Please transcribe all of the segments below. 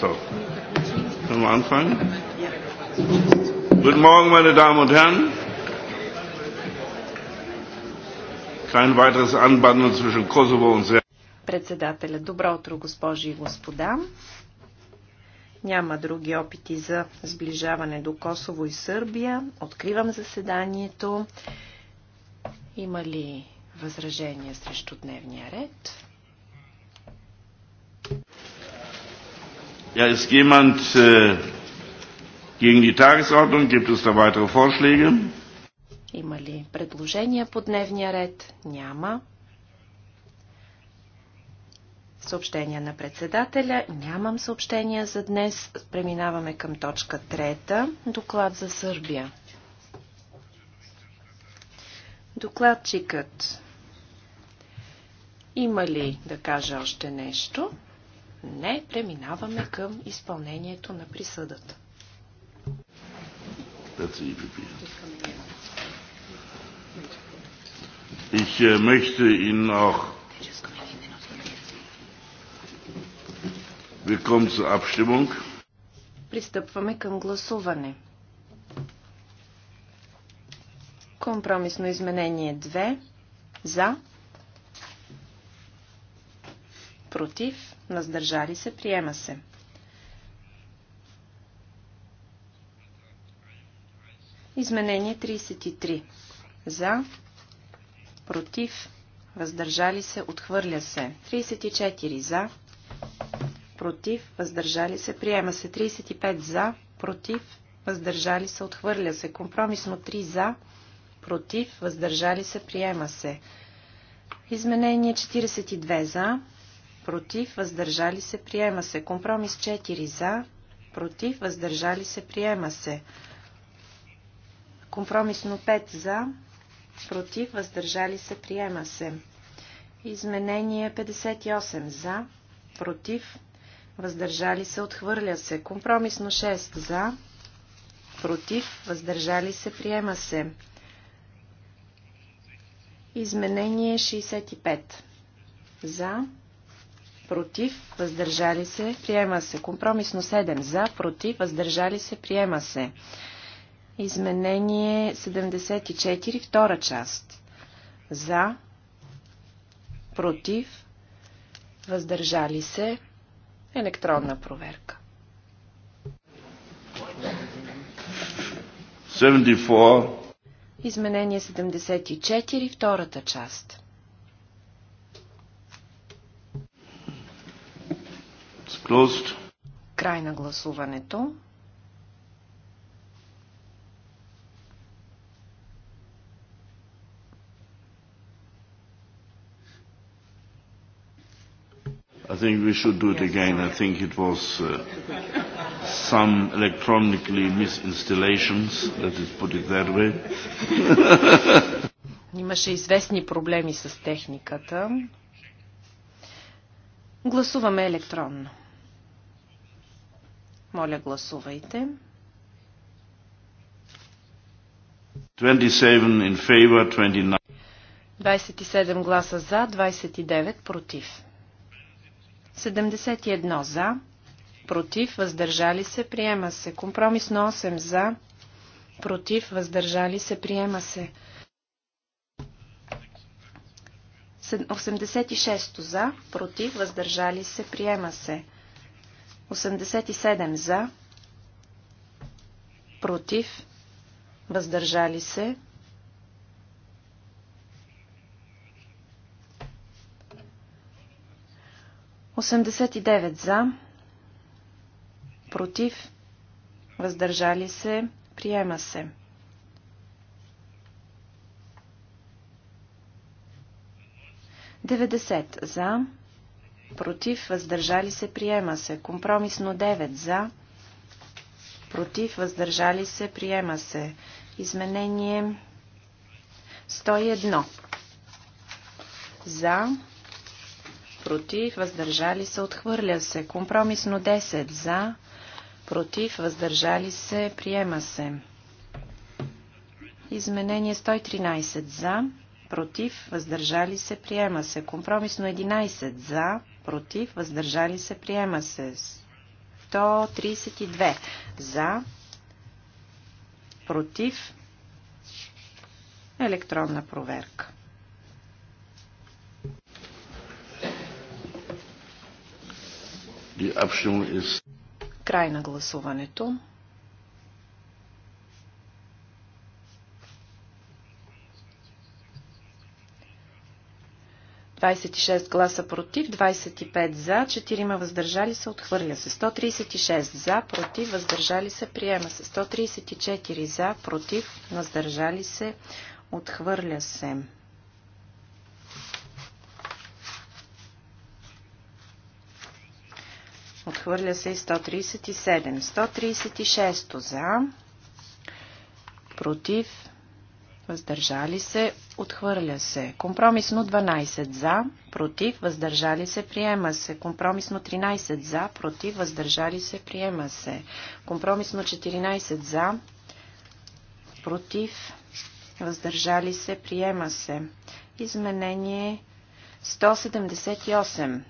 So, können wir anfangen? Guten Morgen, meine Damen und Herren. Kein weiteres Anbandeln zwischen Kosovo und Serbien. Председателя. Добро утро, госпожи и господа. Няма други опити за сближаване до Косово и Сърбия. Откривам заседанието. Има ли възражения срещу дневния ред? Ja, ist jemand äh, gegen die Tagesordnung? Gibt es da weitere Vorschläge? Има ли предложения по дневния ред? Няма. Съобщения на председателя. Нямам съобщения за днес. Преминаваме към точка трета. Доклад за Сърбия. Докладчикът. Има ли да кажа още нещо? Не, преминаваме към изпълнението на присъдата. Ich äh, möchte Ihnen auch Willkommen zur Abstimmung. Пристъпваме към гласуване. Компромисно изменение 2. За. Против. Въздържали се. Приема се. Изменение 33. За. Против. Въздържали се. Отхвърля се. 34. За. Против. Въздържали се. Приема се. 35. За. Против. Въздържали се. Отхвърля се. Компромисно 3. За. Против. Въздържали се. Приема се. Изменение 42. За против, въздържали се, приема се. Компромис 4 за, против, въздържали се, приема се. Компромисно 5 за, против, въздържали се, приема се. Изменение 58 за, против, въздържали се, отхвърля се. Компромисно 6 за, против, въздържали се, приема се. Изменение 65 за, против, въздържали се, приема се. Компромисно 7 за, против, въздържали се, приема се. Изменение 74, втора част. За, против, въздържали се, електронна проверка. 74. Изменение 74, втората част. Closed. Край на гласуването. I think we should do it again. I think it was uh, some electronically misinstallations, let us put it that way. Имаше известни проблеми с техниката. Гласуваме електронно. Моля, гласувайте. 27 in favor, 29. 27 гласа за, 29 против. 71 за, против, въздържали се, приема се. Компромисно 8 за, против, въздържали се, приема се. 86 за, против, въздържали се, приема се. 87 за, против, въздържали се. Осемдесет и девет за, против, въздържали се, приема се. Деведесет за, против, въздържали се, приема се. Компромисно 9 за, против, въздържали се, приема се. Изменение 101 за, против, въздържали се, отхвърля се. Компромисно 10 за, против, въздържали се, приема се. Изменение 113 за, против, въздържали се, приема се. Компромисно 11 за, против, въздържали се, приема се. 132 за, против, електронна проверка. Край на гласуването. 26 гласа против, 25 за, 4 въздържали се, отхвърля се. 136 за, против, въздържали се, приема се. 134 за, против, въздържали се, отхвърля се. Отхвърля се и 137. 136 за, против, въздържали се, отхвърля се. Компромисно 12 за, против, въздържали се, приема се. Компромисно 13 за, против, въздържали се, приема се. Компромисно 14 за, против, въздържали се, приема се. Изменение 178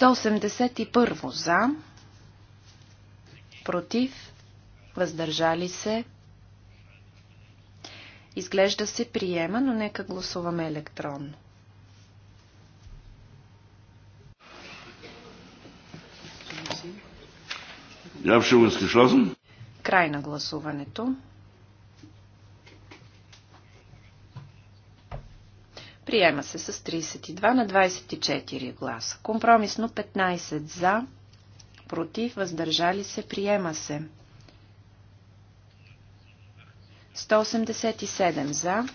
181 за, против, въздържали се. Изглежда се приема, но нека гласуваме електронно. Край на гласуването. Приема се с 32 на 24 гласа. Компромисно 15 за, против, въздържали се, приема се. 187 за,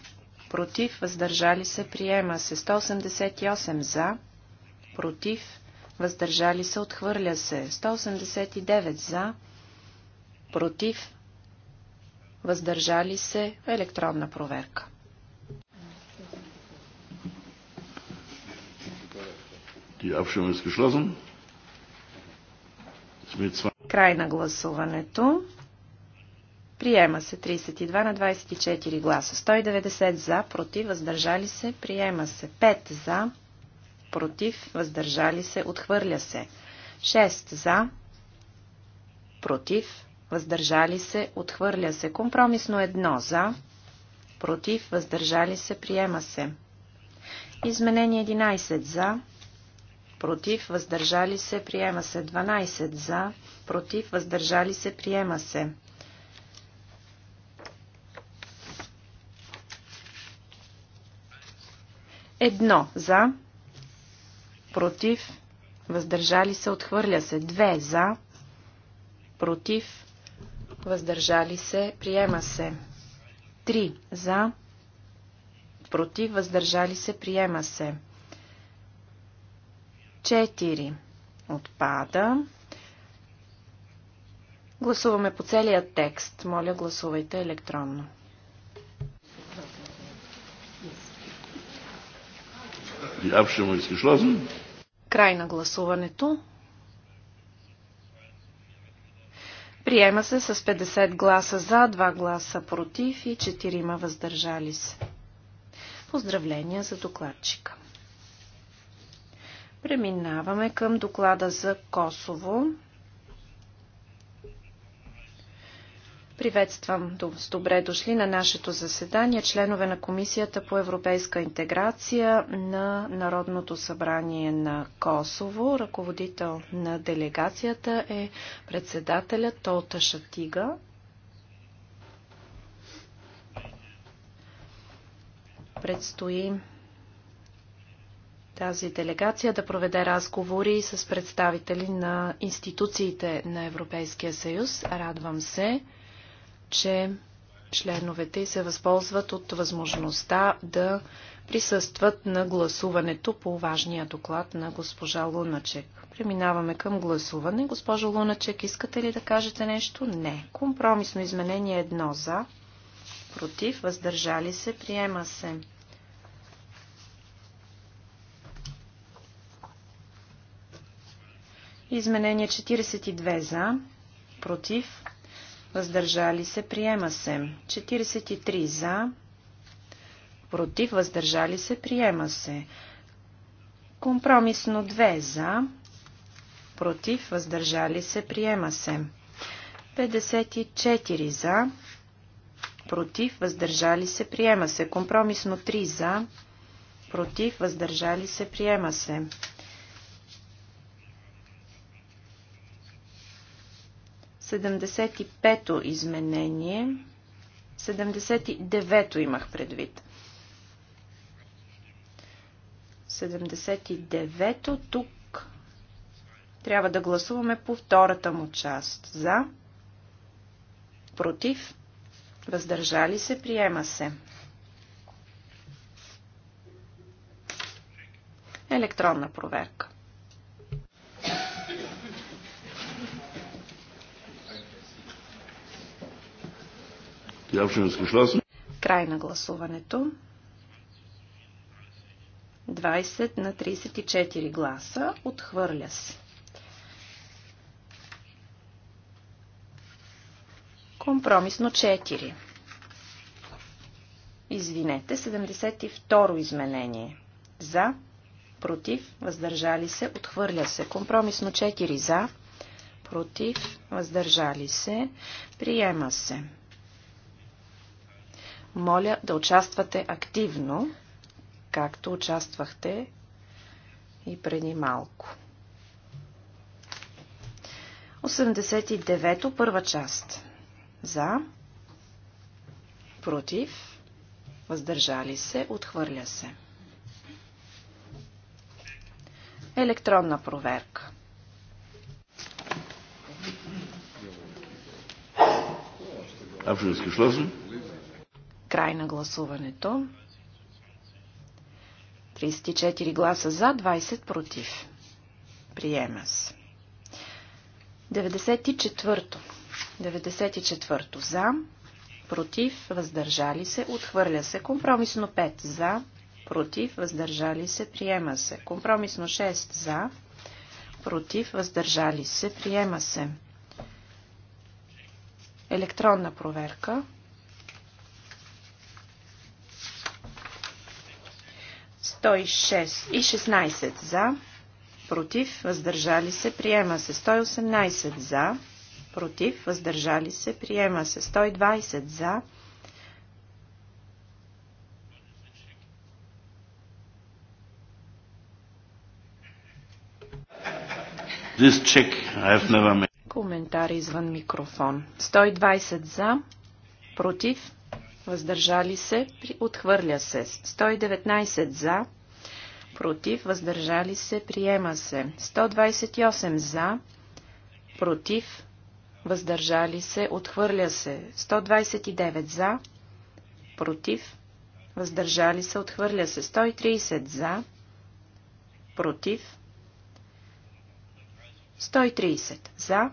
против, въздържали се, приема се. 188 за, против, въздържали се, отхвърля се. 189 за, против, въздържали се, електронна проверка. Die Abstimmung ist geschlossen. Край на гласуването. Приема се 32 на 24 гласа. 190 за, против, въздържали се. Приема се 5 за, против, въздържали се. Отхвърля се. 6 за, против, въздържали се. Отхвърля се. Компромисно 1 за, против, въздържали се. Приема се. Изменение 11 за, против, въздържали се, приема се. 12 за, против, въздържали се, приема се. Едно за, против, въздържали се, отхвърля се. Две за, против, въздържали се, приема се. Три за, против, въздържали се, приема се. 4 отпада. Гласуваме по целия текст. Моля, гласувайте електронно. Край на гласуването. Приема се с 50 гласа за, 2 гласа против и 4 въздържали се. Поздравления за докладчика. Преминаваме към доклада за Косово. Приветствам с добре дошли на нашето заседание членове на Комисията по европейска интеграция на Народното събрание на Косово. Ръководител на делегацията е председателя Толта Шатига. Предстои тази делегация да проведе разговори с представители на институциите на Европейския съюз. Радвам се, че членовете се възползват от възможността да присъстват на гласуването по важния доклад на госпожа Луначек. Преминаваме към гласуване. Госпожа Луначек, искате ли да кажете нещо? Не. Компромисно изменение едно за, против, въздържали се, приема се. Изменение 42 за, против, въздържали се, приема се. 43 за, против, въздържали се, приема се. Компромисно 2 за, против, въздържали се, приема се. 54 за, против, въздържали се, приема се. Компромисно 3 за, против, въздържали се, приема се. 75-то изменение. 79-то имах предвид. 79-то тук трябва да гласуваме по втората му част. За, против, въздържали се, приема се. Електронна проверка. Е Край на гласуването. 20 на 34 гласа. Отхвърля се. Компромисно 4. Извинете, 72 изменение. За, против, въздържали се, отхвърля се. Компромисно 4 за, против, въздържали се, приема се. Моля да участвате активно, както участвахте и преди малко. 89-то, първа част. За, против, въздържали се, отхвърля се. Електронна проверка. Абсолютно изключително. Край на гласуването. 34 гласа за, 20 против. Приема се. 94. 94 за, против, въздържали се, отхвърля се. Компромисно 5 за, против, въздържали се, приема се. Компромисно 6 за, против, въздържали се, приема се. Електронна проверка. 106 и 16 за, против, въздържали се, приема се 118 за, против, въздържали се, приема се 120 за, This I've never Коментар извън микрофон. 120 за, против, въздържали се, отхвърля се. 119 за, против, въздържали се, приема се. 128 за, против, въздържали се, отхвърля се. 129 за, против, въздържали се, отхвърля се. 130 за, против, 130 за,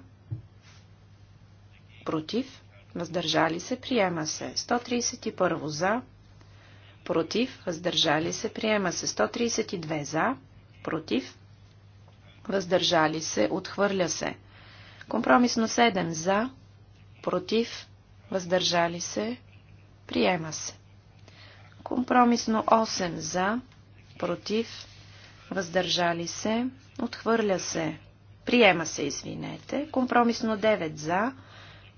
против, въздържали се, приема се. 131 за, против, въздържали се, приема се. 132 за, против, въздържали се, отхвърля се. Компромисно 7 за, против, въздържали се, приема се. Компромисно 8 за, против, въздържали се, отхвърля се, приема се, извинете. Компромисно 9 за, против,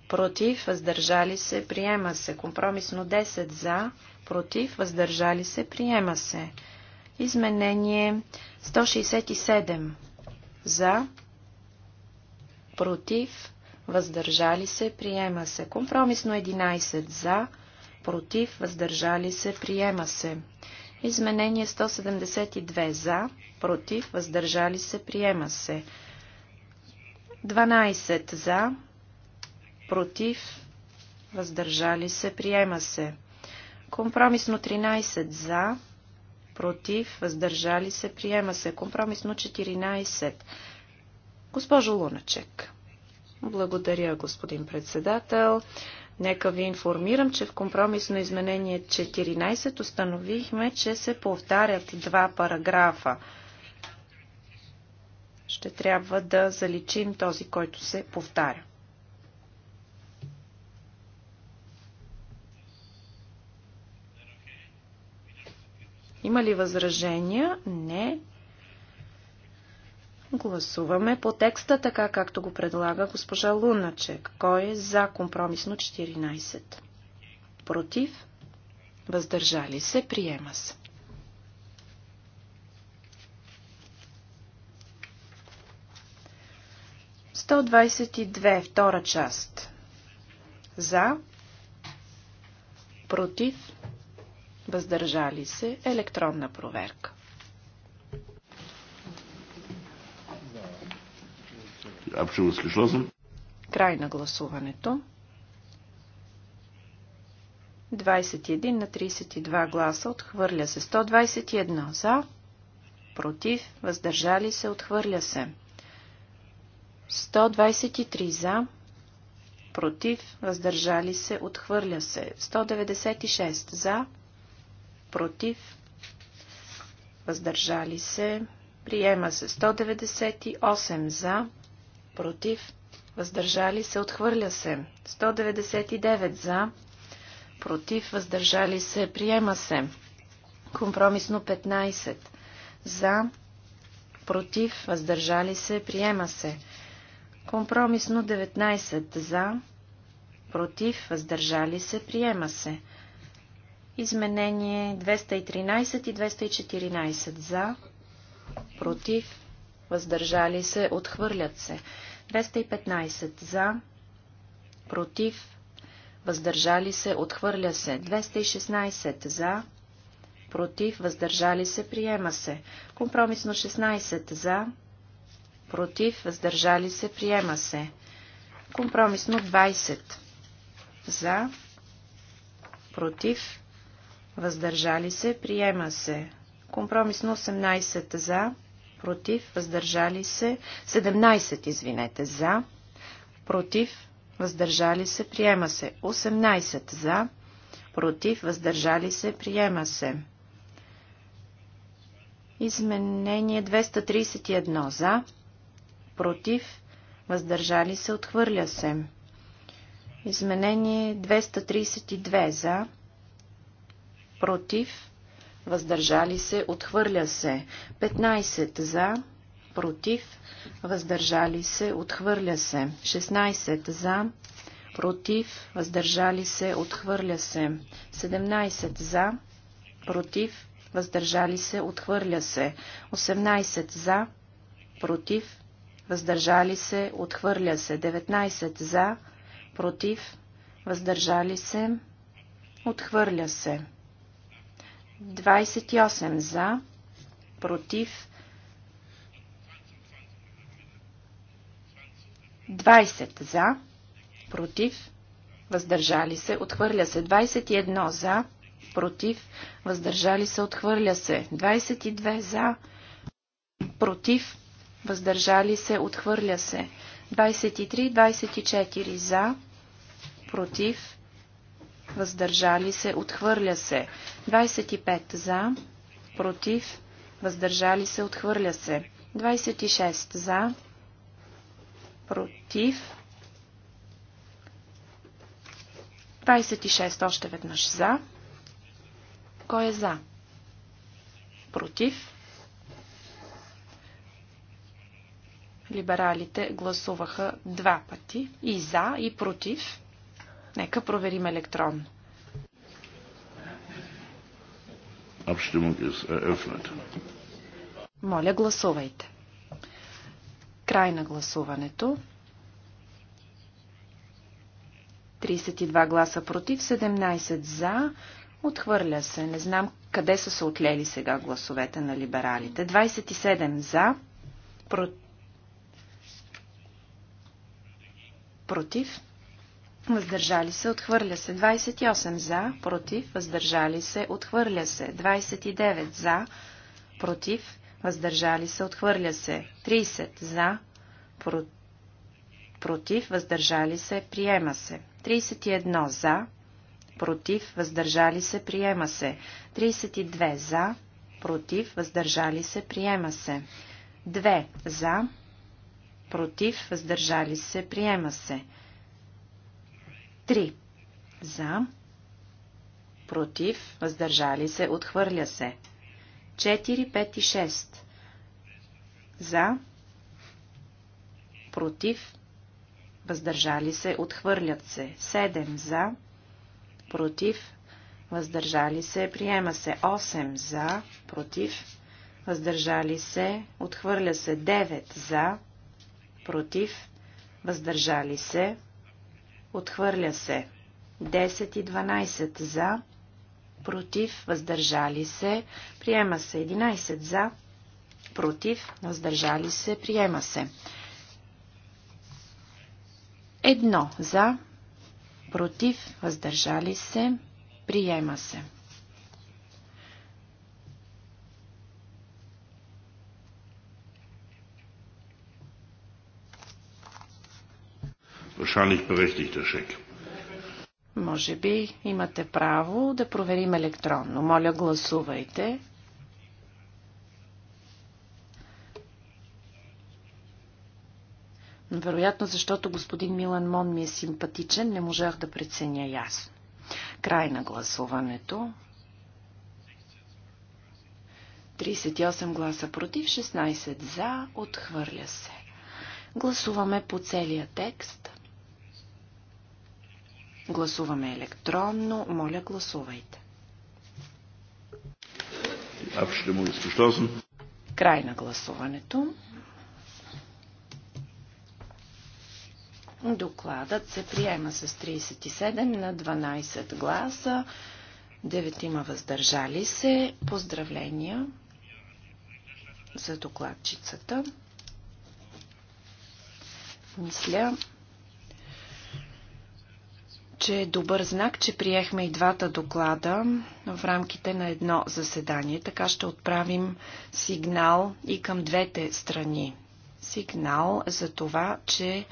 против, въздържали се, приема се. Компромисно 10 за, против, въздържали се, приема се. Изменение 167 за, против, въздържали се, приема се. Компромисно 11 за, против, въздържали се, приема се. Изменение 172 за, против, въздържали се, приема се. 12 за, против, въздържали се, приема се. Компромисно 13 за, против, въздържали се, приема се. Компромисно 14. Госпожо Луначек. Благодаря, господин председател. Нека ви информирам, че в компромисно изменение 14 установихме, че се повтарят два параграфа. Ще трябва да заличим този, който се повтаря. Има ли възражения? Не. Гласуваме по текста така, както го предлага госпожа Луначек. Кой е за компромисно 14? Против? Въздържали се? Приема се. Сто две, втора част. За. Против въздържали се, електронна проверка. Край на гласуването. 21 на 32 гласа отхвърля се. 121 за, против, въздържали се, отхвърля се. 123 за, против, въздържали се, отхвърля се. 196 за, против, въздържали се, приема се 198 за, против, въздържали се, отхвърля се 199 за, против, въздържали се, приема се. Компромисно 15 за, против, въздържали се, приема се. Компромисно 19 за, против, въздържали се, приема се. Изменение 213 и 214 за, против, въздържали се, отхвърлят се. 215 за, против, въздържали се, отхвърля се. 216 за, против, въздържали се, приема се. Компромисно 16 за, против, въздържали се, приема се. Компромисно 20 за, против, въздържали се, приема се. Компромисно 18 за, против, въздържали се, 17, извинете, за, против, въздържали се, приема се, 18 за, против, въздържали се, приема се. Изменение 231 за, против, въздържали се, отхвърля се. Изменение 232 за, против, въздържали се, отхвърля се. 15 за, против, въздържали се, отхвърля се. 16 за, против, въздържали се, отхвърля се. 17 за, против, въздържали се, отхвърля се. 18 за, против, въздържали се, отхвърля се. 19 за, против, въздържали се, отхвърля се. 28 за, против 20 за, против въздържали се, отхвърля се 21 за, против въздържали се, отхвърля се 22 за, против въздържали се, отхвърля се 23, 24 за, против въздържали се, отхвърля се. 25 за, против, въздържали се, отхвърля се. 26 за, против, 26 още веднъж за. Кой е за? Против. Либералите гласуваха два пъти. И за, и против. Нека проверим електронно. Моля, гласувайте. Край на гласуването. 32 гласа против, 17 за. Отхвърля се. Не знам къде са се отлели сега гласовете на либералите. 27 за. Про... Против въздържали се, отхвърля се. 28 за, против, въздържали се, отхвърля се. 29 за, против, въздържали се, отхвърля се. 30 за, про... против, въздържали се, приема се. 31 за, против, въздържали се, приема се. 32 за, против, въздържали се, приема се. 2 за, против, въздържали се, приема се. 3. За. Против. Въздържали се. Отхвърля се. 4, 5 и 6. За. Против. Въздържали се. Отхвърлят се. 7. За. Против. Въздържали се. Приема се. 8. За. Против. Въздържали се. Отхвърля се. 9. За. Против. Въздържали се. Отхвърля се. 10 и 12 за. Против. Въздържали се. Приема се. 11 за. Против. Въздържали се. Приема се. Едно за. Против. Въздържали се. Приема се. Wahrscheinlich berechtigter Scheck. Може би имате право да проверим електронно. Моля, гласувайте. Вероятно, защото господин Милан Мон ми е симпатичен, не можах да преценя ясно. Край на гласуването. 38 гласа против, 16 за, отхвърля се. Гласуваме по целия текст. Гласуваме електронно. Моля, гласувайте. Край на гласуването. Докладът се приема с 37 на 12 гласа. Деветима въздържали се. Поздравления за докладчицата. Мисля, че е добър знак, че приехме и двата доклада в рамките на едно заседание. Така ще отправим сигнал и към двете страни. Сигнал за това, че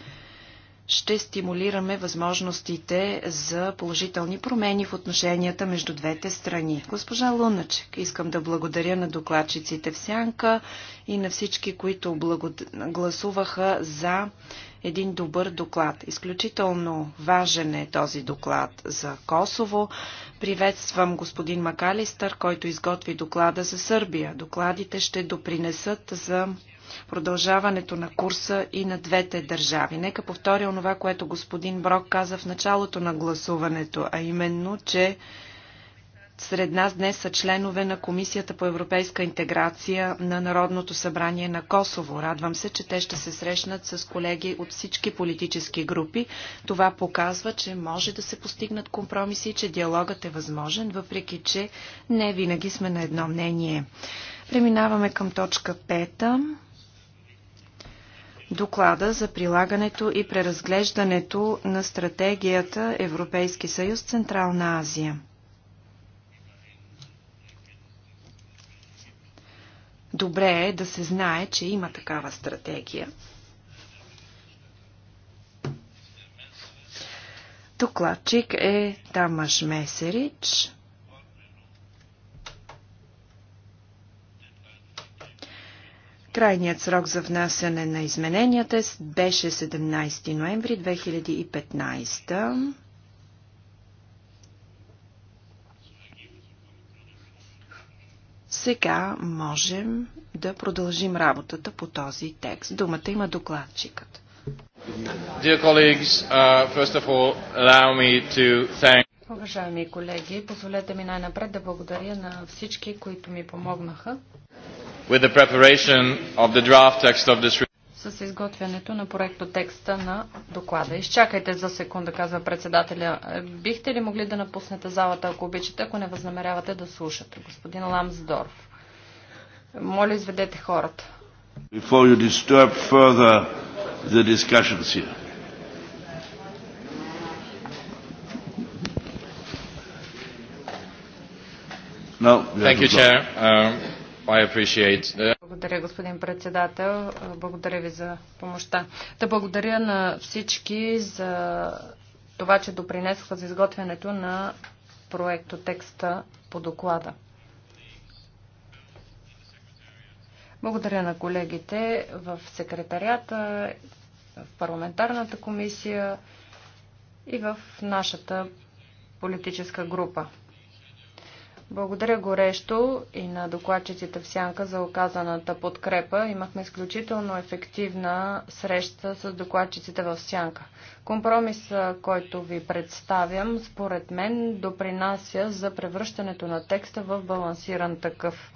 ще стимулираме възможностите за положителни промени в отношенията между двете страни. Госпожа Луначек, искам да благодаря на докладчиците в Сянка и на всички, които благод... гласуваха за един добър доклад. Изключително важен е този доклад за Косово. Приветствам господин Макалистър, който изготви доклада за Сърбия. Докладите ще допринесат за продължаването на курса и на двете държави. Нека повторя онова, което господин Брок каза в началото на гласуването, а именно, че сред нас днес са членове на Комисията по европейска интеграция на Народното събрание на Косово. Радвам се, че те ще се срещнат с колеги от всички политически групи. Това показва, че може да се постигнат компромиси и че диалогът е възможен, въпреки че не винаги сме на едно мнение. Преминаваме към точка 5 доклада за прилагането и преразглеждането на стратегията Европейски съюз Централна Азия. Добре е да се знае, че има такава стратегия. Докладчик е Тамаш Месерич. Крайният срок за внасяне на измененията беше 17 ноември 2015. Сега можем да продължим работата по този текст. Думата има докладчикът. Uh, Уважаеми колеги, позволете ми най-напред да благодаря на всички, които ми помогнаха with the preparation of the draft text of this с изготвянето на проекто текста на доклада. Изчакайте за секунда, казва председателя. Бихте ли могли да напуснете залата, ако обичате, ако не възнамерявате да слушате? Господин Ламсдорф, моля изведете хората. Before you disturb further the discussions here. Now, Thank you, Chair. Um, благодаря, господин председател. Благодаря ви за помощта. Да благодаря на всички за това, че допринесоха за изготвянето на проекто текста по доклада. Благодаря на колегите в секретарията, в парламентарната комисия и в нашата политическа група. Благодаря горещо и на докладчиците в Сянка за оказаната подкрепа. Имахме изключително ефективна среща с докладчиците в Сянка. Компромис, който ви представям, според мен допринася за превръщането на текста в балансиран такъв.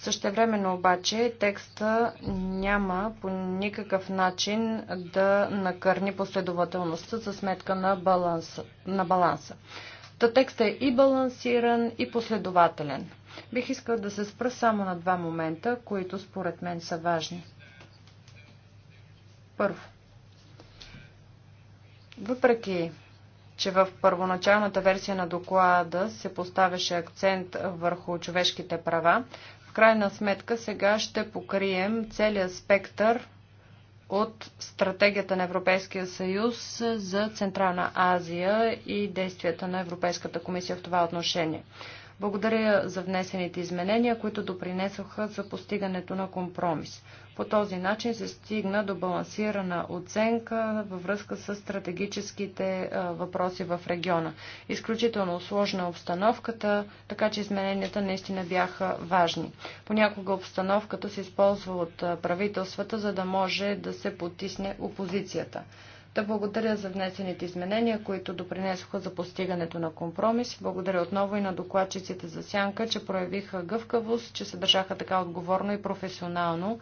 Същевременно обаче текста няма по никакъв начин да накърни последователността за сметка на баланса. На баланса. Та текстът е и балансиран, и последователен. Бих искал да се спра само на два момента, които според мен са важни. Първо. Въпреки, че в първоначалната версия на доклада се поставяше акцент върху човешките права, в крайна сметка сега ще покрием целият спектър от стратегията на Европейския съюз за Централна Азия и действията на Европейската комисия в това отношение. Благодаря за внесените изменения, които допринесоха за постигането на компромис. По този начин се стигна до балансирана оценка във връзка с стратегическите въпроси в региона. Изключително сложна обстановката, така че измененията наистина бяха важни. Понякога обстановката се използва от правителствата, за да може да се потисне опозицията. Да благодаря за внесените изменения, които допринесоха за постигането на компромис. Благодаря отново и на докладчиците за сянка, че проявиха гъвкавост, че се държаха така отговорно и професионално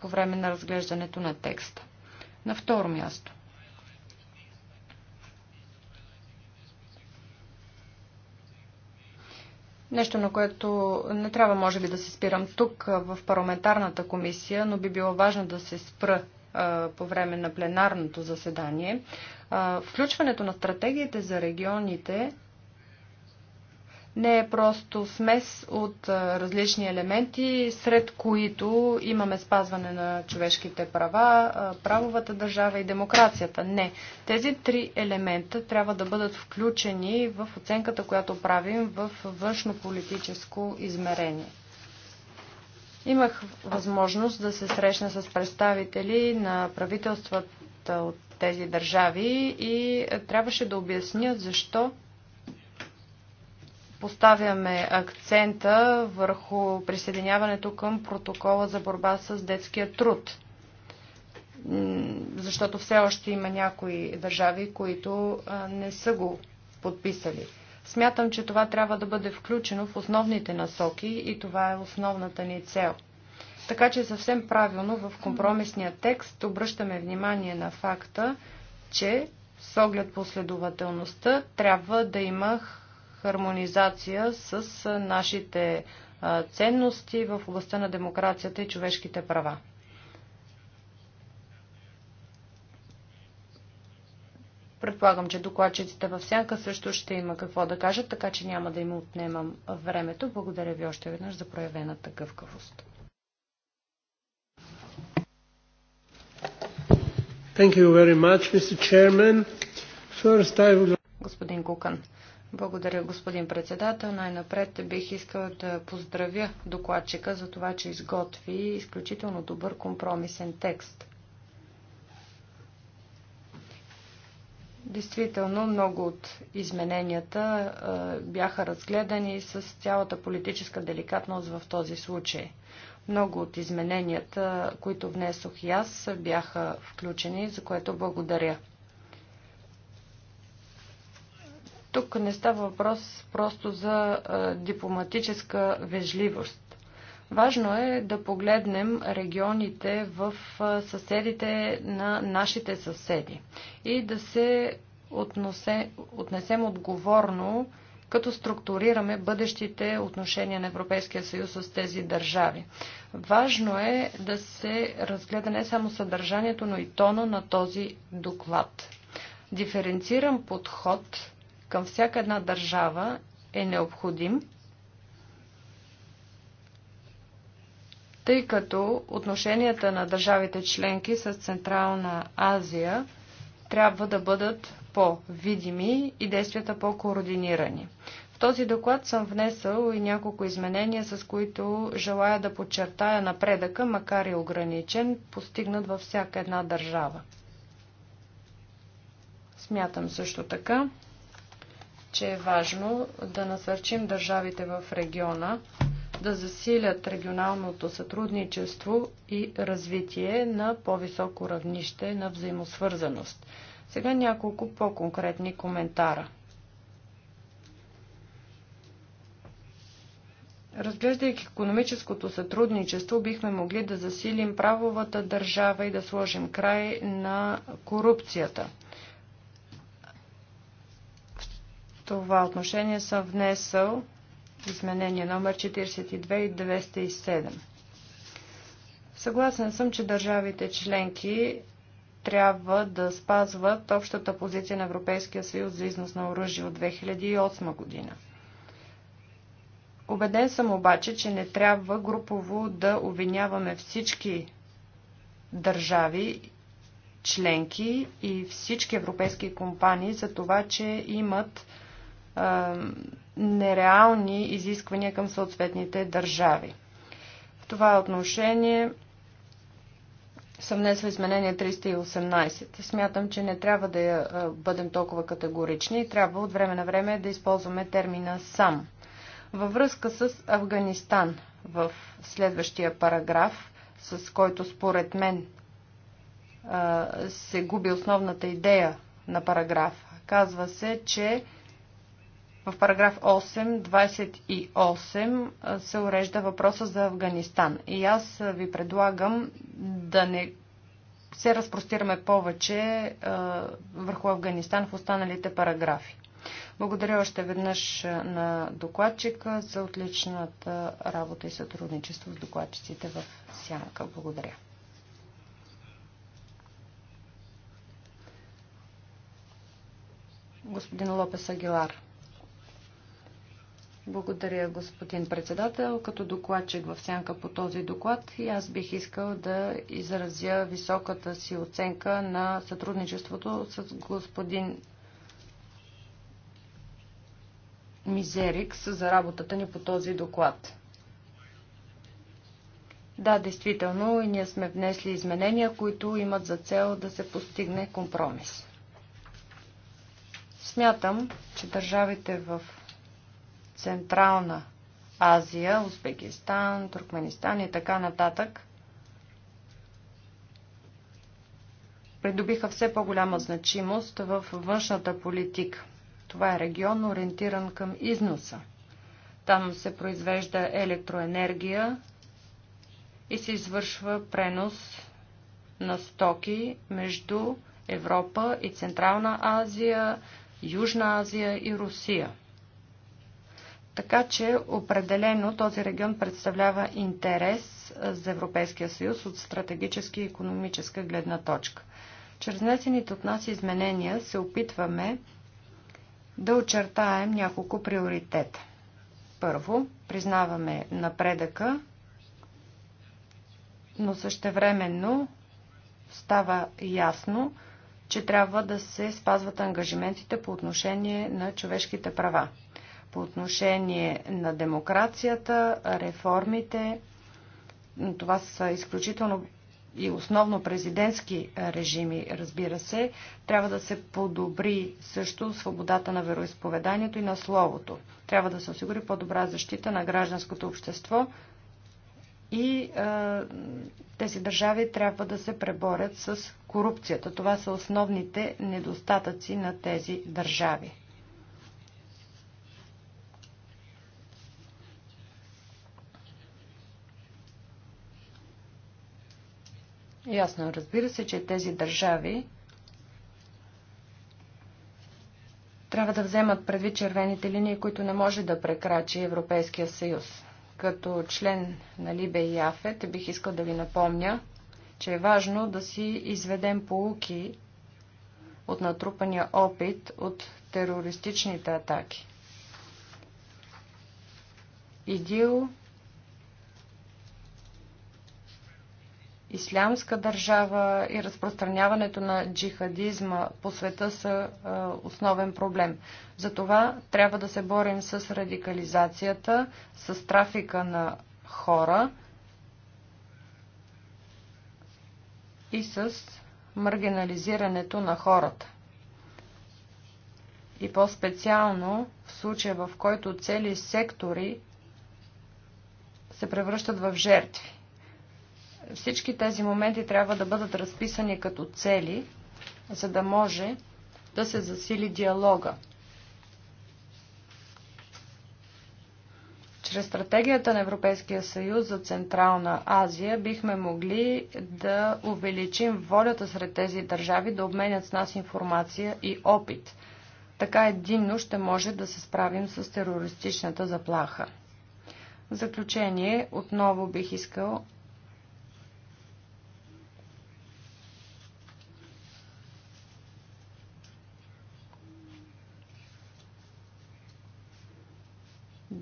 по време на разглеждането на текста. На второ място. Нещо, на което не трябва, може би, да се спирам тук в парламентарната комисия, но би било важно да се спра по време на пленарното заседание. Включването на стратегиите за регионите не е просто смес от различни елементи, сред които имаме спазване на човешките права, правовата държава и демокрацията. Не. Тези три елемента трябва да бъдат включени в оценката, която правим в външно-политическо измерение. Имах възможност да се срещна с представители на правителствата от тези държави и трябваше да обясня защо поставяме акцента върху присъединяването към протокола за борба с детския труд. Защото все още има някои държави, които не са го подписали. Смятам, че това трябва да бъде включено в основните насоки и това е основната ни цел. Така че съвсем правилно в компромисния текст обръщаме внимание на факта, че с оглед последователността трябва да има хармонизация с нашите ценности в областта на демокрацията и човешките права. Предполагам, че докладчиците във сянка също ще има какво да кажат, така че няма да им отнемам времето. Благодаря ви още веднъж за проявената гъвкавост. Thank you very much, Mr. Chairman. First, I would... Господин Кукан. Благодаря, господин председател. Най-напред бих искал да поздравя докладчика за това, че изготви изключително добър компромисен текст. Действително, много от измененията бяха разгледани с цялата политическа деликатност в този случай. Много от измененията, които внесох и аз, бяха включени, за което благодаря. Тук не става въпрос просто за дипломатическа вежливост. Важно е да погледнем регионите в съседите на нашите съседи и да се относе, отнесем отговорно, като структурираме бъдещите отношения на Европейския съюз с тези държави. Важно е да се разгледа не само съдържанието, но и тона на този доклад. Диференциран подход към всяка една държава е необходим тъй като отношенията на държавите членки с Централна Азия трябва да бъдат по-видими и действията по-координирани. В този доклад съм внесъл и няколко изменения, с които желая да подчертая напредъка, макар и ограничен, постигнат във всяка една държава. Смятам също така, че е важно да насърчим държавите в региона да засилят регионалното сътрудничество и развитие на по-високо равнище на взаимосвързаност. Сега няколко по-конкретни коментара. Разглеждайки економическото сътрудничество, бихме могли да засилим правовата държава и да сложим край на корупцията. В това отношение съм внесъл Изменение номер 42 и 207. Съгласен съм, че държавите членки трябва да спазват общата позиция на Европейския съюз за износ на оръжие от 2008 година. Обеден съм обаче, че не трябва групово да обвиняваме всички държави членки и всички европейски компании за това, че имат нереални изисквания към съответните държави. В това отношение съм внесла изменение 318. Смятам, че не трябва да е, бъдем толкова категорични и трябва от време на време да използваме термина сам. Във връзка с Афганистан в следващия параграф, с който според мен се губи основната идея на параграфа. Казва се, че в параграф 8, 28 се урежда въпроса за Афганистан. И аз ви предлагам да не се разпростираме повече върху Афганистан в останалите параграфи. Благодаря още веднъж на докладчика за отличната работа и сътрудничество с докладчиците в Сянка. Благодаря. Господин Лопес Агилар. Благодаря, господин председател. Като докладчик в сянка по този доклад и аз бих искал да изразя високата си оценка на сътрудничеството с господин Мизерикс за работата ни по този доклад. Да, действително, и ние сме внесли изменения, които имат за цел да се постигне компромис. Смятам, че държавите в Централна Азия, Узбекистан, Туркменистан и така нататък, придобиха все по-голяма значимост в външната политика. Това е регион, ориентиран към износа. Там се произвежда електроенергия и се извършва пренос на стоки между Европа и Централна Азия, Южна Азия и Русия. Така че определено този регион представлява интерес за Европейския съюз от стратегически и економическа гледна точка. Чрез внесените от нас изменения се опитваме да очертаем няколко приоритета. Първо, признаваме напредъка, но същевременно става ясно, че трябва да се спазват ангажиментите по отношение на човешките права по отношение на демокрацията, реформите. Това са изключително и основно президентски режими, разбира се, трябва да се подобри също свободата на вероисповеданието и на словото. Трябва да се осигури по-добра защита на гражданското общество и е, тези държави трябва да се преборят с корупцията. Това са основните недостатъци на тези държави. Ясно, разбира се, че тези държави трябва да вземат предвид червените линии, които не може да прекрачи Европейския съюз. Като член на Либе и Афет бих искал да ви напомня, че е важно да си изведем поуки от натрупания опит от терористичните атаки. ИДИЛ ислямска държава и разпространяването на джихадизма по света са е, основен проблем. Затова трябва да се борим с радикализацията, с трафика на хора и с маргинализирането на хората. И по-специално в случая, в който цели сектори се превръщат в жертви. Всички тези моменти трябва да бъдат разписани като цели, за да може да се засили диалога. Чрез стратегията на Европейския съюз за Централна Азия бихме могли да увеличим волята сред тези държави да обменят с нас информация и опит. Така единно ще може да се справим с терористичната заплаха. В заключение, отново бих искал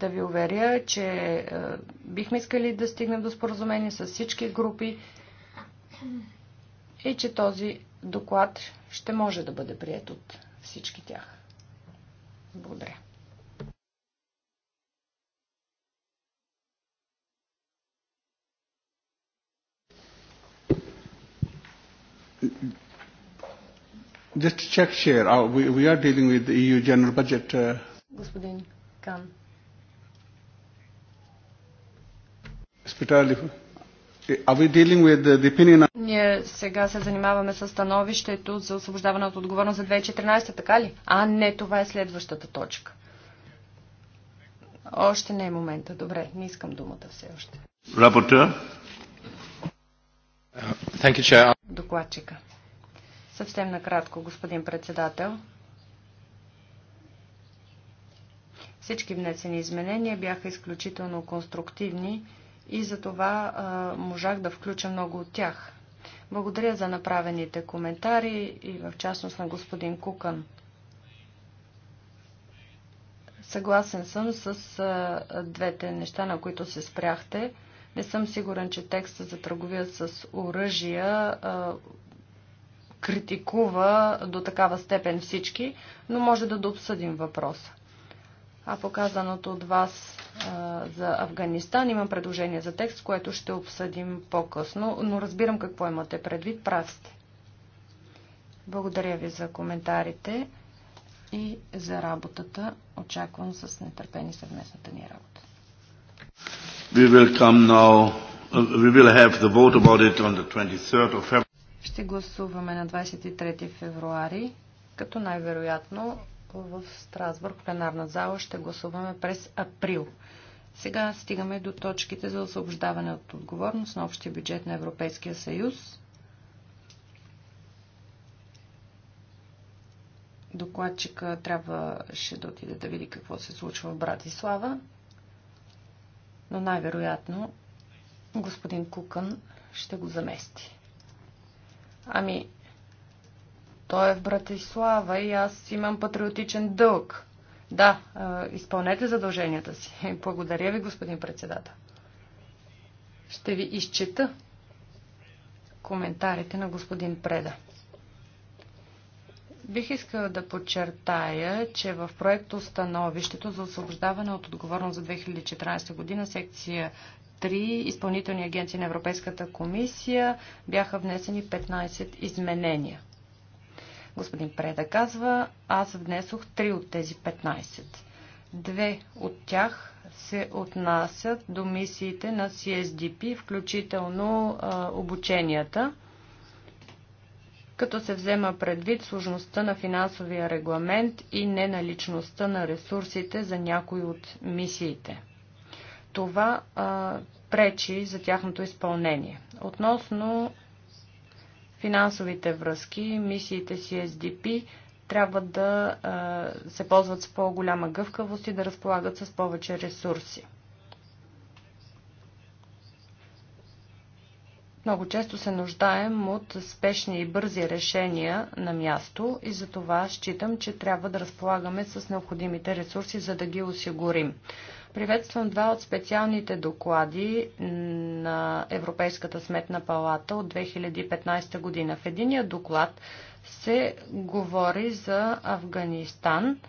да ви уверя, че е, бихме искали да стигнем до споразумение с всички групи и че този доклад ще може да бъде прият от всички тях. Благодаря. Just check share. Uh, We, we are dealing with the EU general budget. Uh... Господин Кан. Ние сега се занимаваме с становището за освобождаване от отговорност за 2014, така ли? А, не, това е следващата точка. Още не е момента. Добре, не искам думата все още. Рапортер? Докладчика. Съвсем накратко, господин председател. Всички внесени изменения бяха изключително конструктивни и за това можах да включа много от тях. Благодаря за направените коментари и в частност на господин Кукан. Съгласен съм с двете неща, на които се спряхте. Не съм сигурен, че текста за търговия с оръжия критикува до такава степен всички, но може да дообсъдим въпроса. А показаното от вас а, за Афганистан имам предложение за текст, което ще обсъдим по-късно, но разбирам какво имате предвид. Прав сте. Благодаря ви за коментарите и за работата. Очаквам с нетърпени съвместната ни работа. We will come now. We will have the vote about it on the 23rd of February. Ще гласуваме на 23 февруари, като най-вероятно в Страсбург, пленарна зала, ще гласуваме през април. Сега стигаме до точките за освобождаване от отговорност на общия бюджет на Европейския съюз. Докладчика трябваше да отиде да види какво се случва в Братислава, но най-вероятно господин Кукън ще го замести. Ами, той е в Братислава и аз имам патриотичен дълг. Да, изпълнете задълженията си. Благодаря ви, господин председател. Ще ви изчета коментарите на господин Преда. Бих искала да подчертая, че в проекто становището за освобождаване от отговорност за 2014 година секция 3 изпълнителни агенции на Европейската комисия бяха внесени 15 изменения – Господин Преда казва, аз внесох три от тези 15. Две от тях се отнасят до мисиите на CSDP, включително а, обученията, като се взема предвид сложността на финансовия регламент и неналичността на ресурсите за някои от мисиите. Това а, пречи за тяхното изпълнение. Относно финансовите връзки, мисиите си SDP трябва да се ползват с по-голяма гъвкавост и да разполагат с повече ресурси. Много често се нуждаем от спешни и бързи решения на място и за това считам, че трябва да разполагаме с необходимите ресурси, за да ги осигурим. Приветствам два от специалните доклади на Европейската сметна палата от 2015 година. В единия доклад се говори за Афганистан –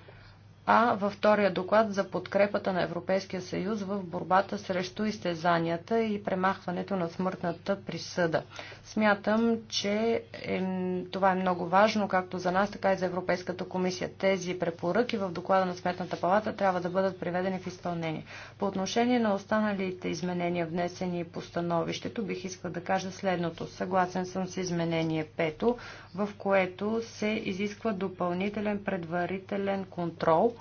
а във втория доклад за подкрепата на Европейския съюз в борбата срещу изтезанията и премахването на смъртната присъда. Смятам, че е, това е много важно както за нас, така и за Европейската комисия. Тези препоръки в доклада на Сметната палата трябва да бъдат приведени в изпълнение. По отношение на останалите изменения, внесени по становището, бих искал да кажа следното. Съгласен съм с изменение 5, в което се изисква допълнителен предварителен контрол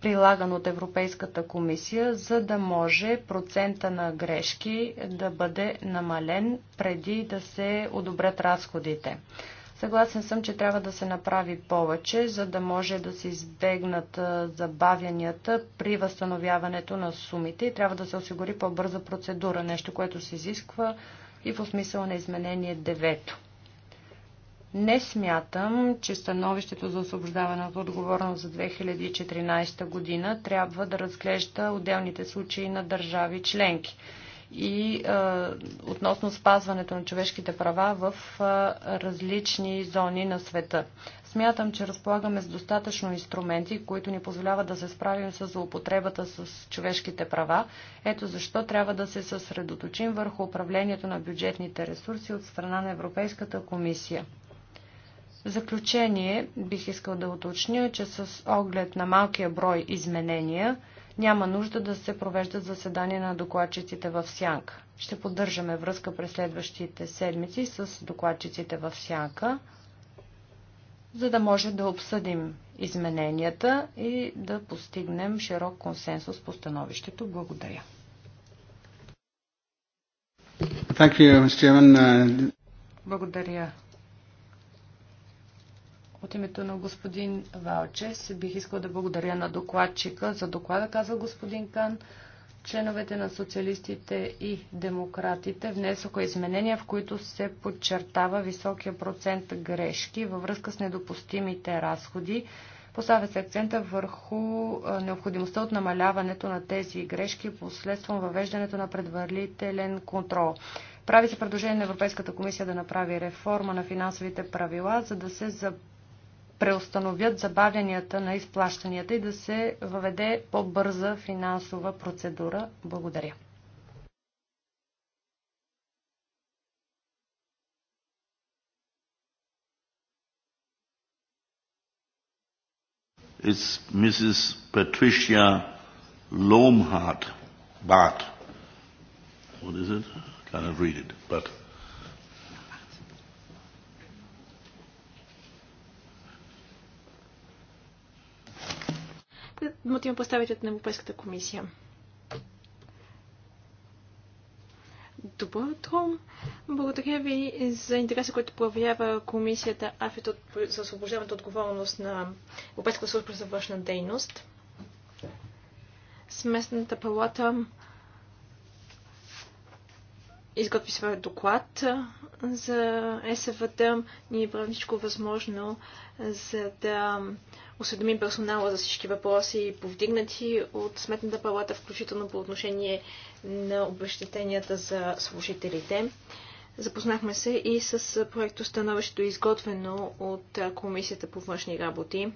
прилаган от Европейската комисия, за да може процента на грешки да бъде намален преди да се одобрят разходите. Съгласен съм, че трябва да се направи повече, за да може да се избегнат забавянията при възстановяването на сумите и трябва да се осигури по-бърза процедура, нещо, което се изисква и в смисъл на изменение 9. Не смятам, че становището за освобождаване от отговорност за 2014 година трябва да разглежда отделните случаи на държави членки и е, относно спазването на човешките права в е, различни зони на света. Смятам, че разполагаме с достатъчно инструменти, които ни позволяват да се справим с злоупотребата с човешките права. Ето защо трябва да се съсредоточим върху управлението на бюджетните ресурси от страна на Европейската комисия. В заключение бих искал да уточня, че с оглед на малкия брой изменения няма нужда да се провеждат заседания на докладчиците в Сянка. Ще поддържаме връзка през следващите седмици с докладчиците в Сянка, за да може да обсъдим измененията и да постигнем широк консенсус по становището. Благодаря. Uh, Благодаря, от името на господин Валчес бих искал да благодаря на докладчика за доклада, каза господин Кан. Членовете на социалистите и демократите внесоха изменения, в които се подчертава високия процент грешки във връзка с недопустимите разходи. Поставя се акцента върху необходимостта от намаляването на тези грешки последствам въвеждането на предварителен контрол. Прави се предложение на Европейската комисия да направи реформа на финансовите правила, за да се запази преустановят забавянията на изплащанията и да се въведе по-бърза финансова процедура. Благодаря. It's Mrs. Patricia Lohmhardt. Bart. What is it? I cannot read it, but думата има на Европейската комисия. Добър дом. Благодаря ви за интереса, който проявява комисията АФИТ за освобождаването отговорност на Европейската служба за външна дейност. Сместната палата изготви своя доклад за СВД. Ние правим всичко възможно, за да осведомим персонала за всички въпроси, повдигнати от Сметната палата, включително по отношение на обещетенията за служителите. Запознахме се и с проекто становището, изготвено от Комисията по външни работи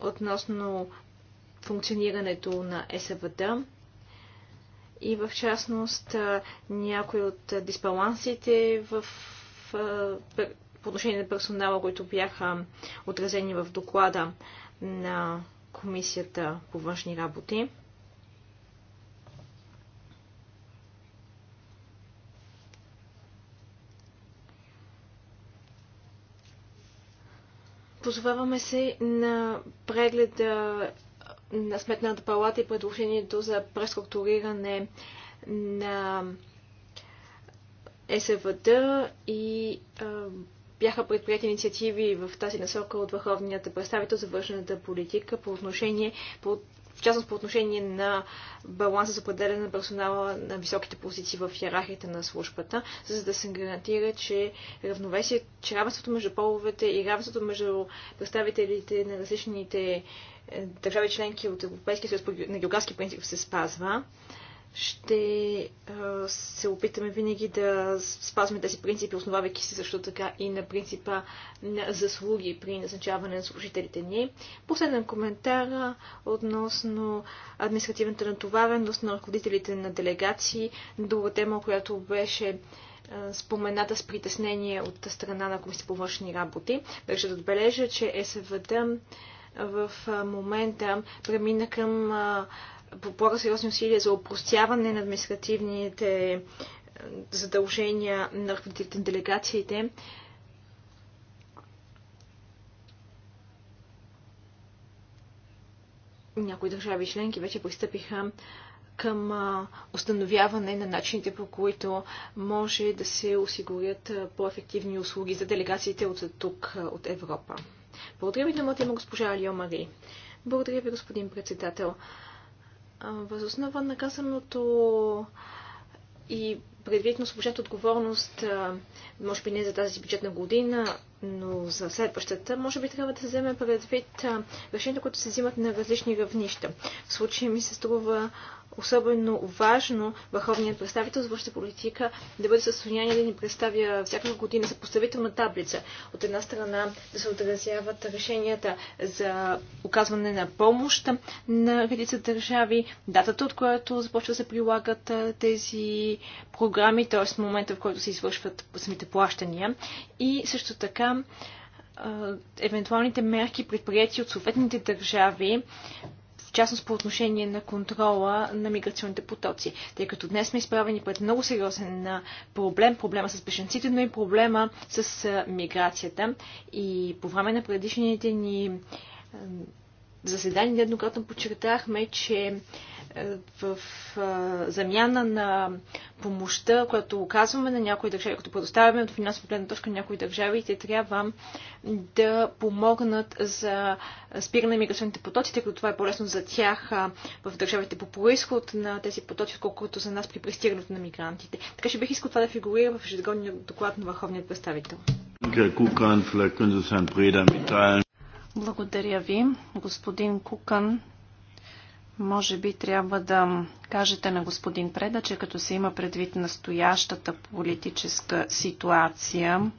относно функционирането на СВД и в частност някои от дисбалансите в по отношение на персонала, които бяха отразени в доклада на Комисията по външни работи. Позоваваме се на прегледа на Сметната палата и предложението за преструктуриране на СВД и бяха предприяти инициативи в тази насока от върховният представител за външната политика по отношение, по, в частност по отношение на баланса за определяне на персонала на високите позиции в иерархията на службата, за да се гарантира, че равновесие, че равенството между половете и равенството между представителите на различните е, държави членки от Европейския съюз на географски принцип се спазва ще се опитаме винаги да спазваме тези принципи, основавайки се също така и на принципа на заслуги при назначаване на служителите ни. Последен коментар относно административната натовареност на ръководителите на делегации. Друга тема, която беше спомената с притеснение от страна на Комисията по външни работи. Държа да отбележа, че СВД в момента премина към полага сериозни усилия за опростяване на административните е, задължения на ръководителите на делегациите. Някои държави членки вече пристъпиха към установяване на начините, по които може да се осигурят по-ефективни услуги за делегациите от тук, от Европа. Благодаря ви, думата има госпожа Алио Мари. Благодаря ви, господин председател. Възоснова на казаното и предвид на служебната отговорност, може би не за тази бюджетна година, но за следващата, може би трябва да се вземе предвид решението, които се взимат на различни равнища. В случая ми се струва особено важно върховният представител за вашата политика да бъде в състояние да ни представя всяка година съпоставителна таблица. От една страна да се отразяват решенията за оказване на помощ на редица държави, датата от която започва да се прилагат тези програми, т.е. момента в който се извършват самите плащания и също така евентуалните мерки предприяти от съответните държави, в частност по отношение на контрола на миграционните потоци. Тъй като днес сме изправени пред много сериозен проблем, проблема с бешенците, но и проблема с миграцията. И по време на предишните ни заседание неоднократно подчертахме, че е, в е, замяна на помощта, която оказваме на някои държави, като предоставяме от финансова гледна точка на някои държави, те трябва да помогнат за спиране на миграционните потоци, тъй като това е по-лесно за тях в държавите по происход на тези потоци, отколкото за нас при пристигането на мигрантите. Така че бих искал това да фигурира в ежегодния доклад на върховният представител. Благодаря ви, господин Кукън. Може би трябва да кажете на господин Преда, че като се има предвид настоящата политическа ситуация,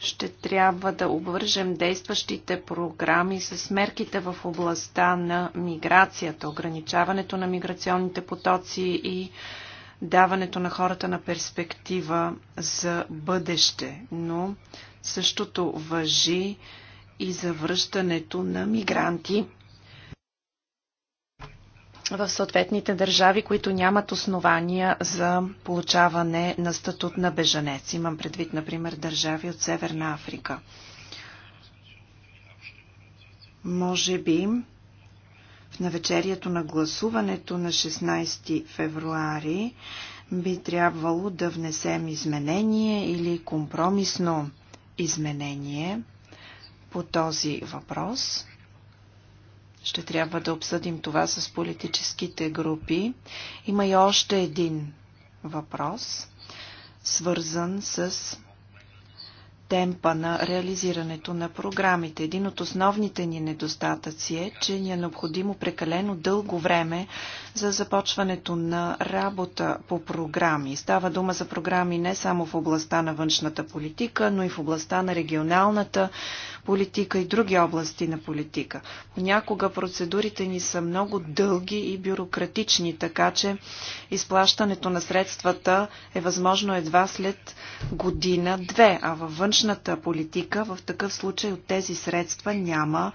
ще трябва да обвържем действащите програми с мерките в областта на миграцията, ограничаването на миграционните потоци и даването на хората на перспектива за бъдеще. Но същото въжи и за връщането на мигранти в съответните държави, които нямат основания за получаване на статут на бежанец. Имам предвид, например, държави от Северна Африка. Може би в навечерието на гласуването на 16 февруари би трябвало да внесем изменение или компромисно изменение – по този въпрос. Ще трябва да обсъдим това с политическите групи. Има и още един въпрос, свързан с темпа на реализирането на програмите. Един от основните ни недостатъци е, че ни е необходимо прекалено дълго време за започването на работа по програми. Става дума за програми не само в областта на външната политика, но и в областта на регионалната политика и други области на политика. Понякога процедурите ни са много дълги и бюрократични, така че изплащането на средствата е възможно едва след година-две, а във външната политика в такъв случай от тези средства няма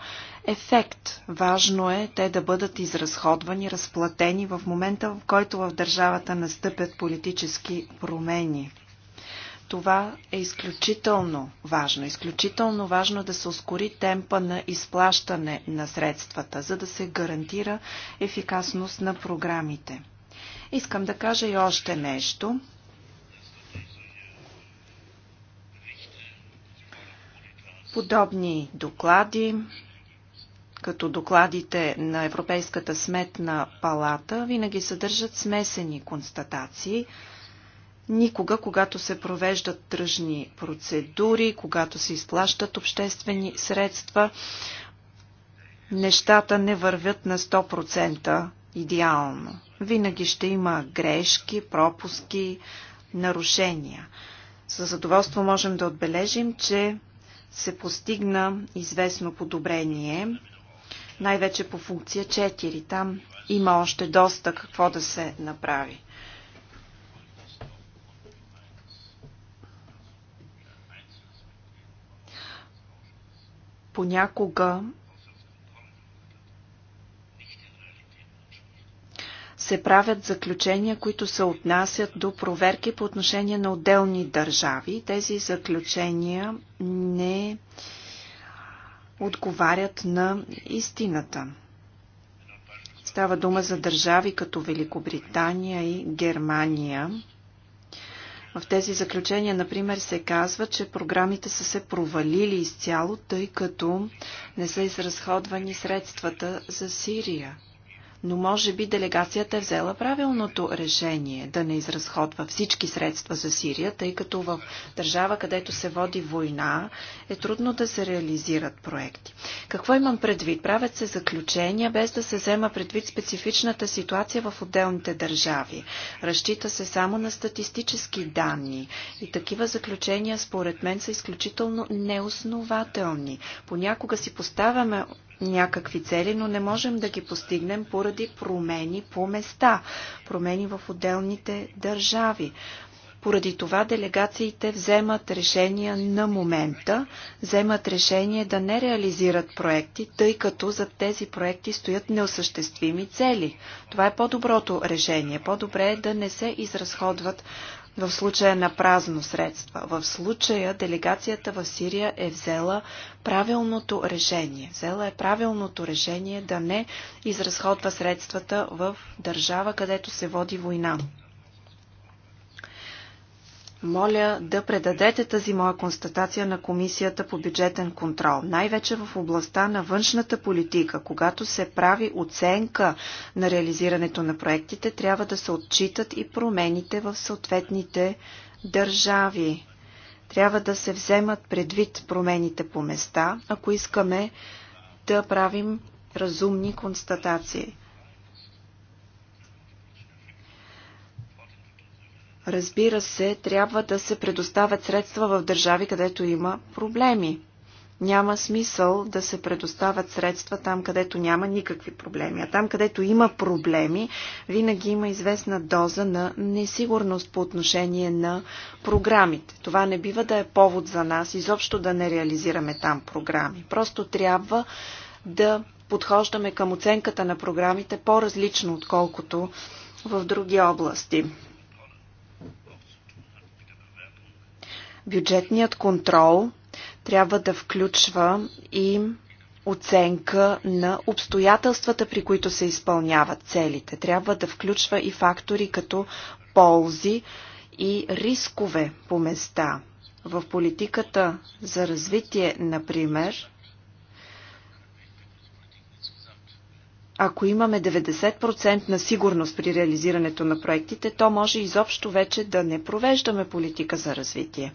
ефект. Важно е те да бъдат изразходвани, разплатени в момента, в който в държавата настъпят политически промени. Това е изключително важно. Изключително важно е да се ускори темпа на изплащане на средствата, за да се гарантира ефикасност на програмите. Искам да кажа и още нещо. Подобни доклади, като докладите на Европейската сметна палата, винаги съдържат смесени констатации – Никога, когато се провеждат тръжни процедури, когато се изплащат обществени средства, нещата не вървят на 100% идеално. Винаги ще има грешки, пропуски, нарушения. С задоволство можем да отбележим, че се постигна известно подобрение, най-вече по функция 4. Там има още доста какво да се направи. Понякога се правят заключения, които се отнасят до проверки по отношение на отделни държави. Тези заключения не отговарят на истината. Става дума за държави като Великобритания и Германия, в тези заключения, например, се казва, че програмите са се провалили изцяло, тъй като не са изразходвани средствата за Сирия но може би делегацията е взела правилното решение да не изразходва всички средства за Сирия, тъй като в държава, където се води война, е трудно да се реализират проекти. Какво имам предвид? Правят се заключения, без да се взема предвид специфичната ситуация в отделните държави. Разчита се само на статистически данни и такива заключения според мен са изключително неоснователни. Понякога си поставяме някакви цели, но не можем да ги постигнем поради промени по места, промени в отделните държави. Поради това делегациите вземат решения на момента, вземат решение да не реализират проекти, тъй като за тези проекти стоят неосъществими цели. Това е по-доброто решение. По-добре е да не се изразходват в случая на празно средства. В случая делегацията в Сирия е взела правилното решение. Взела е правилното решение да не изразходва средствата в държава, където се води война. Моля да предадете тази моя констатация на Комисията по бюджетен контрол, най-вече в областта на външната политика. Когато се прави оценка на реализирането на проектите, трябва да се отчитат и промените в съответните държави. Трябва да се вземат предвид промените по места, ако искаме да правим разумни констатации. Разбира се, трябва да се предоставят средства в държави, където има проблеми. Няма смисъл да се предоставят средства там, където няма никакви проблеми. А там, където има проблеми, винаги има известна доза на несигурност по отношение на програмите. Това не бива да е повод за нас изобщо да не реализираме там програми. Просто трябва да подхождаме към оценката на програмите по-различно, отколкото в други области. Бюджетният контрол трябва да включва и оценка на обстоятелствата, при които се изпълняват целите. Трябва да включва и фактори като ползи и рискове по места. В политиката за развитие, например, ако имаме 90% на сигурност при реализирането на проектите, то може изобщо вече да не провеждаме политика за развитие.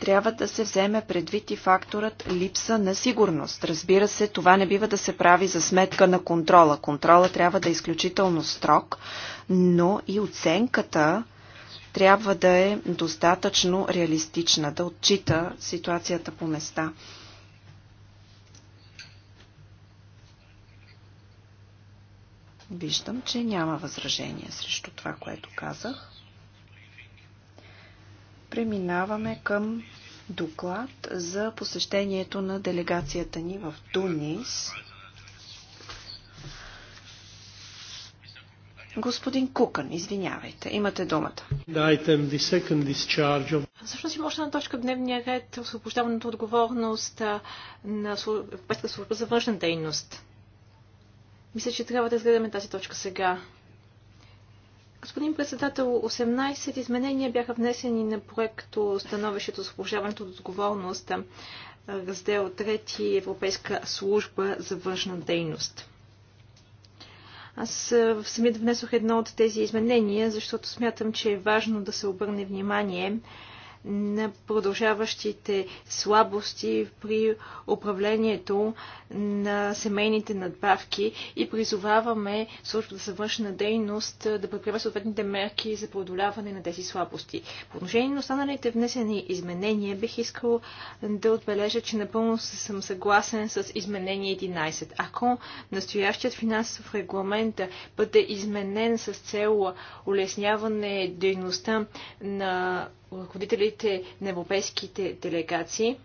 Трябва да се вземе предвид и факторът липса на сигурност. Разбира се, това не бива да се прави за сметка на контрола. Контрола трябва да е изключително строг, но и оценката трябва да е достатъчно реалистична, да отчита ситуацията по места. Виждам, че няма възражение срещу това, което казах. Преминаваме към доклад за посещението на делегацията ни в Тунис. Господин Кукън, извинявайте, имате думата. Всъщност има още една точка в дневния ред, освобождаването отговорност на Европейска служба за външна дейност. Мисля, че трябва да разгледаме тази точка сега. Господин председател, 18 изменения бяха внесени на проекто Становището за служаването от отговорност, раздел 3 Европейска служба за външна дейност. Аз э, самият внесох едно от тези изменения, защото смятам, че е важно да се обърне внимание на продължаващите слабости при управлението на семейните надбавки и призоваваме службата за външна дейност да предприема съответните мерки за преодоляване на тези слабости. По отношение на останалите внесени изменения бих искал да отбележа, че напълно съм съгласен с изменение 11. Ако настоящият финансов регламент бъде изменен с цел улесняване дейността на ръководителите на европейските делегации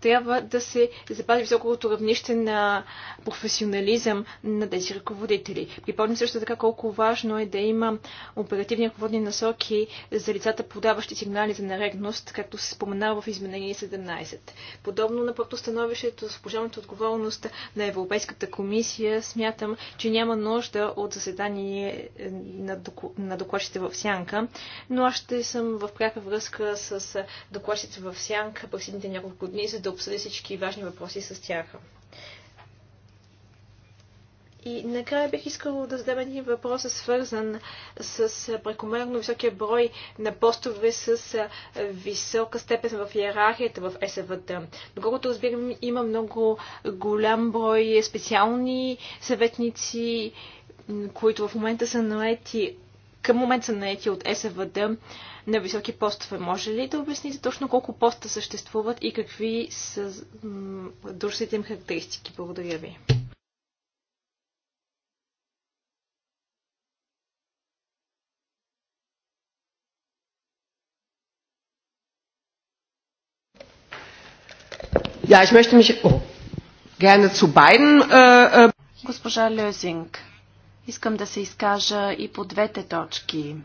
трябва да се запази високото равнище на професионализъм на тези ръководители. Припомням също така колко важно е да има оперативни ръководни насоки за лицата, подаващи сигнали за нарегност, както се споменава в изменение 17. Подобно на становището с пожарната отговорност на Европейската комисия, смятам, че няма нужда от заседание е, на докладчите в Сянка, но аз ще съм в пряка връзка с докладчите в Сянка през няколко дни, за да обсъди всички важни въпроси с тях. И накрая бих искала да задам един въпрос, свързан с прекомерно високия брой на постове с висока степен в иерархията в СВТ. Доколкото разбирам, има много голям брой специални съветници, които в момента са наети, към момента са наети от СВД на високи постове. Може ли да обясните точно колко поста съществуват и какви са длъжностите им характеристики? Благодаря ви. Ja, ich möchte mich oh, gerne zu beiden. Äh, äh Госпожа Лезинг, искам да се изкажа и по двете точки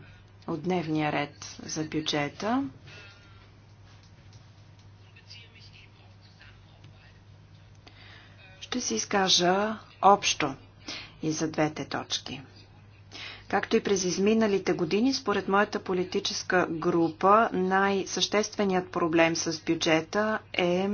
от дневния ред за бюджета. Ще се изкажа общо и за двете точки. Както и през изминалите години, според моята политическа група, най-същественият проблем с бюджета е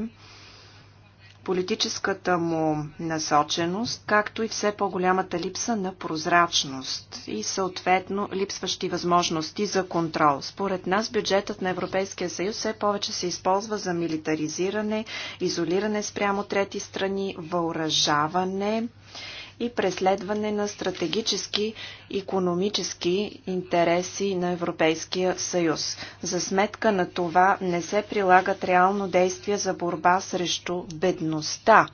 политическата му насоченост, както и все по-голямата липса на прозрачност и съответно липсващи възможности за контрол. Според нас бюджетът на Европейския съюз все повече се използва за милитаризиране, изолиране спрямо трети страни, въоръжаване, и преследване на стратегически економически интереси на Европейския съюз. За сметка на това не се прилагат реално действия за борба срещу бедността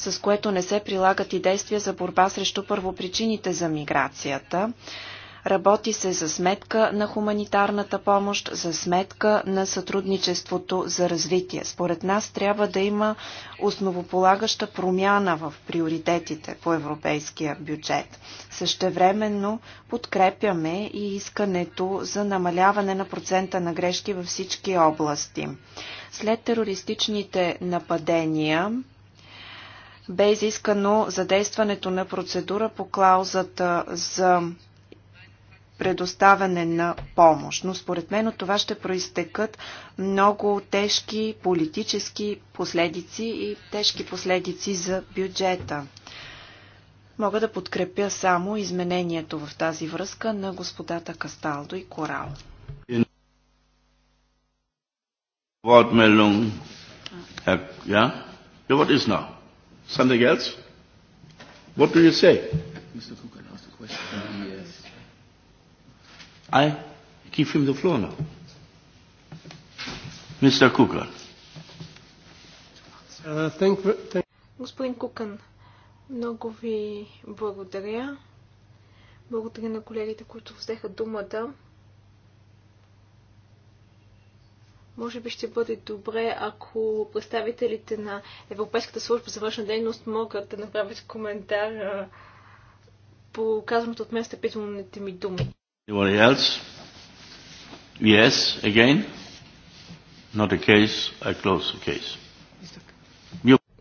с което не се прилагат и действия за борба срещу първопричините за миграцията, Работи се за сметка на хуманитарната помощ, за сметка на сътрудничеството за развитие. Според нас трябва да има основополагаща промяна в приоритетите по европейския бюджет. Същевременно подкрепяме и искането за намаляване на процента на грешки във всички области. След терористичните нападения бе изискано задействането на процедура по клаузата за предоставяне на помощ. Но според мен от това ще проистекат много тежки политически последици и тежки последици за бюджета. Мога да подкрепя само изменението в тази връзка на господата Касталдо и Корал. what do you say? Mr. Cook asked a question. Uh, I give him the floor now. Mr. Kukan. Uh, Господин Кукан, много ви благодаря. Благодаря на колегите, които взеха думата. Може би ще бъде добре, ако представителите на Европейската служба за външна дейност могат да направят коментар по казаното от мен стъпителните ми думи. Anybody else? Yes, again? Not a case, I close the case.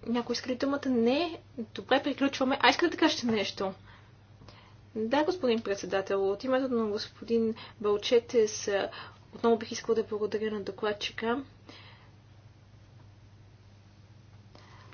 Някой иска ли думата? Не. Добре, приключваме. А искате да кажете нещо? Да, господин председател, от името на господин Бълчетес отново бих искал да благодаря на докладчика.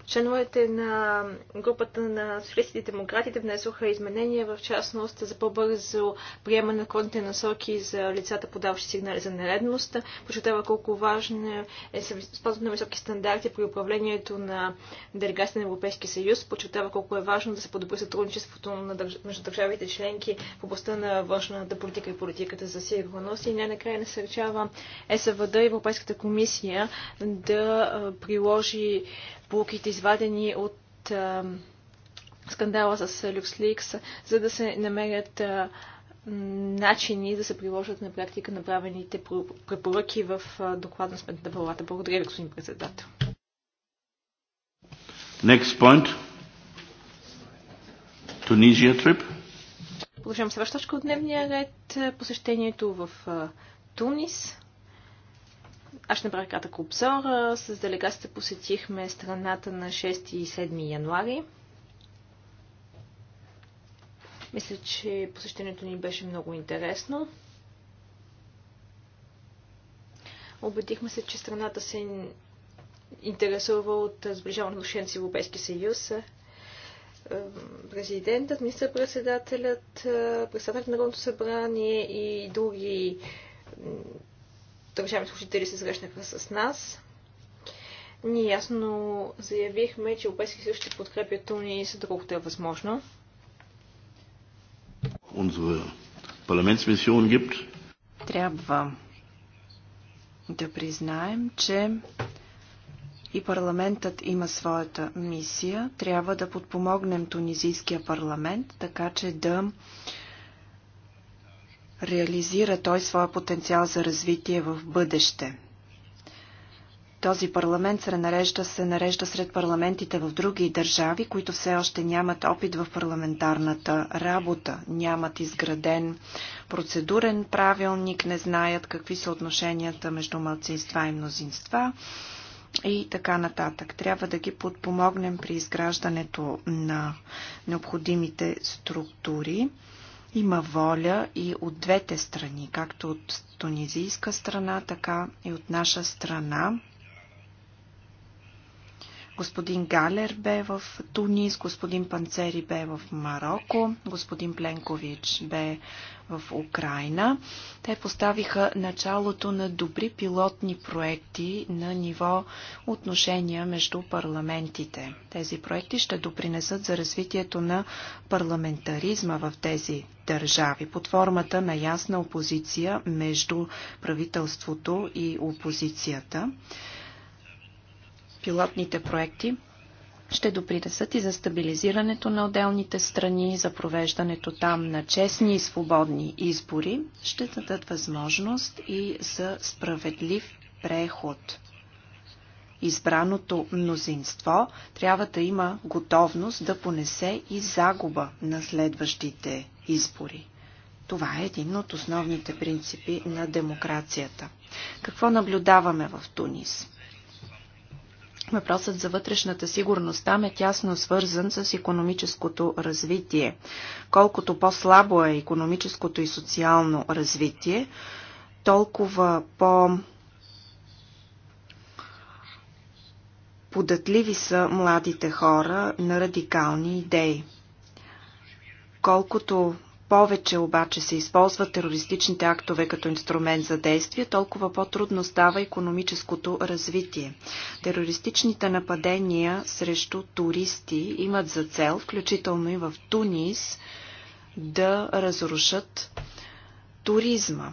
Членовете на групата на социалистите и демократите внесоха изменения, в частност за по-бързо приемане на кодните насоки за лицата, подаващи сигнали за нередност. Почетава колко важно е спазването на високи стандарти при управлението на делегацията на Европейския съюз. Почетава колко е важно да се подобри сътрудничеството на държ... между държавите членки в областта на външната политика и политиката за сигурност. И най-накрая насърчава СВД и Европейската комисия да приложи полуките, извадени от а, скандала с LuxLeaks, за да се намерят а, начини да се приложат на практика направените препоръки в доклад на Сметната палата. Благодаря ви, господин председател. Next point. Tunisia trip. Продължавам следваща точка от дневния ред. Посещението в Тунис аз ще направя кратък обзор. С делегацията посетихме страната на 6 и 7 януари. Мисля, че посещението ни беше много интересно. Убедихме се, че страната се интересува от сближаване на отношения с Европейския съюз. Президентът, министър-председателят, председателят на Народното събрание и други държавни служители се срещнаха с нас. Ние ясно заявихме, че Европейски съюз ще подкрепя Тунис, доколкото е възможно. Трябва да признаем, че и парламентът има своята мисия. Трябва да подпомогнем тунизийския парламент, така че да реализира той своя потенциал за развитие в бъдеще. Този парламент се нарежда, се нарежда сред парламентите в други държави, които все още нямат опит в парламентарната работа, нямат изграден процедурен правилник, не знаят какви са отношенията между мълцинства и мнозинства и така нататък. Трябва да ги подпомогнем при изграждането на необходимите структури. Има воля и от двете страни, както от тунизийска страна, така и от наша страна Господин Галер бе в Тунис, господин Панцери бе в Марокко, господин Пленкович бе в Украина. Те поставиха началото на добри пилотни проекти на ниво отношения между парламентите. Тези проекти ще допринесат за развитието на парламентаризма в тези държави под формата на ясна опозиция между правителството и опозицията. Пилотните проекти ще допринесат и за стабилизирането на отделните страни, за провеждането там на честни и свободни избори, ще дадат възможност и за справедлив преход. Избраното мнозинство трябва да има готовност да понесе и загуба на следващите избори. Това е един от основните принципи на демокрацията. Какво наблюдаваме в Тунис? Въпросът за вътрешната сигурност там е тясно свързан с економическото развитие. Колкото по-слабо е економическото и социално развитие, толкова по- податливи са младите хора на радикални идеи. Колкото повече обаче се използват терористичните актове като инструмент за действие, толкова по-трудно става економическото развитие. Терористичните нападения срещу туристи имат за цел, включително и в Тунис, да разрушат туризма.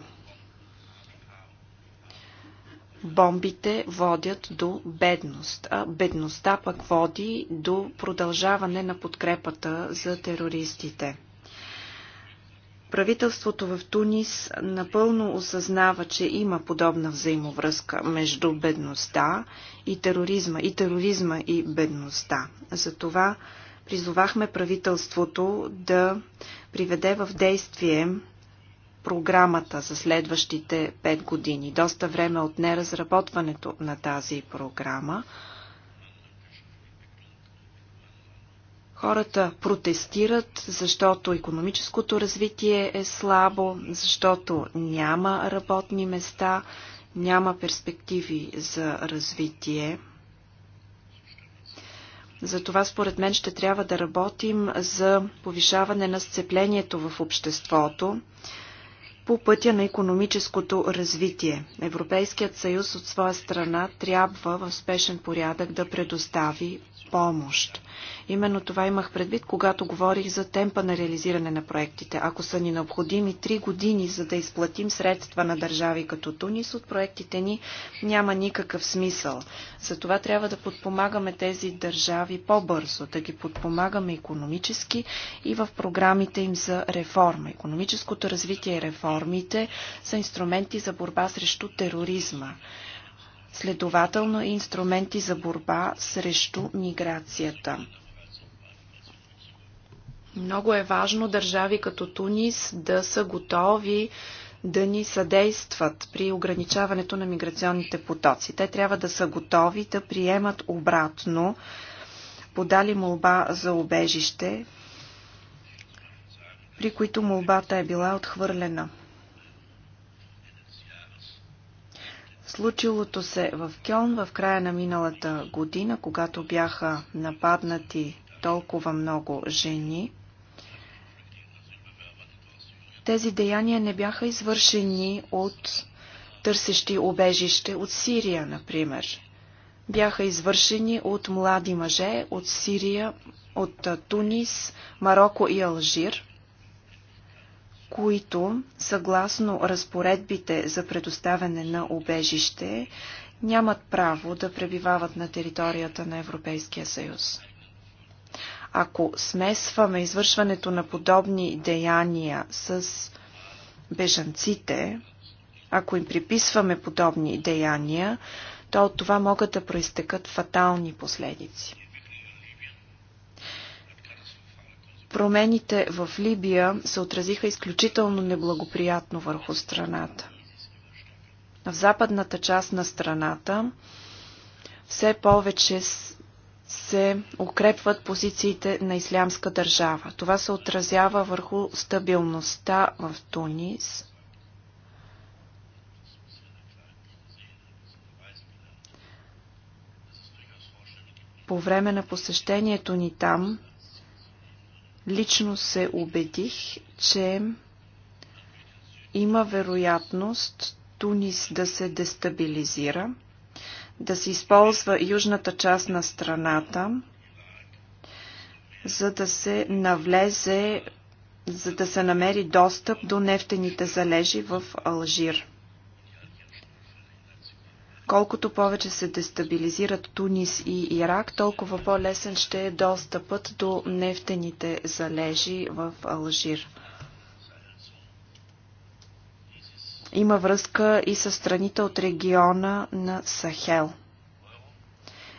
Бомбите водят до бедност, а бедността пък води до продължаване на подкрепата за терористите. Правителството в Тунис напълно осъзнава, че има подобна взаимовръзка между бедността и тероризма, и тероризма и бедността. Затова призовахме правителството да приведе в действие програмата за следващите 5 години. Доста време от неразработването на тази програма. Хората протестират, защото економическото развитие е слабо, защото няма работни места, няма перспективи за развитие. Затова според мен ще трябва да работим за повишаване на сцеплението в обществото по пътя на економическото развитие. Европейският съюз от своя страна трябва в спешен порядък да предостави помощ. Именно това имах предвид, когато говорих за темпа на реализиране на проектите. Ако са ни необходими три години, за да изплатим средства на държави като Тунис от проектите ни, няма никакъв смисъл. Затова трябва да подпомагаме тези държави по-бързо, да ги подпомагаме економически и в програмите им за реформа. Економическото развитие и реформите са инструменти за борба срещу тероризма следователно и инструменти за борба срещу миграцията. Много е важно държави като Тунис да са готови да ни съдействат при ограничаването на миграционните потоци. Те трябва да са готови да приемат обратно подали молба за обежище, при които молбата е била отхвърлена. Случилото се в Кьон в края на миналата година, когато бяха нападнати толкова много жени, тези деяния не бяха извършени от търсещи обежище от Сирия, например. Бяха извършени от млади мъже от Сирия, от Тунис, Марокко и Алжир които, съгласно разпоредбите за предоставяне на обежище, нямат право да пребивават на територията на Европейския съюз. Ако смесваме извършването на подобни деяния с бежанците, ако им приписваме подобни деяния, то от това могат да проистекат фатални последици. Промените в Либия се отразиха изключително неблагоприятно върху страната. В западната част на страната все повече се укрепват позициите на ислямска държава. Това се отразява върху стабилността в Тунис. По време на посещението ни там Лично се убедих, че има вероятност Тунис да се дестабилизира, да се използва южната част на страната, за да се навлезе, за да се намери достъп до нефтените залежи в Алжир. Колкото повече се дестабилизират Тунис и Ирак, толкова по-лесен ще е достъпът до нефтените залежи в Алжир. Има връзка и с страните от региона на Сахел.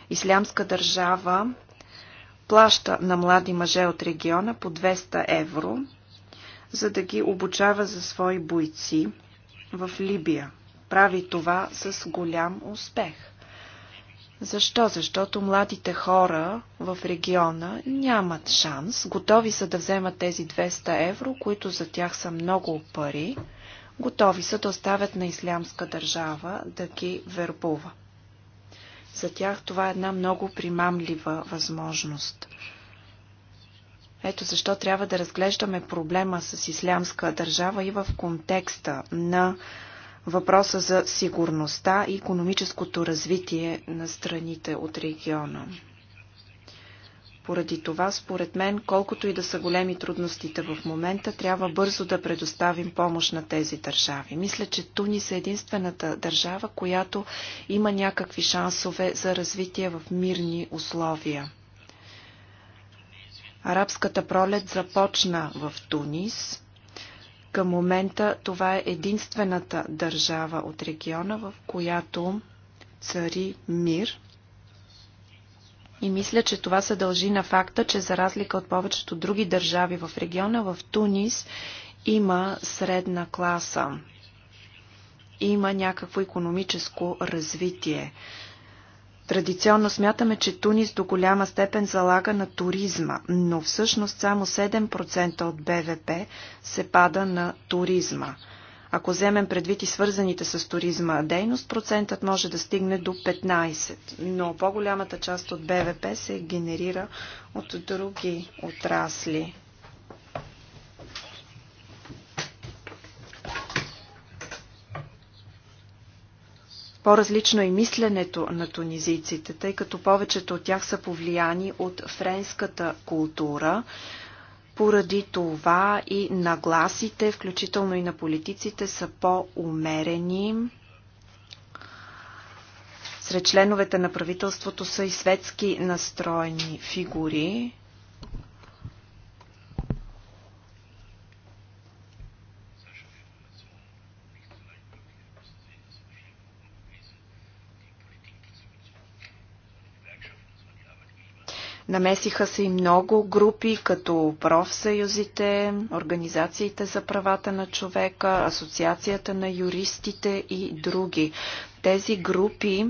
Ислямска държава плаща на млади мъже от региона по 200 евро, за да ги обучава за свои бойци в Либия – прави това с голям успех. Защо? Защото младите хора в региона нямат шанс, готови са да вземат тези 200 евро, които за тях са много пари, готови са да оставят на ислямска държава да ги вербува. За тях това е една много примамлива възможност. Ето защо трябва да разглеждаме проблема с ислямска държава и в контекста на въпроса за сигурността и економическото развитие на страните от региона. Поради това, според мен, колкото и да са големи трудностите в момента, трябва бързо да предоставим помощ на тези държави. Мисля, че Тунис е единствената държава, която има някакви шансове за развитие в мирни условия. Арабската пролет започна в Тунис. Към момента това е единствената държава от региона, в която цари мир. И мисля, че това се дължи на факта, че за разлика от повечето други държави в региона, в Тунис има средна класа. Има някакво економическо развитие. Традиционно смятаме, че Тунис до голяма степен залага на туризма, но всъщност само 7% от БВП се пада на туризма. Ако вземем предвид и свързаните с туризма дейност, процентът може да стигне до 15, но по-голямата част от БВП се генерира от други отрасли. По-различно е мисленето на тунизийците, тъй като повечето от тях са повлияни от френската култура. Поради това и нагласите, включително и на политиците, са по-умерени. Сред членовете на правителството са и светски настроени фигури. Намесиха се и много групи, като профсъюзите, организациите за правата на човека, Асоциацията на юристите и други. Тези групи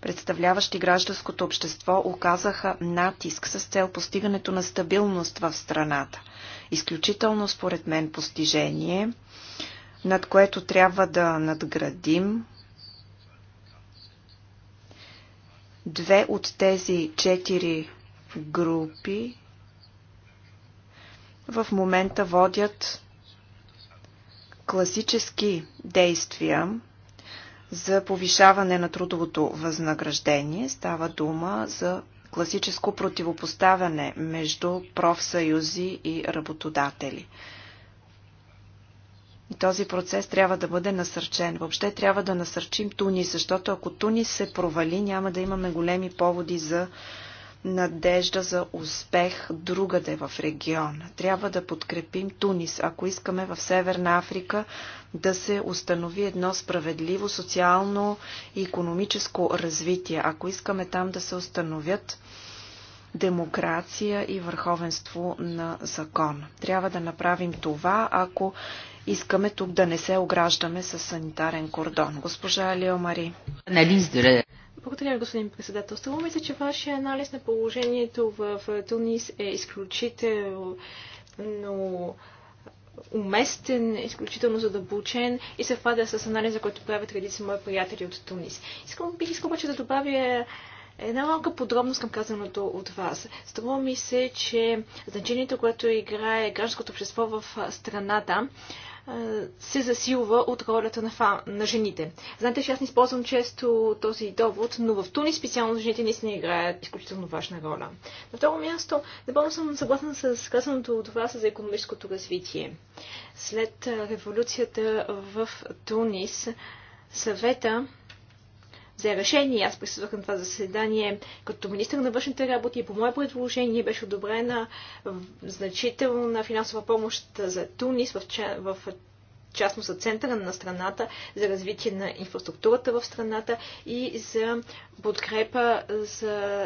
представляващи гражданското общество, оказаха натиск с цел постигането на стабилност в страната. Изключително, според мен, постижение, над което трябва да надградим. Две от тези четири групи в момента водят класически действия за повишаване на трудовото възнаграждение. Става дума за класическо противопоставяне между профсъюзи и работодатели. И този процес трябва да бъде насърчен. Въобще трябва да насърчим Тунис, защото ако Тунис се провали, няма да имаме големи поводи за надежда за успех другаде в региона. Трябва да подкрепим Тунис, ако искаме в Северна Африка да се установи едно справедливо социално и економическо развитие, ако искаме там да се установят демокрация и върховенство на закон. Трябва да направим това, ако искаме тук да не се ограждаме с санитарен кордон. Госпожа Алио Мари. Благодаря, господин председател. Струва ми се, че вашия анализ на положението в Тунис е изключително уместен, изключително задълбочен и се впада с анализа, който правят редица мои приятели от Тунис. Искам, бих искал обаче да добавя една малка подробност към казаното от вас. Струва ми се, че значението, което играе гражданското общество в страната, се засилва от ролята на, фа, на жените. Знаете, че аз не използвам често този довод, но в Туни специално жените наистина играят изключително важна роля. На второ място, напълно съм съгласна с казаното от вас за економическото развитие. След революцията в Тунис, съвета взе решение. Аз присъствах на това заседание като министр на външните работи и по мое предложение беше одобрена значителна финансова помощ за Тунис в, в частност за центъра на страната, за развитие на инфраструктурата в страната и за подкрепа за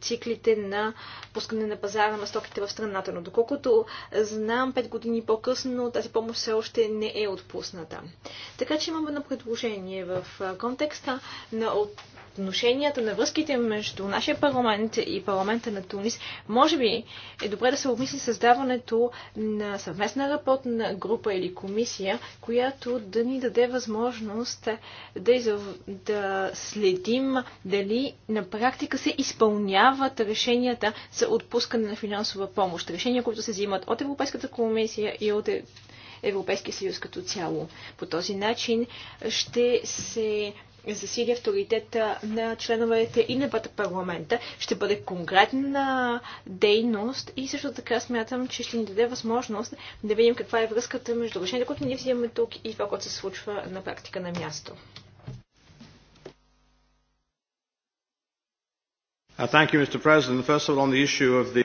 циклите на пускане на пазара на стоките в страната. Но доколкото знам, 5 години по-късно тази помощ все още не е отпусната. Така че имаме едно предложение в контекста на отношенията на връзките между нашия парламент и парламента на Тунис. Може би е добре да се обмисли създаването на съвместна работна група или комисия, която да ни даде възможност да, изъв... да следим дали на практика се изпълнява изпълняват решенията за отпускане на финансова помощ. Решения, които се взимат от Европейската комисия и от е- Европейския съюз като цяло. По този начин ще се засили авторитета на членовете и на двата парламента. Ще бъде конкретна дейност и също така смятам, че ще ни даде възможност да видим каква е връзката между решенията, които ние взимаме тук и това, което се случва на практика на място. Uh,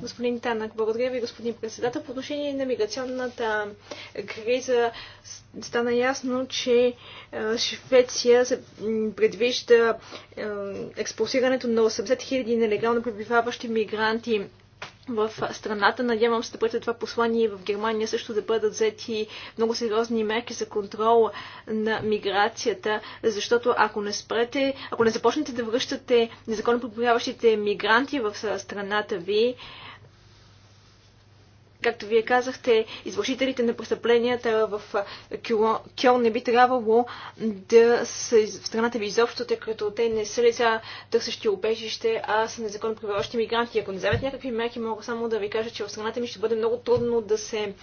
господин Танък, благодаря ви, господин председател. По отношение на миграционната криза стана ясно, че Швеция предвижда експулсирането на 80 000 нелегално пребиваващи мигранти в страната. Надявам се да бъде това послание в Германия също да бъдат взети много сериозни мерки за контрол на миграцията, защото ако не спрете, ако не започнете да връщате незаконно подборяващите мигранти в страната ви, както вие казахте, извършителите на престъпленията в Кьол не би трябвало да са в страната ви изобщо, тъй като те не са лица търсещи убежище, а са незаконно пребиваващи мигранти. Ако не вземете някакви мерки, мога само да ви кажа, че в страната ми ще бъде много трудно да се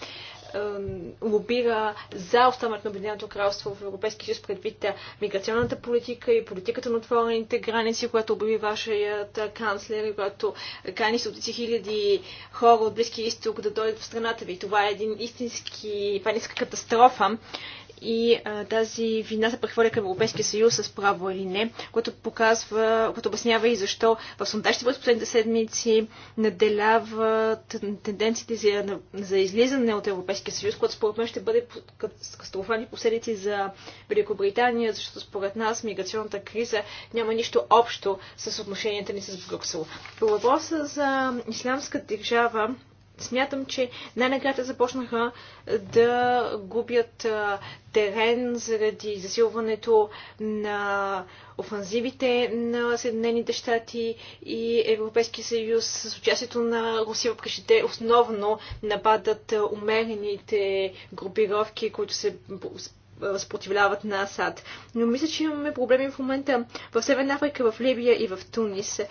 лобира за оставането на Обединеното кралство в Европейския съюз предвид миграционната политика и политиката на отворените граници, която обяви вашият канцлер и която кани стотици хиляди хора от Близкия изток да дойдат в страната ви. Това е един истински, това е катастрофа и а, тази вина се прехвърля към Европейския съюз с право или не, което показва, което обяснява и защо в сондажите през последните седмици наделяват тенденциите за, за излизане от Европейския съюз, което според мен ще бъде катастрофални последици за Великобритания, защото според нас миграционната криза няма нищо общо с отношенията ни с Брюксел. По въпроса за ислямска държава, смятам, че най-накрая започнаха е, да губят е, терен заради засилването на офанзивите на Съединените щати и Европейския съюз с участието на Русия, въпреки те основно нападат е, умерените групировки, които се възпротивляват на Асад. Но мисля, че имаме проблеми в момента в Северна Африка, в Либия и в Тунис. Е,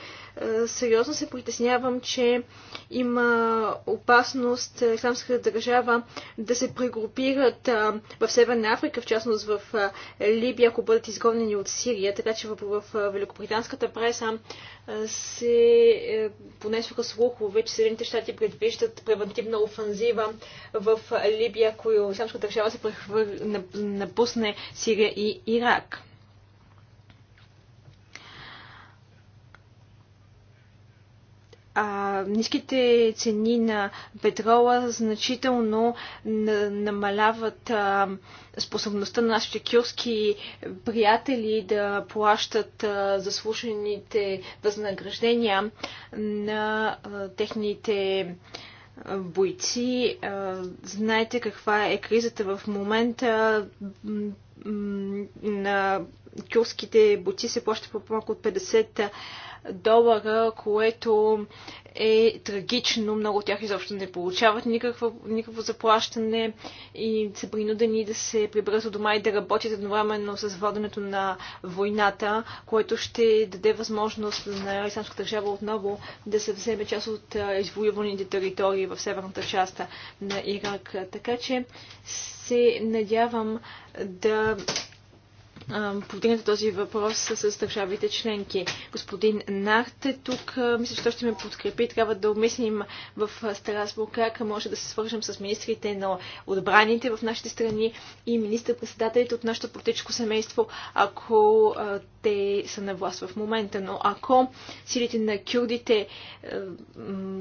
сериозно се притеснявам, че има опасност исламската държава да се прегрупират в Северна Африка, в частност в Либия, ако бъдат изгонени от Сирия. Така че в Великобританската преса се е, понесоха слухове, че Съединените щати предвиждат превентивна офанзива в Либия, която Исламска държава се напусне Сирия и Ирак. а, ниските цени на петрола значително намаляват а, способността на нашите кюрски приятели да плащат а, заслушаните възнаграждения на а, техните бойци. А, знаете каква е кризата в момента на кюрските бойци се плаща по-малко от 50 долара, което е трагично. Много от тях изобщо не получават никакво, никакво заплащане и са принудени да се прибързат от дома и да работят едновременно с воденето на войната, което ще даде възможност на Исламската държава отново да се вземе част от извоюваните територии в северната част на Ирак. Така че се надявам да повдигнете този въпрос с държавите членки. Господин Нарт е тук. Мисля, че той ще ме подкрепи. Трябва да обмислим в Страсбург как може да се свържем с министрите на отбраните в нашите страни и министър-председателите от нашето политическо семейство, ако те са на власт в момента. Но ако силите на кюрдите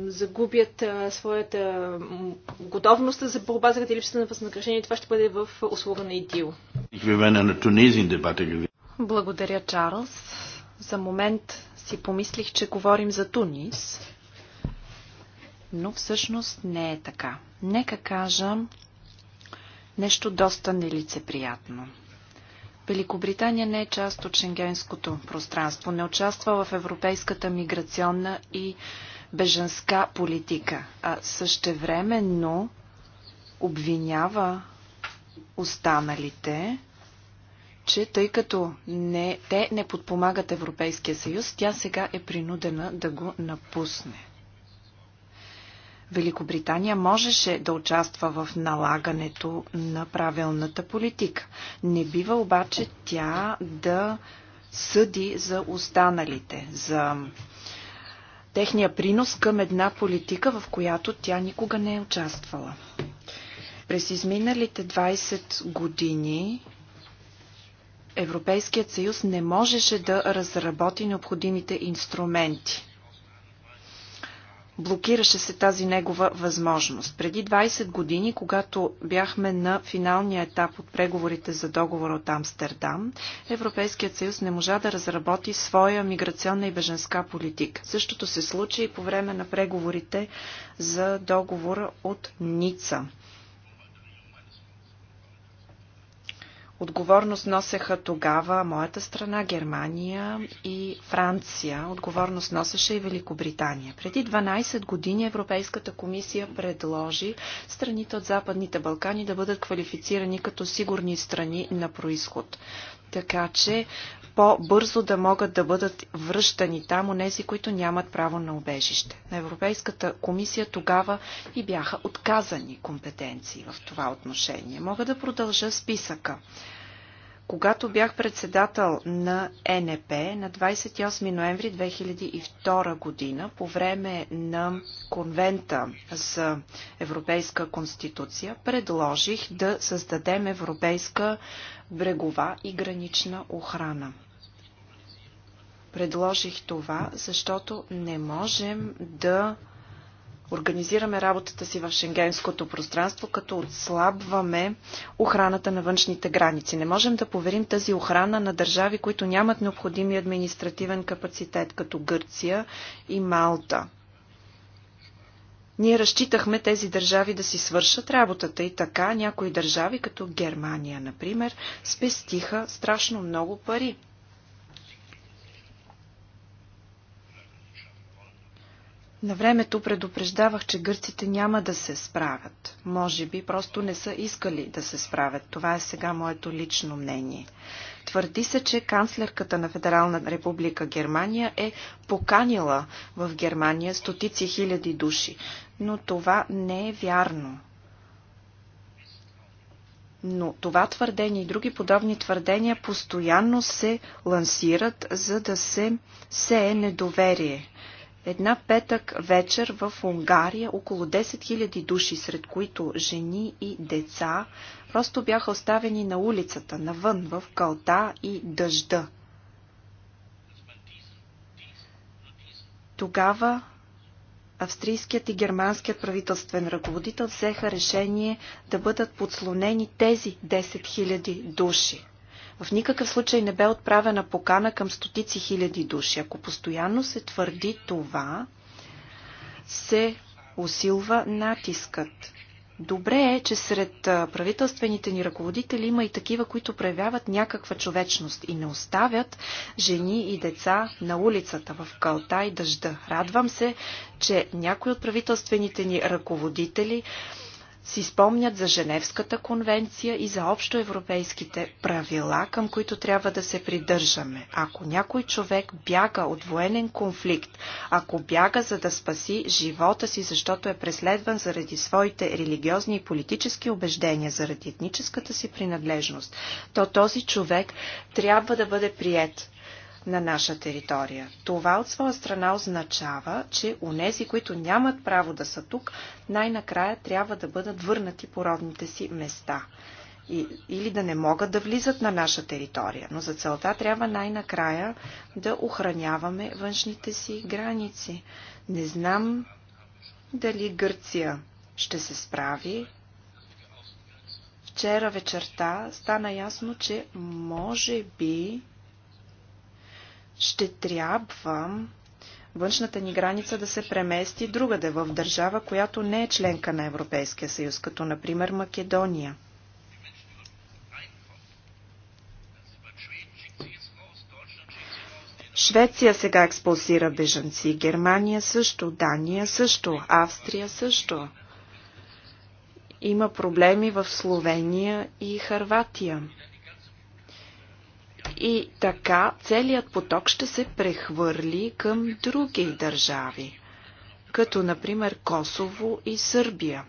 загубят своята готовност за борба заради липсата на възнаграждение, това ще бъде в услуга на ИДИЛ дебата Благодаря, Чарлз. За момент си помислих, че говорим за Тунис, но всъщност не е така. Нека кажа нещо доста нелицеприятно. Великобритания не е част от шенгенското пространство, не участва в европейската миграционна и беженска политика, а същевременно обвинява останалите че тъй като не, те не подпомагат Европейския съюз, тя сега е принудена да го напусне. Великобритания можеше да участва в налагането на правилната политика. Не бива обаче тя да съди за останалите, за техния принос към една политика, в която тя никога не е участвала. През изминалите 20 години Европейският съюз не можеше да разработи необходимите инструменти. Блокираше се тази негова възможност. Преди 20 години, когато бяхме на финалния етап от преговорите за договора от Амстердам, Европейският съюз не можа да разработи своя миграционна и беженска политика. Същото се случи и по време на преговорите за договора от Ница – Отговорност носеха тогава моята страна, Германия и Франция. Отговорност носеше и Великобритания. Преди 12 години Европейската комисия предложи страните от Западните Балкани да бъдат квалифицирани като сигурни страни на происход. Така че по-бързо да могат да бъдат връщани там онези, които нямат право на убежище. На Европейската комисия тогава и бяха отказани компетенции в това отношение. Мога да продължа списъка. Когато бях председател на НП на 28 ноември 2002 година, по време на конвента за Европейска конституция, предложих да създадем Европейска брегова и гранична охрана. Предложих това, защото не можем да организираме работата си в шенгенското пространство, като отслабваме охраната на външните граници. Не можем да поверим тази охрана на държави, които нямат необходими административен капацитет, като Гърция и Малта. Ние разчитахме тези държави да си свършат работата и така някои държави, като Германия, например, спестиха страшно много пари На времето предупреждавах, че гърците няма да се справят. Може би просто не са искали да се справят. Това е сега моето лично мнение. Твърди се, че канцлерката на Федерална република Германия е поканила в Германия стотици хиляди души. Но това не е вярно. Но това твърдение и други подобни твърдения постоянно се лансират, за да се сее недоверие – Една петък вечер в Унгария около 10 000 души, сред които жени и деца, просто бяха оставени на улицата, навън, в калта и дъжда. Тогава австрийският и германският правителствен ръководител взеха решение да бъдат подслонени тези 10 000 души. В никакъв случай не бе отправена покана към стотици хиляди души. Ако постоянно се твърди това, се усилва натискът. Добре е, че сред правителствените ни ръководители има и такива, които проявяват някаква човечност и не оставят жени и деца на улицата в кълта и дъжда. Радвам се, че някои от правителствените ни ръководители си спомнят за Женевската конвенция и за общоевропейските правила, към които трябва да се придържаме. Ако някой човек бяга от военен конфликт, ако бяга за да спаси живота си, защото е преследван заради своите религиозни и политически убеждения, заради етническата си принадлежност, то този човек трябва да бъде прият на наша територия. Това от своя страна означава, че унези, които нямат право да са тук, най-накрая трябва да бъдат върнати по родните си места. И, или да не могат да влизат на наша територия. Но за целта трябва най-накрая да охраняваме външните си граници. Не знам дали Гърция ще се справи, вчера вечерта стана ясно, че може би ще трябва външната ни граница да се премести другаде в държава, която не е членка на Европейския съюз, като например Македония. Швеция сега експулсира бежанци, Германия също, Дания също, Австрия също. Има проблеми в Словения и Харватия. И така целият поток ще се прехвърли към други държави, като например Косово и Сърбия.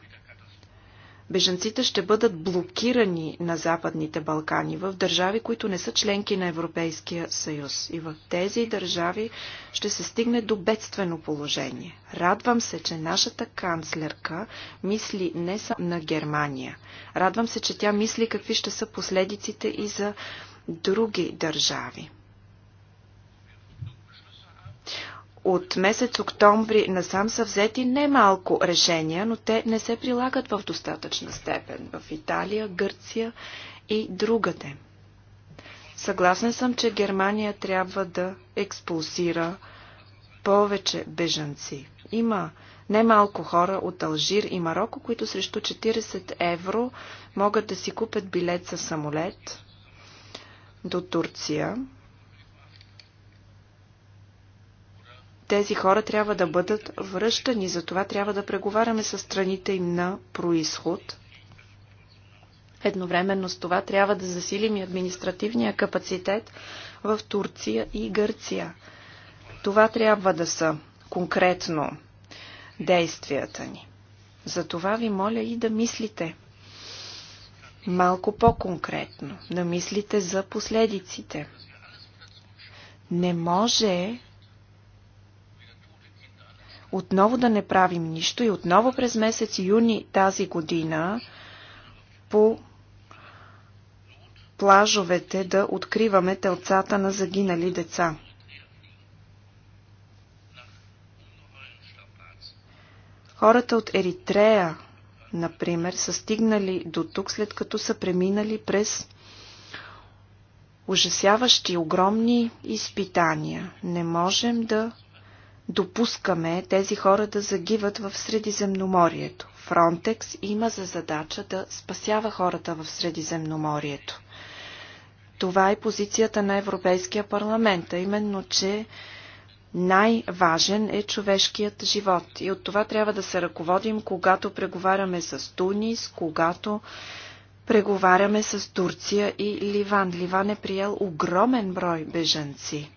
Беженците ще бъдат блокирани на Западните Балкани в държави, които не са членки на Европейския съюз. И в тези държави ще се стигне до бедствено положение. Радвам се, че нашата канцлерка мисли не само на Германия. Радвам се, че тя мисли какви ще са последиците и за други държави. От месец октомври насам са взети немалко решения, но те не се прилагат в достатъчна степен в Италия, Гърция и другаде. Съгласен съм, че Германия трябва да експулсира повече бежанци. Има немалко хора от Алжир и Марокко, които срещу 40 евро могат да си купят билет със самолет до Турция, тези хора трябва да бъдат връщани. Затова трябва да преговаряме с страните им на происход. Едновременно с това трябва да засилим и административния капацитет в Турция и Гърция. Това трябва да са конкретно действията ни. Затова ви моля и да мислите малко по-конкретно, да мислите за последиците. Не може отново да не правим нищо и отново през месец юни тази година по плажовете да откриваме телцата на загинали деца. Хората от Еритрея например, са стигнали до тук, след като са преминали през ужасяващи, огромни изпитания. Не можем да допускаме тези хора да загиват в Средиземноморието. Фронтекс има за задача да спасява хората в Средиземноморието. Това е позицията на Европейския парламент, а именно, че най-важен е човешкият живот. И от това трябва да се ръководим, когато преговаряме с Тунис, когато преговаряме с Турция и Ливан. Ливан е приел огромен брой бежанци.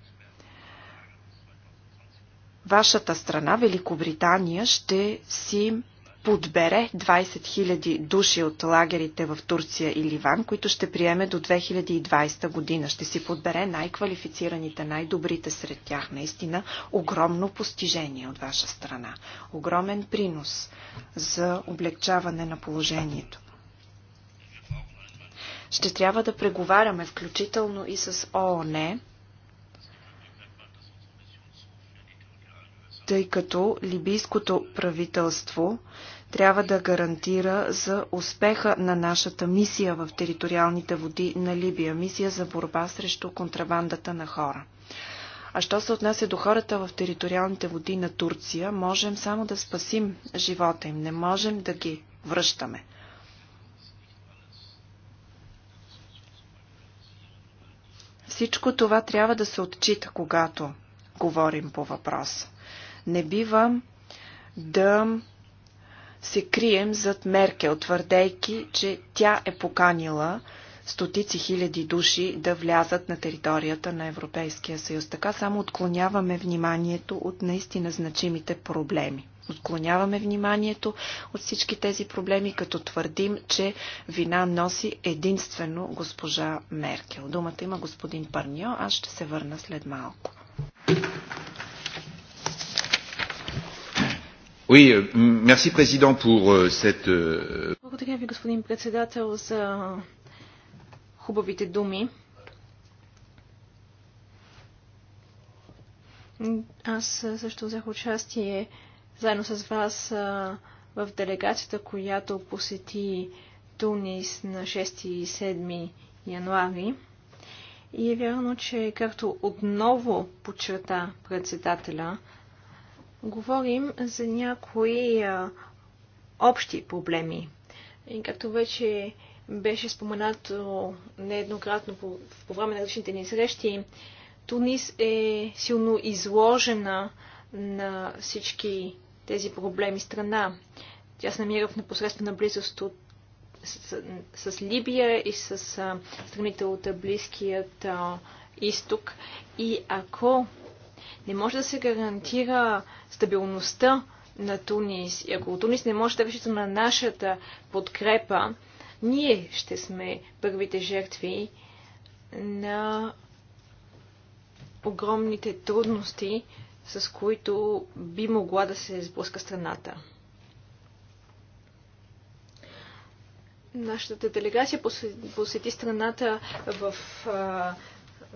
Вашата страна, Великобритания, ще си подбере 20 000 души от лагерите в Турция и Ливан, които ще приеме до 2020 година. Ще си подбере най-квалифицираните, най-добрите сред тях. Наистина огромно постижение от ваша страна. Огромен принос за облегчаване на положението. Ще трябва да преговаряме включително и с ООН, тъй като либийското правителство трябва да гарантира за успеха на нашата мисия в териториалните води на Либия, мисия за борба срещу контрабандата на хора. А що се отнася до хората в териториалните води на Турция, можем само да спасим живота им, не можем да ги връщаме. Всичко това трябва да се отчита, когато говорим по въпроса. Не бива да се крием зад Меркел, твърдейки, че тя е поканила стотици хиляди души да влязат на територията на Европейския съюз. Така само отклоняваме вниманието от наистина значимите проблеми. Отклоняваме вниманието от всички тези проблеми, като твърдим, че вина носи единствено госпожа Меркел. Думата има господин Парньо, аз ще се върна след малко. Euh, euh, euh, Благодаря ви, господин председател, за хубавите думи. Аз също взех участие заедно с вас в делегацията, която посети Тунис на 6 и 7 януари. И е вярно, че както отново подчерта председателя, Говорим за някои а, общи проблеми. И както вече беше споменато нееднократно по, по време на различните ни срещи, Тунис е силно изложена на всички тези проблеми страна. Тя се намира в непосредствена близост от, с, с, с Либия и с а, страните от Близкият а, изток. И ако не може да се гарантира стабилността на Тунис и ако Тунис не може да реши на нашата подкрепа, ние ще сме първите жертви на огромните трудности, с които би могла да се сблъска страната. Нашата делегация посети страната в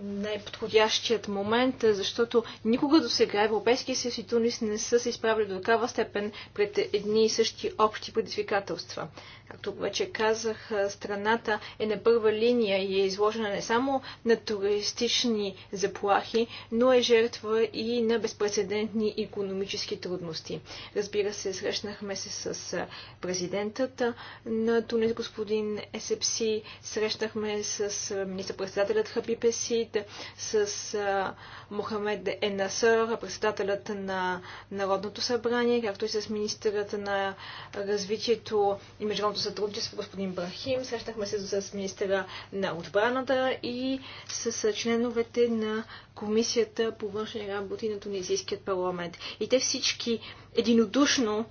най-подходящият момент, защото никога до сега Европейския съюз и Тунис не са се изправили до такава степен пред едни и същи общи предизвикателства. Както вече казах, страната е на първа линия и е изложена не само на туристични заплахи, но е жертва и на безпредседентни економически трудности. Разбира се, срещнахме се с президентът на Тунис, господин Есепси, срещнахме с министър-председателят Хабибеси, срещнат с Мохамед Енасър, председателят на Народното събрание, както и с министърът на развитието и международното сътрудничество господин Брахим. Срещнахме се с министъра на отбраната и с членовете на Комисията по външни работи на Тунизийският парламент. И те всички единодушно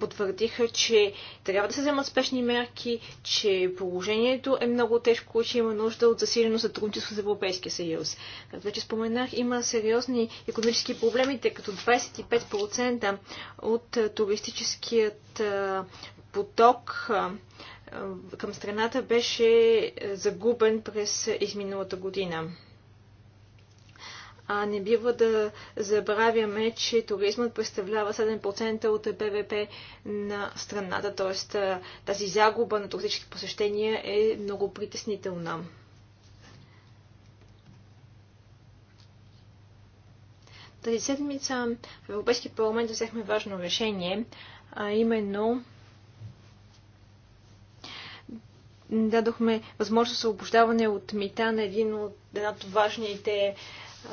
потвърдиха, че трябва да се вземат спешни мерки, че положението е много тежко, че има нужда от засилено сътрудничество с Европейския съюз. Както вече споменах, има сериозни економически проблеми, тъй като 25% от туристическият поток към страната беше загубен през изминалата година а не бива да забравяме, че туризмът представлява 7% от БВП на страната, т.е. тази загуба на туристически посещения е много притеснителна. Тази седмица в Европейския парламент взехме важно решение, а именно дадохме възможност за освобождаване от мита на един от, една от важните е,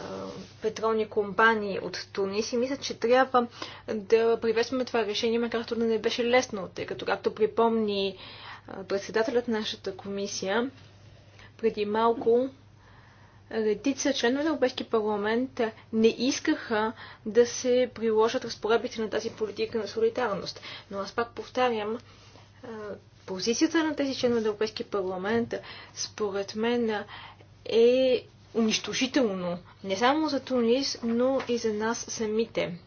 петролни компании от Тунис и мисля, че трябва да приветстваме това решение, макар да не беше лесно, тъй като, както припомни е, председателят на нашата комисия, преди малко редица членове на европейски парламент не искаха да се приложат разпоредбите на тази политика на солидарност. Но аз пак повтарям, е, позицията на тези членове на европейски парламент, според мен, е унищожително. Не само за Тунис, но и за нас самите.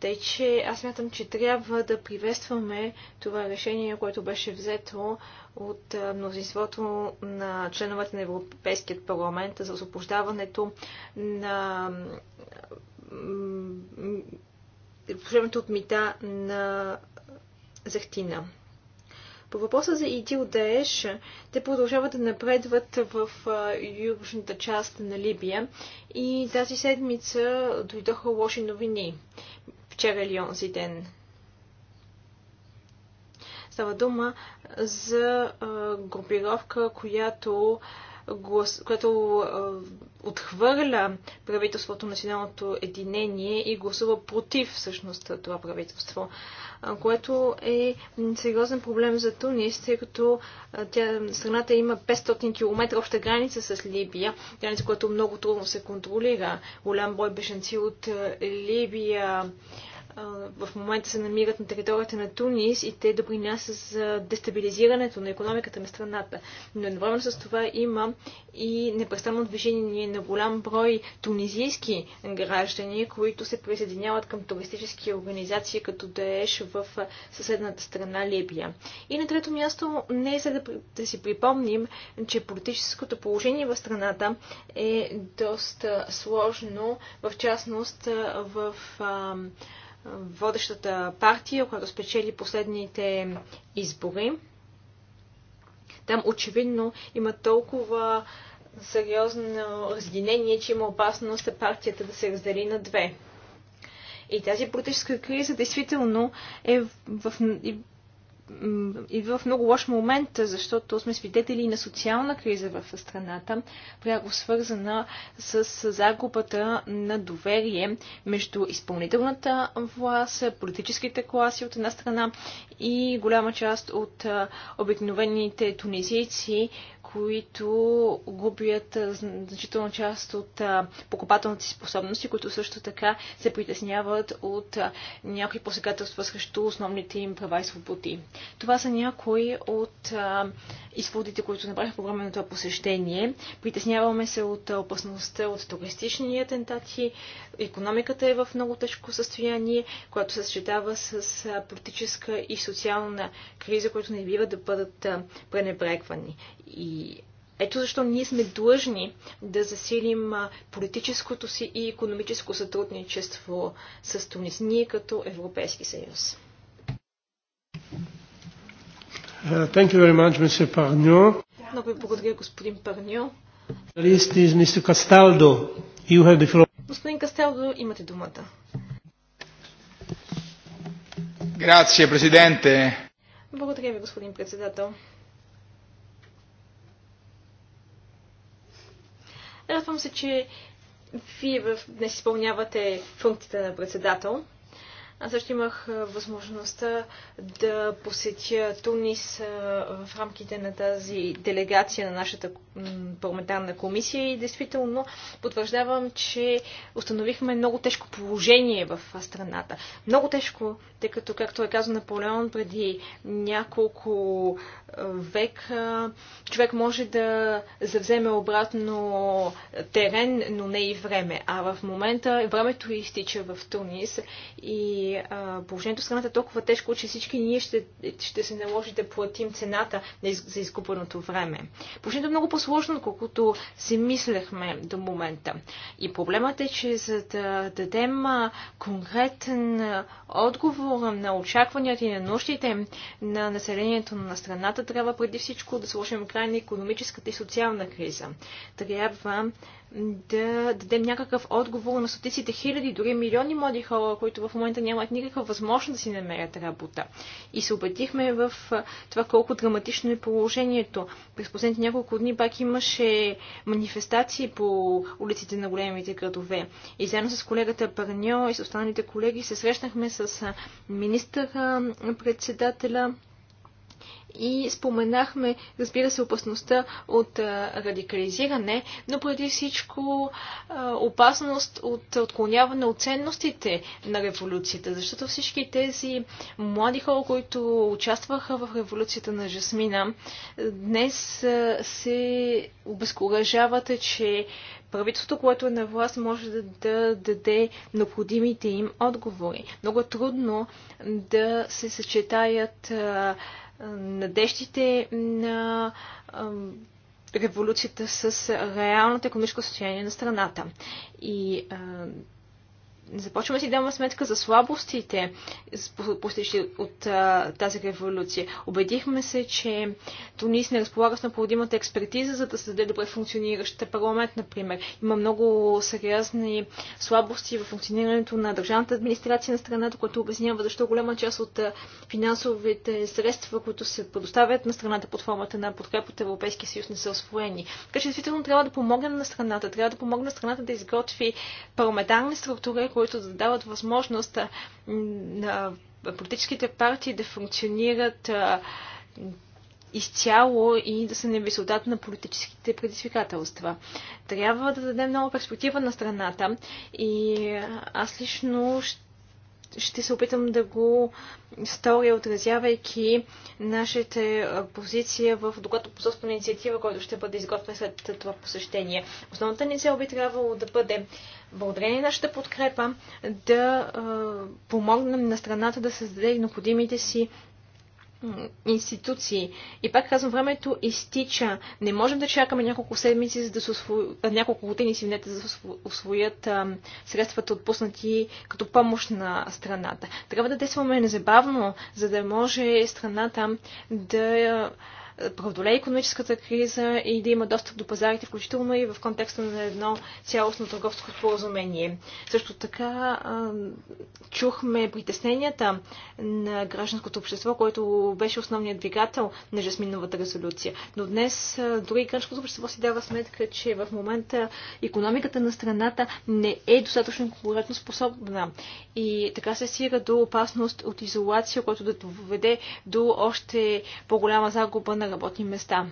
Тъй, че аз мятам, че трябва да приветстваме това решение, което беше взето от мнозинството на членовете на Европейският парламент за освобождаването на служебното от мита на захтина. По въпроса за ИДИЛ Даеш, те продължават да напредват в южната част на Либия и тази седмица дойдоха лоши новини. Вчера или е онзи ден. Става дума за групировка, която глас, което отхвърля правителството на синалното единение и гласува против всъщност това правителство, което е сериозен проблем за Тунис, тъй като тя, страната има 500 км обща граница с Либия, граница, която много трудно се контролира. Голям брой беженци от Либия в момента се намират на територията на Тунис и те допринасят за дестабилизирането на економиката на страната. Но едновременно с това има и непрестанно движение на голям брой тунизийски граждани, които се присъединяват към туристически организации като Даеш в съседната страна Либия. И на трето място не е за да, да си припомним, че политическото положение в страната е доста сложно, в частност в водещата партия, която спечели последните избори. Там очевидно има толкова сериозно разгинение, че има опасност партията да се раздели на две. И тази политическа криза действително е в, в, идва в много лош момент, защото сме свидетели на социална криза в страната, пряко свързана с загубата на доверие между изпълнителната власт, политическите класи от една страна и голяма част от обикновените тунизийци, които губят значителна част от покупателната си способност и които също така се притесняват от някои посегателства срещу основните им права и свободи. Това са някои от изводите, които направих по време на това посещение. Притесняваме се от опасността от туристични атентати. Економиката е в много тежко състояние, което се съчетава с политическа и социална криза, които не бива да бъдат пренебрегвани. И ето защо ние сме длъжни да засилим политическото си и економическо сътрудничество с Тунис, ние като Европейски съюз. Uh, thank you very much, Mr. Parnio. Много ви благодаря, господин Парньо. Господин Касталдо, имате думата. Grazie, Presidente. Благодаря ви, господин председател. Радвам се, че вие не изпълнявате функцията на председател. Аз също имах възможността да посетя Тунис в рамките на тази делегация на нашата парламентарна комисия и действително потвърждавам, че установихме много тежко положение в страната. Много тежко, тъй като, както е казал Наполеон преди няколко век човек може да завземе обратно терен, но не и време. А в момента времето изтича в Тунис и положението в страната е толкова тежко, че всички ние ще, ще се наложи да платим цената за изкупеното време. Положението е много по-сложно, колкото си мислехме до момента. И проблемът е, че за да дадем конкретен отговор на очакванията и на нуждите на населението на страната, страната трябва преди всичко да сложим край на економическата и социална криза. Трябва да дадем някакъв отговор на стотиците хиляди, дори милиони млади хора, които в момента нямат никаква възможност да си намерят работа. И се убедихме в това колко драматично е положението. През последните няколко дни пак имаше манифестации по улиците на големите градове. И заедно с колегата Парньо и с останалите колеги се срещнахме с министъра, председателя и споменахме, разбира се, опасността от радикализиране, но преди всичко опасност от отклоняване от ценностите на революцията, защото всички тези млади хора, които участваха в революцията на Жасмина, днес се обезкуражават, че правителството, което е на власт, може да, да даде необходимите им отговори. Много е трудно да се съчетаят а, надеждите на революцията с реалното економическо състояние на страната. И започваме да си даваме сметка за слабостите, постигащи от а, тази революция. Убедихме се, че Тунис не разполага с необходимата експертиза, за да създаде добре функциониращ парламент, например. Има много сериозни слабости в функционирането на държавната администрация на страната, което обяснява защо голяма част от финансовите средства, които се предоставят на страната под формата на подкреп от Европейския съюз, не са освоени. Така че действително трябва да помогнем на страната, трябва да помогнем на страната да изготви парламентарни структури, които да дават възможност на политическите партии да функционират изцяло и да са на на политическите предизвикателства. Трябва да дадем нова перспектива на страната и аз лично ще ще се опитам да го сторя, отразявайки нашите позиция в доклад по собствена инициатива, който ще бъде изготвен след това посещение. Основната ни цел би трябвало да бъде, благодарение на нашата подкрепа, да помогнем на страната да създаде необходимите си институции. И пак казвам, времето изтича. Не можем да чакаме няколко седмици, за да се освоят, няколко години, си извинете, за да се освоят средствата отпуснати като помощ на страната. Трябва да действаме незабавно, за да може страната да преодолее економическата криза и да има достъп до пазарите, включително и в контекста на едно цялостно търговско споразумение. Също така чухме притесненията на гражданското общество, което беше основният двигател на Жасминовата резолюция. Но днес дори гражданското общество си дава сметка, че в момента економиката на страната не е достатъчно конкурентно способна. И така се стига до опасност от изолация, която да доведе до още по-голяма загуба на работни места.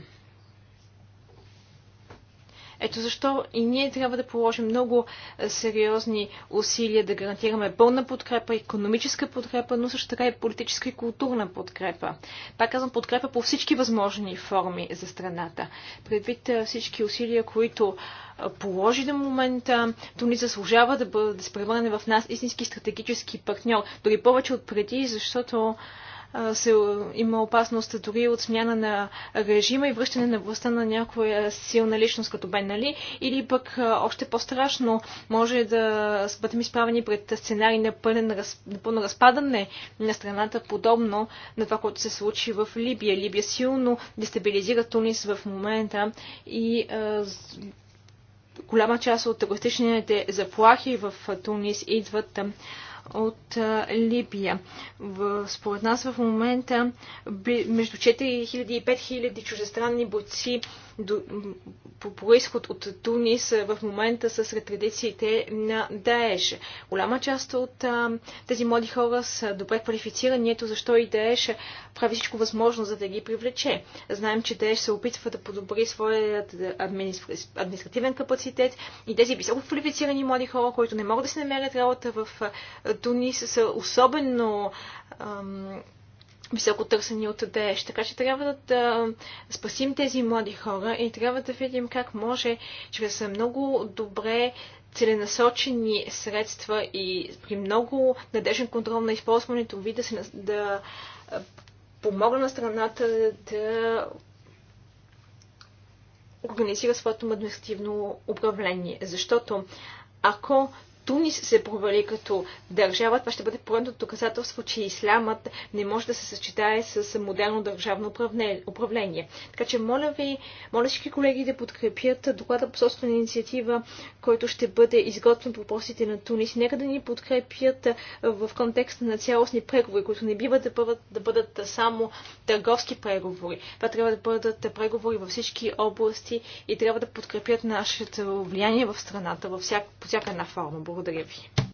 Ето защо и ние трябва да положим много е, сериозни усилия да гарантираме пълна подкрепа, економическа подкрепа, но също така и политическа и културна подкрепа. Пак казвам подкрепа по всички възможни форми за страната. Предвид е, всички усилия, които е, положи до момента, то ни заслужава да, бъде, да се превърне в нас истински стратегически партньор. Дори повече от преди, защото се, има опасност дори от смяна на режима и връщане на властта на някоя силна личност като Бен Али, или пък още по-страшно може да бъдем изправени пред сценарий на, пълен, пълно разпадане на страната, подобно на това, което се случи в Либия. Либия силно дестабилизира Тунис в момента и голяма част от терористичните заплахи в Тунис идват от Либия. според нас в момента между 4000 и 5000 чужестранни бойци по происход от Тунис в момента са сред традициите на Даеш. Голяма част от а, тези млади хора са добре квалифицирани, ето защо и Даеш прави всичко възможно, за да ги привлече. Знаем, че Даеш се опитва да подобри своят административен капацитет и тези високо квалифицирани млади хора, които не могат да се намерят работа в Тунис, са особено високо търсени от ДЕШ. Така че трябва да спасим тези млади хора и трябва да видим как може чрез много добре целенасочени средства и при много надежен контрол на използването ви да, се, да помогна на страната да организира своето административно управление. Защото ако Тунис се провали като държава, това ще бъде поредното доказателство, че Исламът не може да се съчетае с модерно държавно управление. Така че моля ви, моля всички колеги да подкрепят доклада по собствена инициатива, който ще бъде изготвен по въпросите на Тунис. Нека да ни подкрепят в контекста на цялостни преговори, които не биват да бъдат, да бъдат само търговски преговори. Това трябва да бъдат преговори във всички области и трябва да подкрепят нашето влияние в страната във всяк, по всяка една форма. Благодаря ви.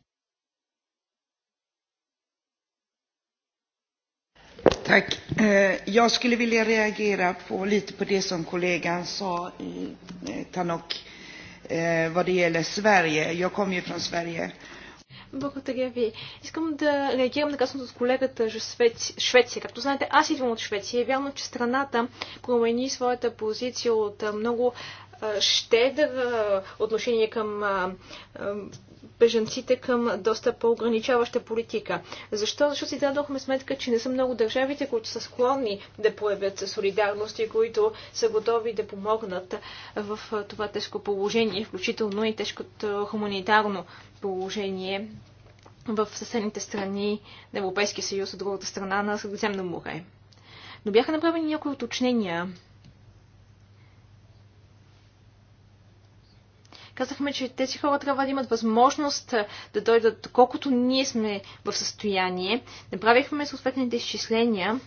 Tack. Eh, jag skulle vilja reagera på lite på det som kollegan sa i eh, Tanok eh, vad det gäller Sverige. Jag kommer ju från Sverige. Благодаря ви. Искам да реагирам на казаното с колегата Швеция. Както знаете, аз идвам от Швеция е вярно, че страната промени своята позиция от много щедра отношение към бежанците към доста по-ограничаваща политика. Защо? Защото си дадохме сметка, че не са много държавите, които са склонни да проявят солидарност и които са готови да помогнат в това тежко положение, включително и тежкото хуманитарно положение в съседните страни на Европейския съюз, от другата страна на Средиземно море. Но бяха направени някои уточнения Казахме, че тези хора трябва да имат възможност да дойдат колкото ние сме в състояние. Направихме съответните изчисления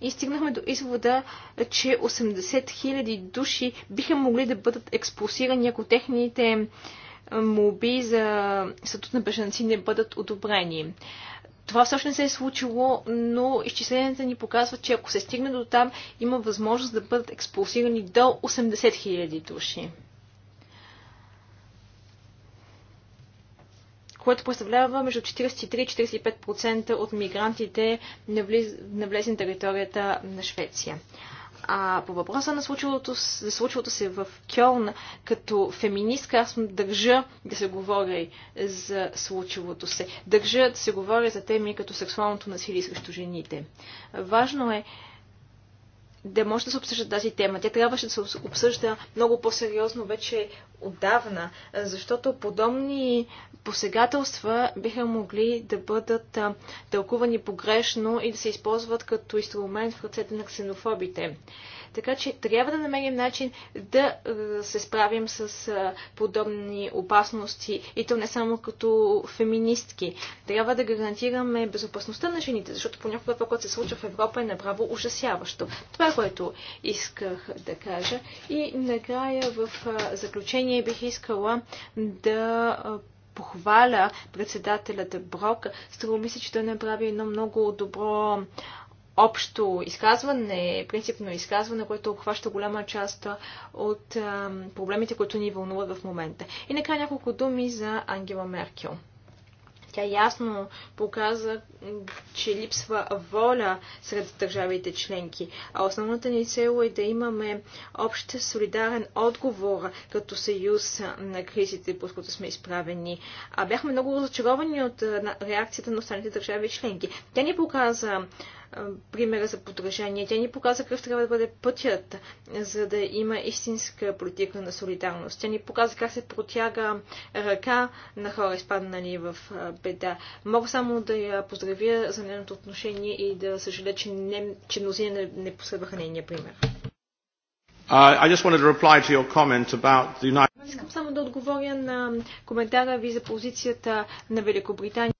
и стигнахме до извода, че 80 000 души биха могли да бъдат експулсирани, ако техните моби за статут на бежанци не бъдат одобрени. Това също не се е случило, но изчисленията ни показват, че ако се стигне до там, има възможност да бъдат експулсирани до 80 000 души. което представлява между 43 45% от мигрантите навлезли на територията на Швеция. А по въпроса на случилото, за случилото се в Кьолн, като феминистка, аз държа да се говори за случилото се. Държа да се говори за теми като сексуалното насилие срещу жените. Важно е да може да се обсъжда тази тема. Тя трябваше да се обсъжда много по-сериозно вече отдавна, защото подобни посегателства биха могли да бъдат тълкувани погрешно и да се използват като инструмент в ръцете на ксенофобите. Така че трябва да намерим начин да е, се справим с е, подобни опасности и то не само като феминистки. Трябва да гарантираме безопасността на жените, защото понякога това, което се случва в Европа е направо ужасяващо. Това е което исках да кажа. И накрая в е, заключение бих искала да похваля председателят Брок. Струва ми се, че той направи едно много добро общо изказване, принципно изказване, което обхваща голяма част от а, проблемите, които ни вълнуват в момента. И накрая няколко думи за Ангела Меркел. Тя ясно показа, че липсва воля сред държавите членки, а основната ни цел е да имаме общ солидарен отговор като съюз на кризите, под които сме изправени. А бяхме много разочаровани от реакцията на останалите държави членки. Тя ни показа примера за подражание. Тя ни показа какъв трябва да бъде пътят, за да има истинска политика на солидарност. Тя ни показа как се протяга ръка на хора, изпаднали в беда. Мога само да я поздравя за нейното отношение и да съжаля, че, не, че мнозина не, не последваха нейния пример. Uh, Искам само да отговоря на коментара ви за позицията на Великобритания.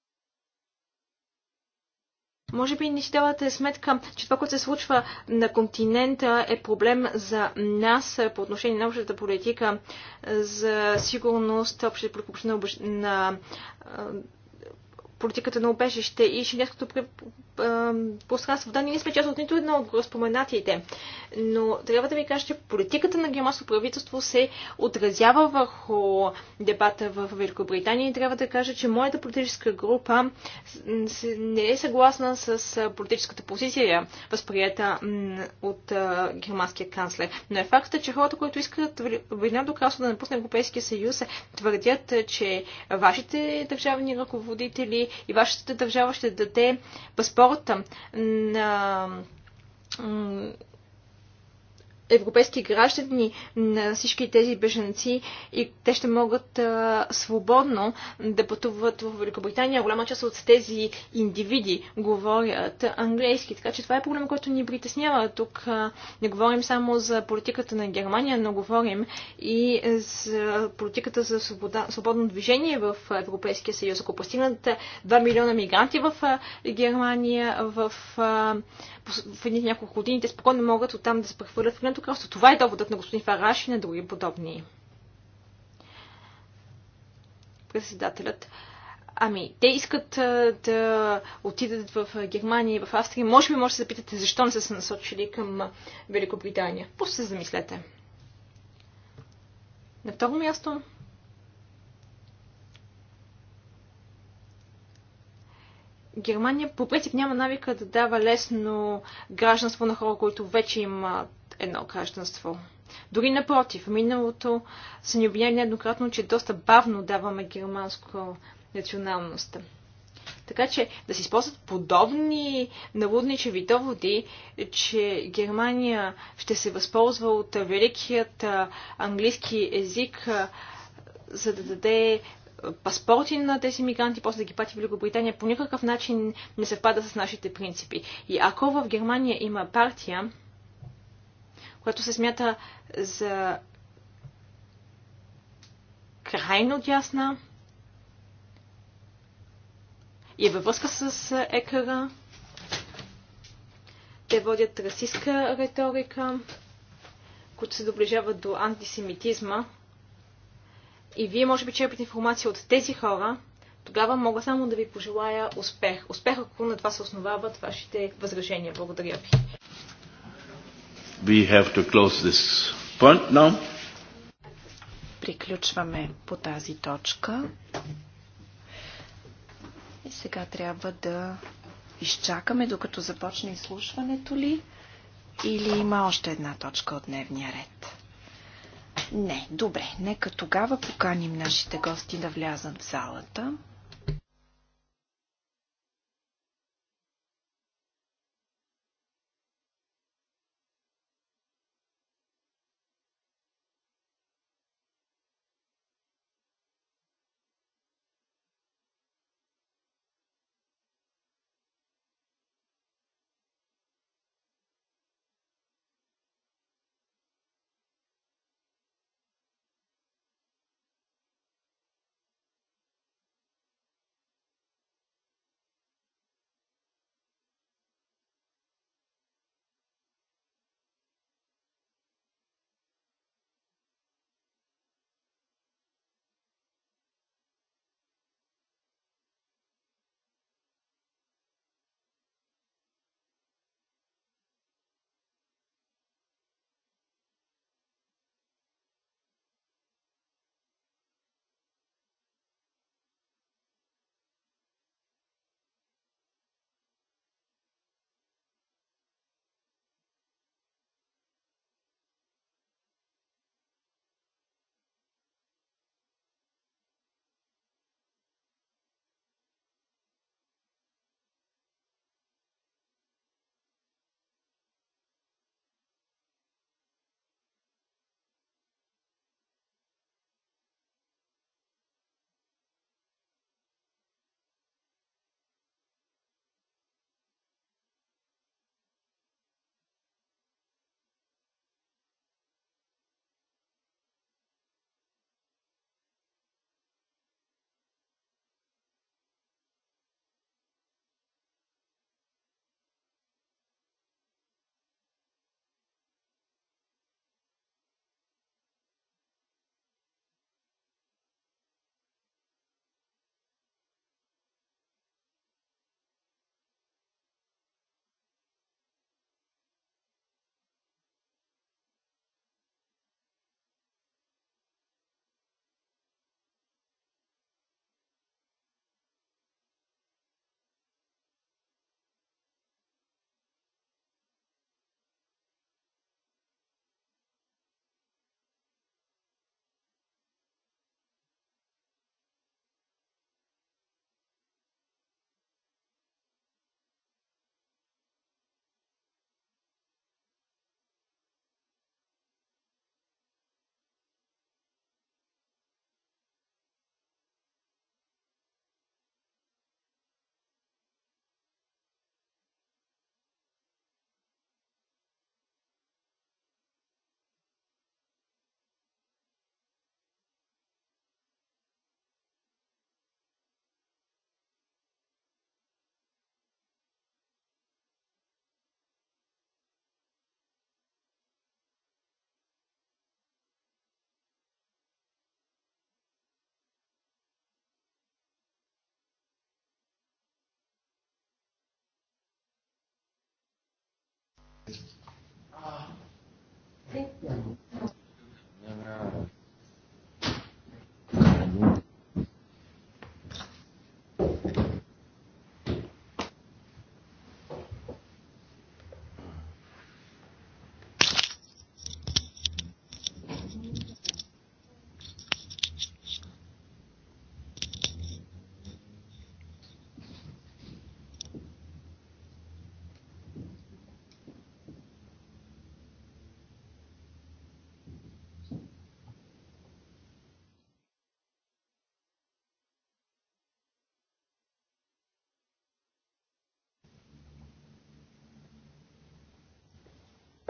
Може би не си давате сметка, че това, което се случва на континента е проблем за нас по отношение на общата политика за сигурност, общата на политиката на обежище и шенгенското пространство. Да, ние сме част от нито една от споменатите, но трябва да ви кажа, че политиката на германското правителство се отразява върху дебата в Великобритания и трябва да кажа, че моята политическа група не е съгласна с политическата позиция, възприята от германския канцлер. Но е факта, че хората, които искат до красо да напусне Европейския съюз, твърдят, че вашите държавни ръководители и вашата държава ще даде паспорта на европейски граждани на всички тези беженци и те ще могат а, свободно да пътуват в Великобритания. Голяма част от тези индивиди говорят английски, така че това е проблем, който ни притеснява. Тук а, не говорим само за политиката на Германия, но говорим и за политиката за свобода, свободно движение в Европейския съюз. Ако постигнат 2 милиона мигранти в а, Германия, в а, в едни няколко години, те спокойно могат оттам да се прехвърлят в Обединеното кралство. Това е доводът на господин Фараш и на други подобни. Председателят. Ами, те искат а, да отидат в Германия и в Австрия. Може би може да се запитате защо не са се насочили към Великобритания. Просто се замислете. На второ място, Германия по принцип няма навика да дава лесно гражданство на хора, които вече имат едно гражданство. Дори напротив, миналото са ни обвиняли неоднократно, че доста бавно даваме германско националност. Така че да се използват подобни налудничеви доводи, че Германия ще се възползва от великият английски език, за да даде паспорти на тези мигранти, после да ги пати в Великобритания, по никакъв начин не съвпада с нашите принципи. И ако в Германия има партия, която се смята за крайно дясна и е във връзка с екара, те водят расистска риторика, които се доближават до антисемитизма и вие може би черпите информация от тези хора, тогава мога само да ви пожелая успех. Успех, ако на това се основават вашите възражения. Благодаря ви. We have to close this point now. Приключваме по тази точка. И сега трябва да изчакаме, докато започне изслушването ли, или има още една точка от дневния ред. Не, добре, нека тогава поканим нашите гости да влязат в залата.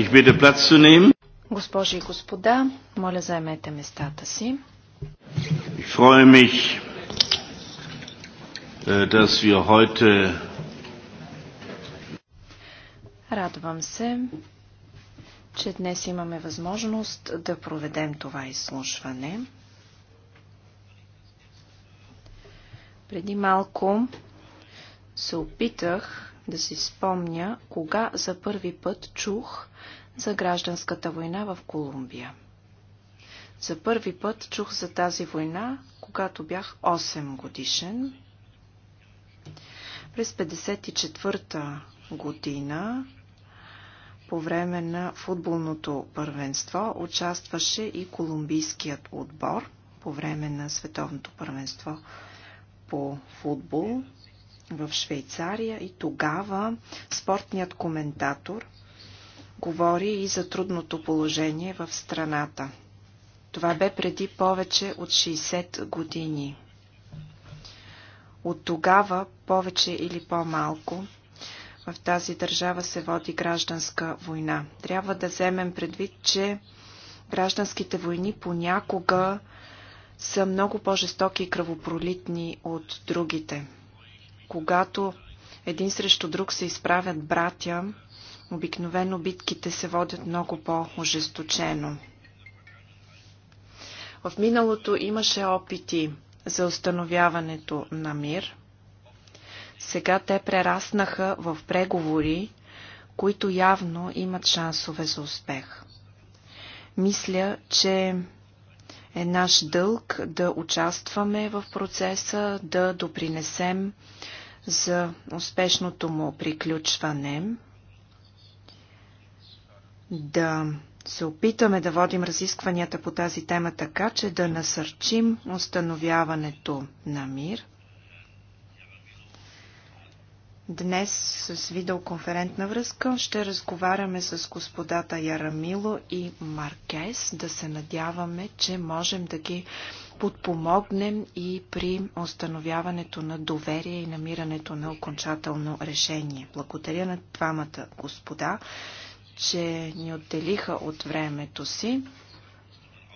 Ich bitte Platz zu nehmen. Госпожи и господа, моля заемете местата си. Ich freue mich, äh, dass wir heute Радвам се, че днес имаме възможност да проведем това изслушване. Преди малко се опитах да си спомня кога за първи път чух за гражданската война в Колумбия. За първи път чух за тази война, когато бях 8 годишен. През 54-та година по време на футболното първенство участваше и колумбийският отбор по време на световното първенство по футбол – в Швейцария и тогава спортният коментатор говори и за трудното положение в страната. Това бе преди повече от 60 години. От тогава, повече или по-малко, в тази държава се води гражданска война. Трябва да вземем предвид, че гражданските войни понякога са много по-жестоки и кръвопролитни от другите. Когато един срещу друг се изправят братя, обикновено битките се водят много по-ожесточено. В миналото имаше опити за установяването на мир. Сега те прераснаха в преговори, които явно имат шансове за успех. Мисля, че е наш дълг да участваме в процеса, да допринесем за успешното му приключване, да се опитаме да водим разискванията по тази тема така, че да насърчим установяването на мир – Днес с видеоконферентна връзка ще разговаряме с господата Ярамило и Маркес, да се надяваме, че можем да ги подпомогнем и при установяването на доверие и намирането на окончателно решение. Благодаря на двамата господа, че ни отделиха от времето си.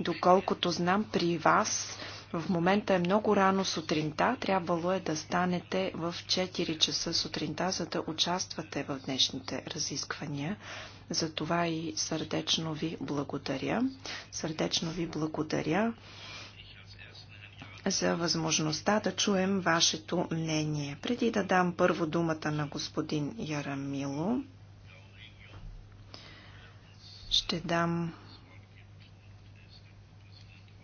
Доколкото знам, при вас в момента е много рано сутринта. Трябвало е да станете в 4 часа сутринта, за да участвате в днешните разисквания. За това и сърдечно ви благодаря. Сърдечно ви благодаря за възможността да чуем вашето мнение. Преди да дам първо думата на господин Ярамило, ще дам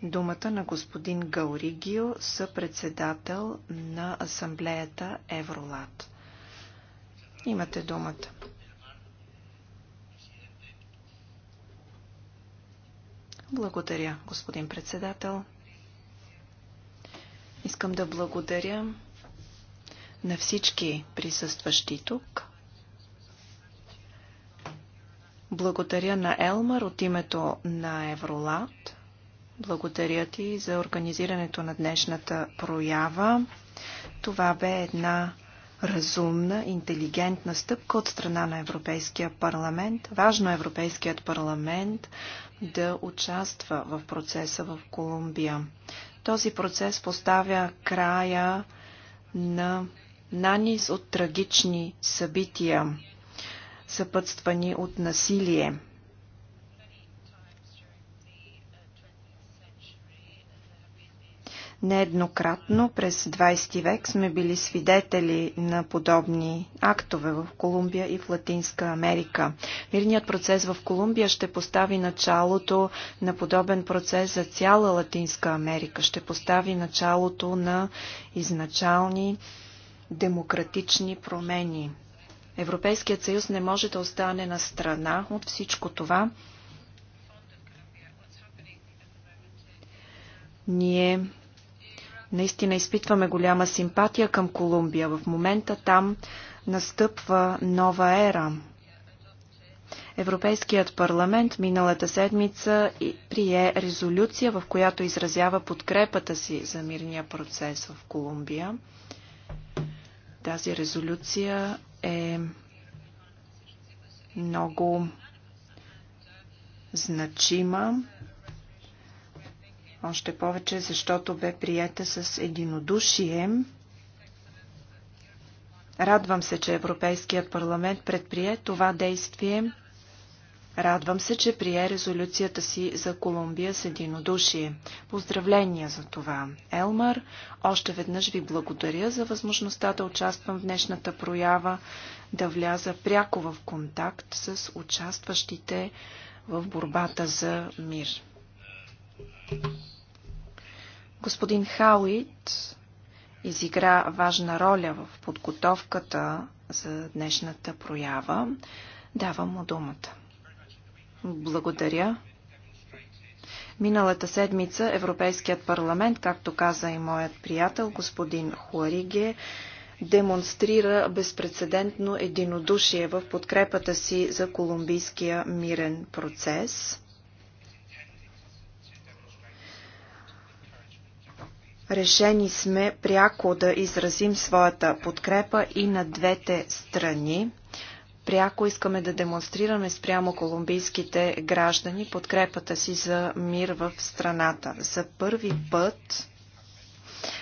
думата на господин Гауригио, съпредседател на Асамблеята Евролат. Имате думата. Благодаря, господин председател. Искам да благодаря на всички присъстващи тук. Благодаря на Елмар от името на Евролат – благодаря ти за организирането на днешната проява. Това бе една разумна, интелигентна стъпка от страна на Европейския парламент. Важно е Европейският парламент да участва в процеса в Колумбия. Този процес поставя края на наниз от трагични събития, съпътствани от насилие. Нееднократно през 20 век сме били свидетели на подобни актове в Колумбия и в Латинска Америка. Мирният процес в Колумбия ще постави началото на подобен процес за цяла Латинска Америка. Ще постави началото на изначални демократични промени. Европейският съюз не може да остане на страна от всичко това. Ние Наистина изпитваме голяма симпатия към Колумбия. В момента там настъпва нова ера. Европейският парламент миналата седмица прие резолюция, в която изразява подкрепата си за мирния процес в Колумбия. Тази резолюция е много значима. Още повече, защото бе приета с единодушие. Радвам се, че Европейският парламент предприе това действие. Радвам се, че прие резолюцията си за Колумбия с единодушие. Поздравления за това. Елмар, още веднъж ви благодаря за възможността да участвам в днешната проява, да вляза пряко в контакт с участващите в борбата за мир. Господин Хауит изигра важна роля в подготовката за днешната проява. Давам му думата. Благодаря. Миналата седмица Европейският парламент, както каза и моят приятел, господин Хуариге, демонстрира безпредседентно единодушие в подкрепата си за колумбийския мирен процес. Решени сме пряко да изразим своята подкрепа и на двете страни. Пряко искаме да демонстрираме спрямо колумбийските граждани подкрепата си за мир в страната. За първи път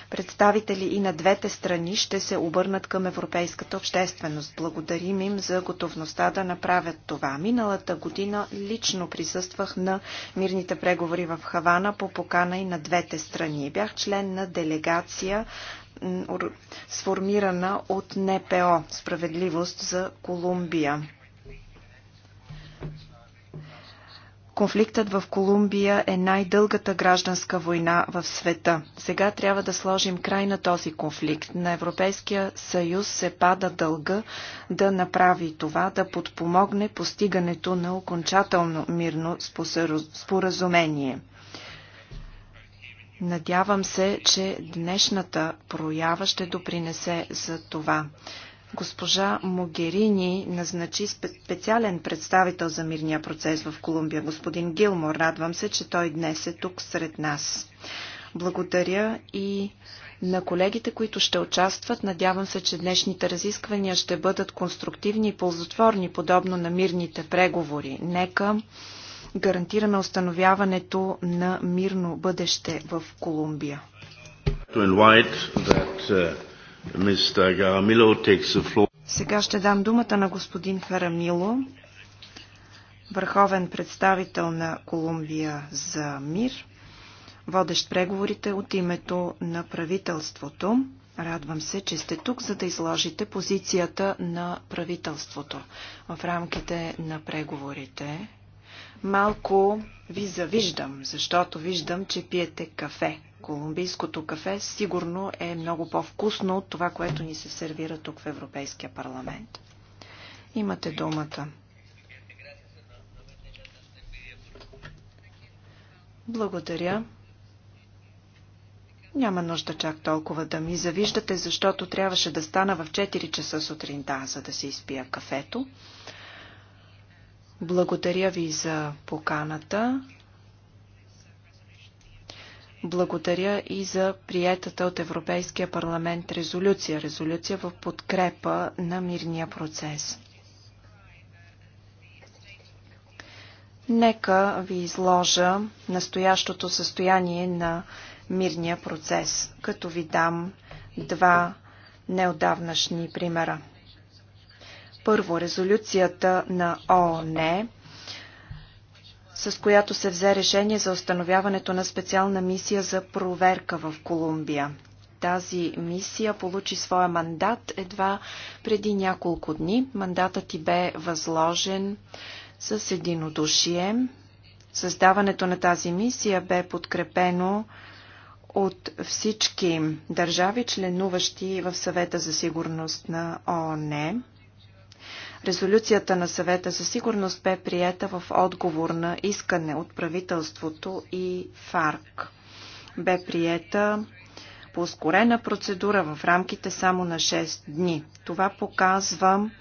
представители и на двете страни ще се обърнат към европейската общественост. Благодарим им за готовността да направят това. Миналата година лично присъствах на мирните преговори в Хавана по покана и на двете страни. Бях член на делегация сформирана от НПО Справедливост за Колумбия. Конфликтът в Колумбия е най-дългата гражданска война в света. Сега трябва да сложим край на този конфликт. На Европейския съюз се пада дълга да направи това, да подпомогне постигането на окончателно мирно споразумение. Надявам се, че днешната проява ще допринесе за това. Госпожа Могерини назначи специален представител за мирния процес в Колумбия, господин Гилмор. Радвам се, че той днес е тук сред нас. Благодаря и на колегите, които ще участват. Надявам се, че днешните разисквания ще бъдат конструктивни и ползотворни, подобно на мирните преговори. Нека гарантираме установяването на мирно бъдеще в Колумбия. To invite that, uh... Сега ще дам думата на господин Харамило, върховен представител на Колумбия за мир, водещ преговорите от името на правителството. Радвам се, че сте тук, за да изложите позицията на правителството в рамките на преговорите. Малко ви завиждам, защото виждам, че пиете кафе. Колумбийското кафе сигурно е много по-вкусно от това, което ни се сервира тук в Европейския парламент. Имате думата. Благодаря. Няма нужда чак толкова да ми завиждате, защото трябваше да стана в 4 часа сутринта, за да се изпия кафето. Благодаря ви за поканата. Благодаря и за приетата от Европейския парламент резолюция. Резолюция в подкрепа на мирния процес. Нека ви изложа настоящото състояние на мирния процес, като ви дам два неодавнашни примера. Първо, резолюцията на ООН, с която се взе решение за установяването на специална мисия за проверка в Колумбия. Тази мисия получи своя мандат едва преди няколко дни. Мандатът ти бе възложен с единодушие. Създаването на тази мисия бе подкрепено от всички държави, членуващи в съвета за сигурност на ООН. Резолюцията на съвета за сигурност бе приета в отговор на искане от правителството и ФАРК. Бе приета по ускорена процедура в рамките само на 6 дни. Това показва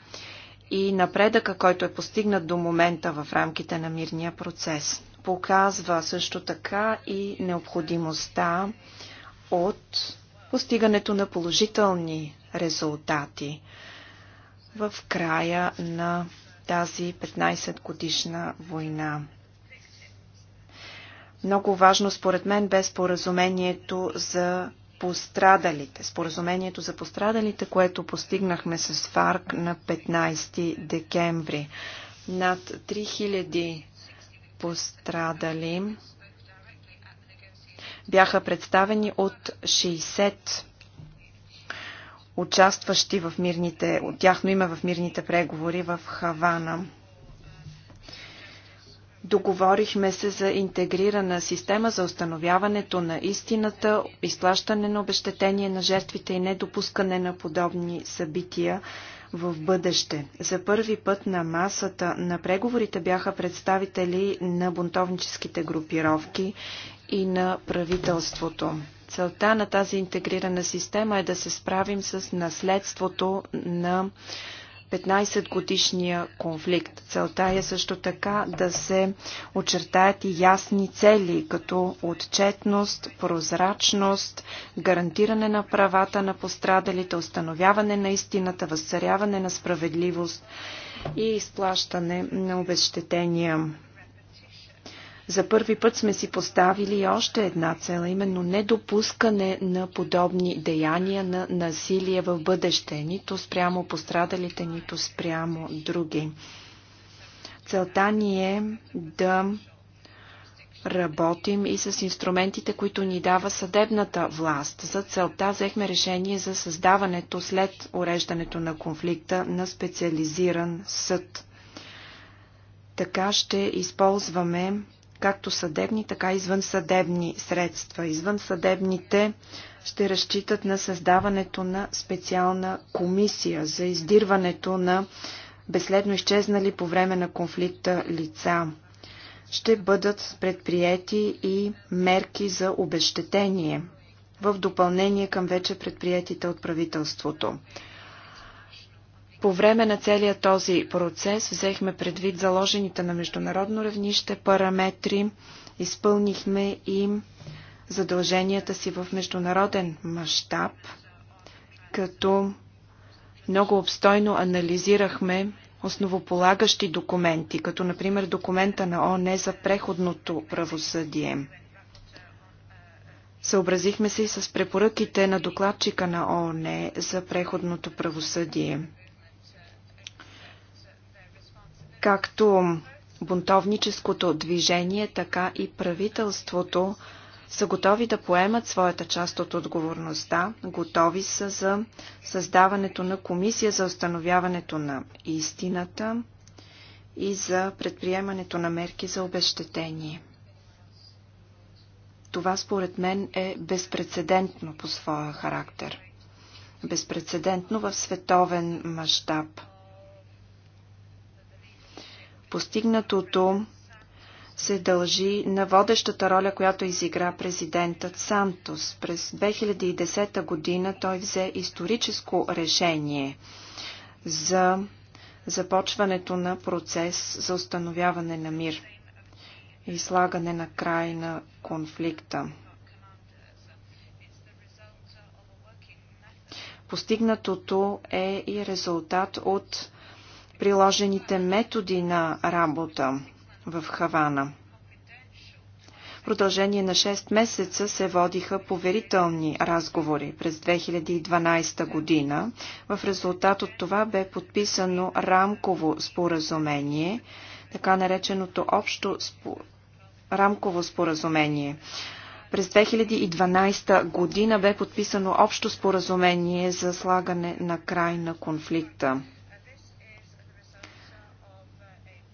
и напредъка, който е постигнат до момента в рамките на мирния процес. Показва също така и необходимостта от постигането на положителни резултати в края на тази 15 годишна война. Много важно според мен бе споразумението за пострадалите. Споразумението за пострадалите, което постигнахме с ФАРК на 15 декември. Над 3000 пострадали бяха представени от 60 участващи в мирните, от тяхно име в мирните преговори в Хавана. Договорихме се за интегрирана система за установяването на истината, изплащане на обещетение на жертвите и недопускане на подобни събития в бъдеще. За първи път на масата на преговорите бяха представители на бунтовническите групировки и на правителството. Целта на тази интегрирана система е да се справим с наследството на 15-годишния конфликт. Целта е също така да се очертаят и ясни цели, като отчетност, прозрачност, гарантиране на правата на пострадалите, установяване на истината, възцаряване на справедливост и изплащане на обещетения. За първи път сме си поставили още една цел, именно недопускане на подобни деяния на насилие в бъдеще, нито спрямо пострадалите, нито спрямо други. Целта ни е да работим и с инструментите, които ни дава съдебната власт. За целта взехме решение за създаването след уреждането на конфликта на специализиран съд. Така ще използваме както съдебни, така и извънсъдебни средства. Извънсъдебните ще разчитат на създаването на специална комисия за издирването на безследно изчезнали по време на конфликта лица. Ще бъдат предприяти и мерки за обещетение в допълнение към вече предприятите от правителството. По време на целия този процес взехме предвид заложените на международно равнище параметри, изпълнихме и задълженията си в международен мащаб, като много обстойно анализирахме основополагащи документи, като например документа на ОНЕ за преходното правосъдие. Съобразихме се и с препоръките на докладчика на ООН за преходното правосъдие. Както бунтовническото движение, така и правителството са готови да поемат своята част от отговорността, готови са за създаването на комисия за установяването на истината и за предприемането на мерки за обещетение. Това според мен е безпредседентно по своя характер. Безпредседентно в световен мащаб – Постигнатото се дължи на водещата роля, която изигра президентът Сантос. През 2010 година той взе историческо решение за започването на процес за установяване на мир и слагане на край на конфликта. Постигнатото е и резултат от приложените методи на работа в Хавана. В продължение на 6 месеца се водиха поверителни разговори през 2012 година. В резултат от това бе подписано рамково споразумение, така нареченото общо спо... рамково споразумение. През 2012 година бе подписано общо споразумение за слагане на край на конфликта.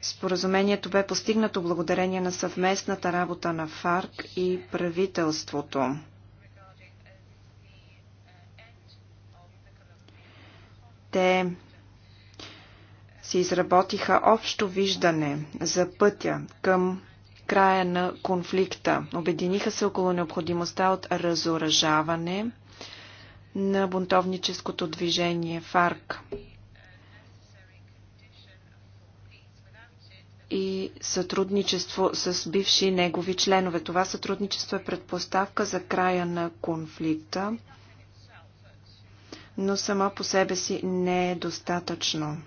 Споразумението бе постигнато благодарение на съвместната работа на ФАРК и правителството. Те си изработиха общо виждане за пътя към края на конфликта. Обединиха се около необходимостта от разоръжаване на бунтовническото движение ФАРК. и сътрудничество с бивши негови членове. Това сътрудничество е предпоставка за края на конфликта, но сама по себе си не е достатъчно.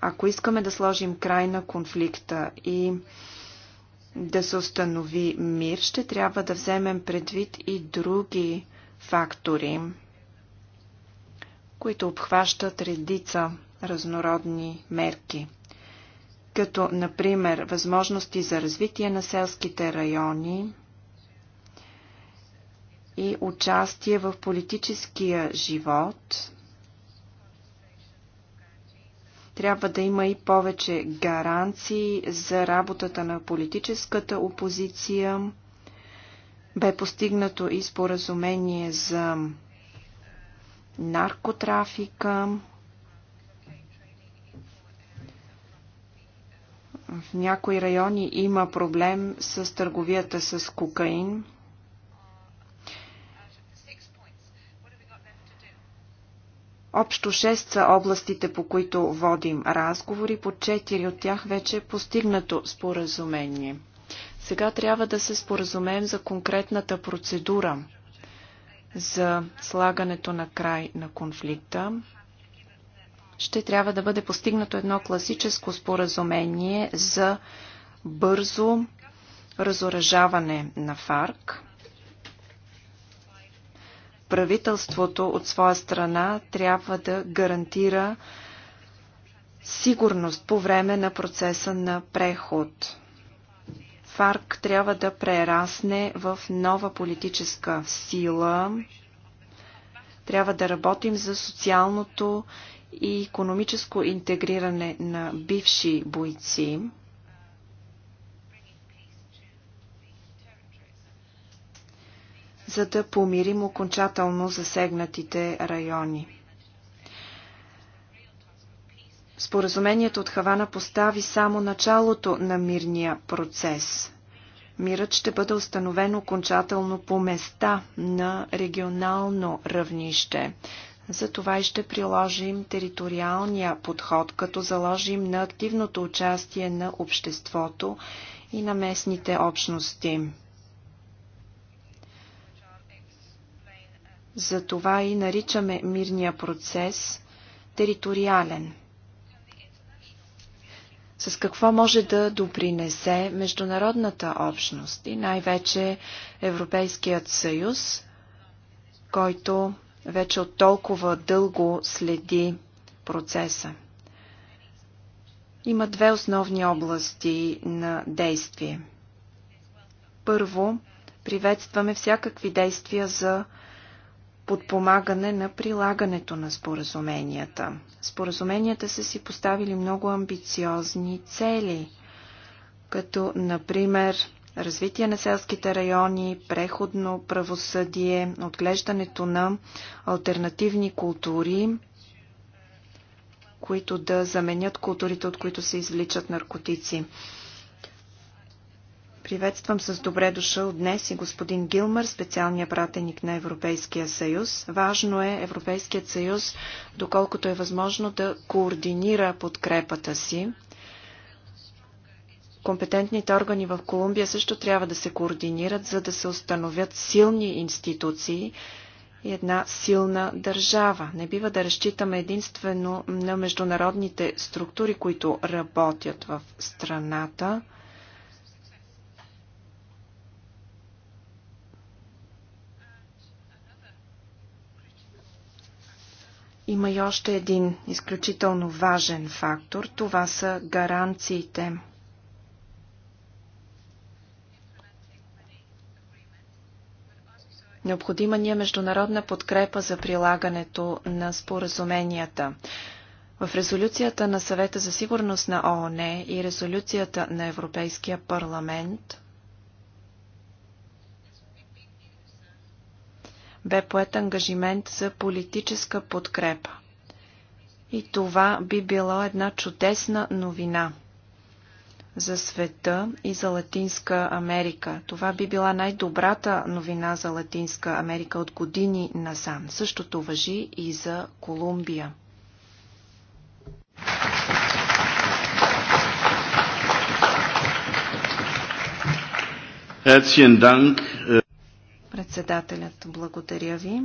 Ако искаме да сложим край на конфликта и да се установи мир, ще трябва да вземем предвид и други фактори, които обхващат редица разнородни мерки като например възможности за развитие на селските райони и участие в политическия живот. Трябва да има и повече гаранции за работата на политическата опозиция. Бе постигнато и споразумение за наркотрафика. В някои райони има проблем с търговията с кокаин. Общо 6 са областите, по които водим разговори. По 4 от тях вече е постигнато споразумение. Сега трябва да се споразумеем за конкретната процедура за слагането на край на конфликта ще трябва да бъде постигнато едно класическо споразумение за бързо разоръжаване на ФАРК. Правителството от своя страна трябва да гарантира сигурност по време на процеса на преход. ФАРК трябва да прерасне в нова политическа сила. Трябва да работим за социалното и економическо интегриране на бивши бойци, за да помирим окончателно засегнатите райони. Споразумението от Хавана постави само началото на мирния процес. Мирът ще бъде установен окончателно по места на регионално равнище. Затова и ще приложим териториалния подход, като заложим на активното участие на обществото и на местните общности. Затова и наричаме мирния процес териториален. С какво може да допринесе международната общност и най-вече Европейският съюз, който вече от толкова дълго следи процеса. Има две основни области на действие. Първо, приветстваме всякакви действия за подпомагане на прилагането на споразуменията. Споразуменията са си поставили много амбициозни цели, като, например, развитие на селските райони, преходно правосъдие, отглеждането на альтернативни култури, които да заменят културите, от които се извличат наркотици. Приветствам с добре дошъл днес и господин Гилмър, специалния пратеник на Европейския съюз. Важно е Европейският съюз, доколкото е възможно, да координира подкрепата си. Компетентните органи в Колумбия също трябва да се координират, за да се установят силни институции и една силна държава. Не бива да разчитаме единствено на международните структури, които работят в страната. Има и още един изключително важен фактор. Това са гаранциите. Необходима ни е международна подкрепа за прилагането на споразуменията. В резолюцията на съвета за сигурност на ООН и резолюцията на Европейския парламент бе поет ангажимент за политическа подкрепа. И това би било една чудесна новина – за света и за Латинска Америка. Това би била най-добрата новина за Латинска Америка от години насам. Същото въжи и за Колумбия. Председателят, благодаря ви.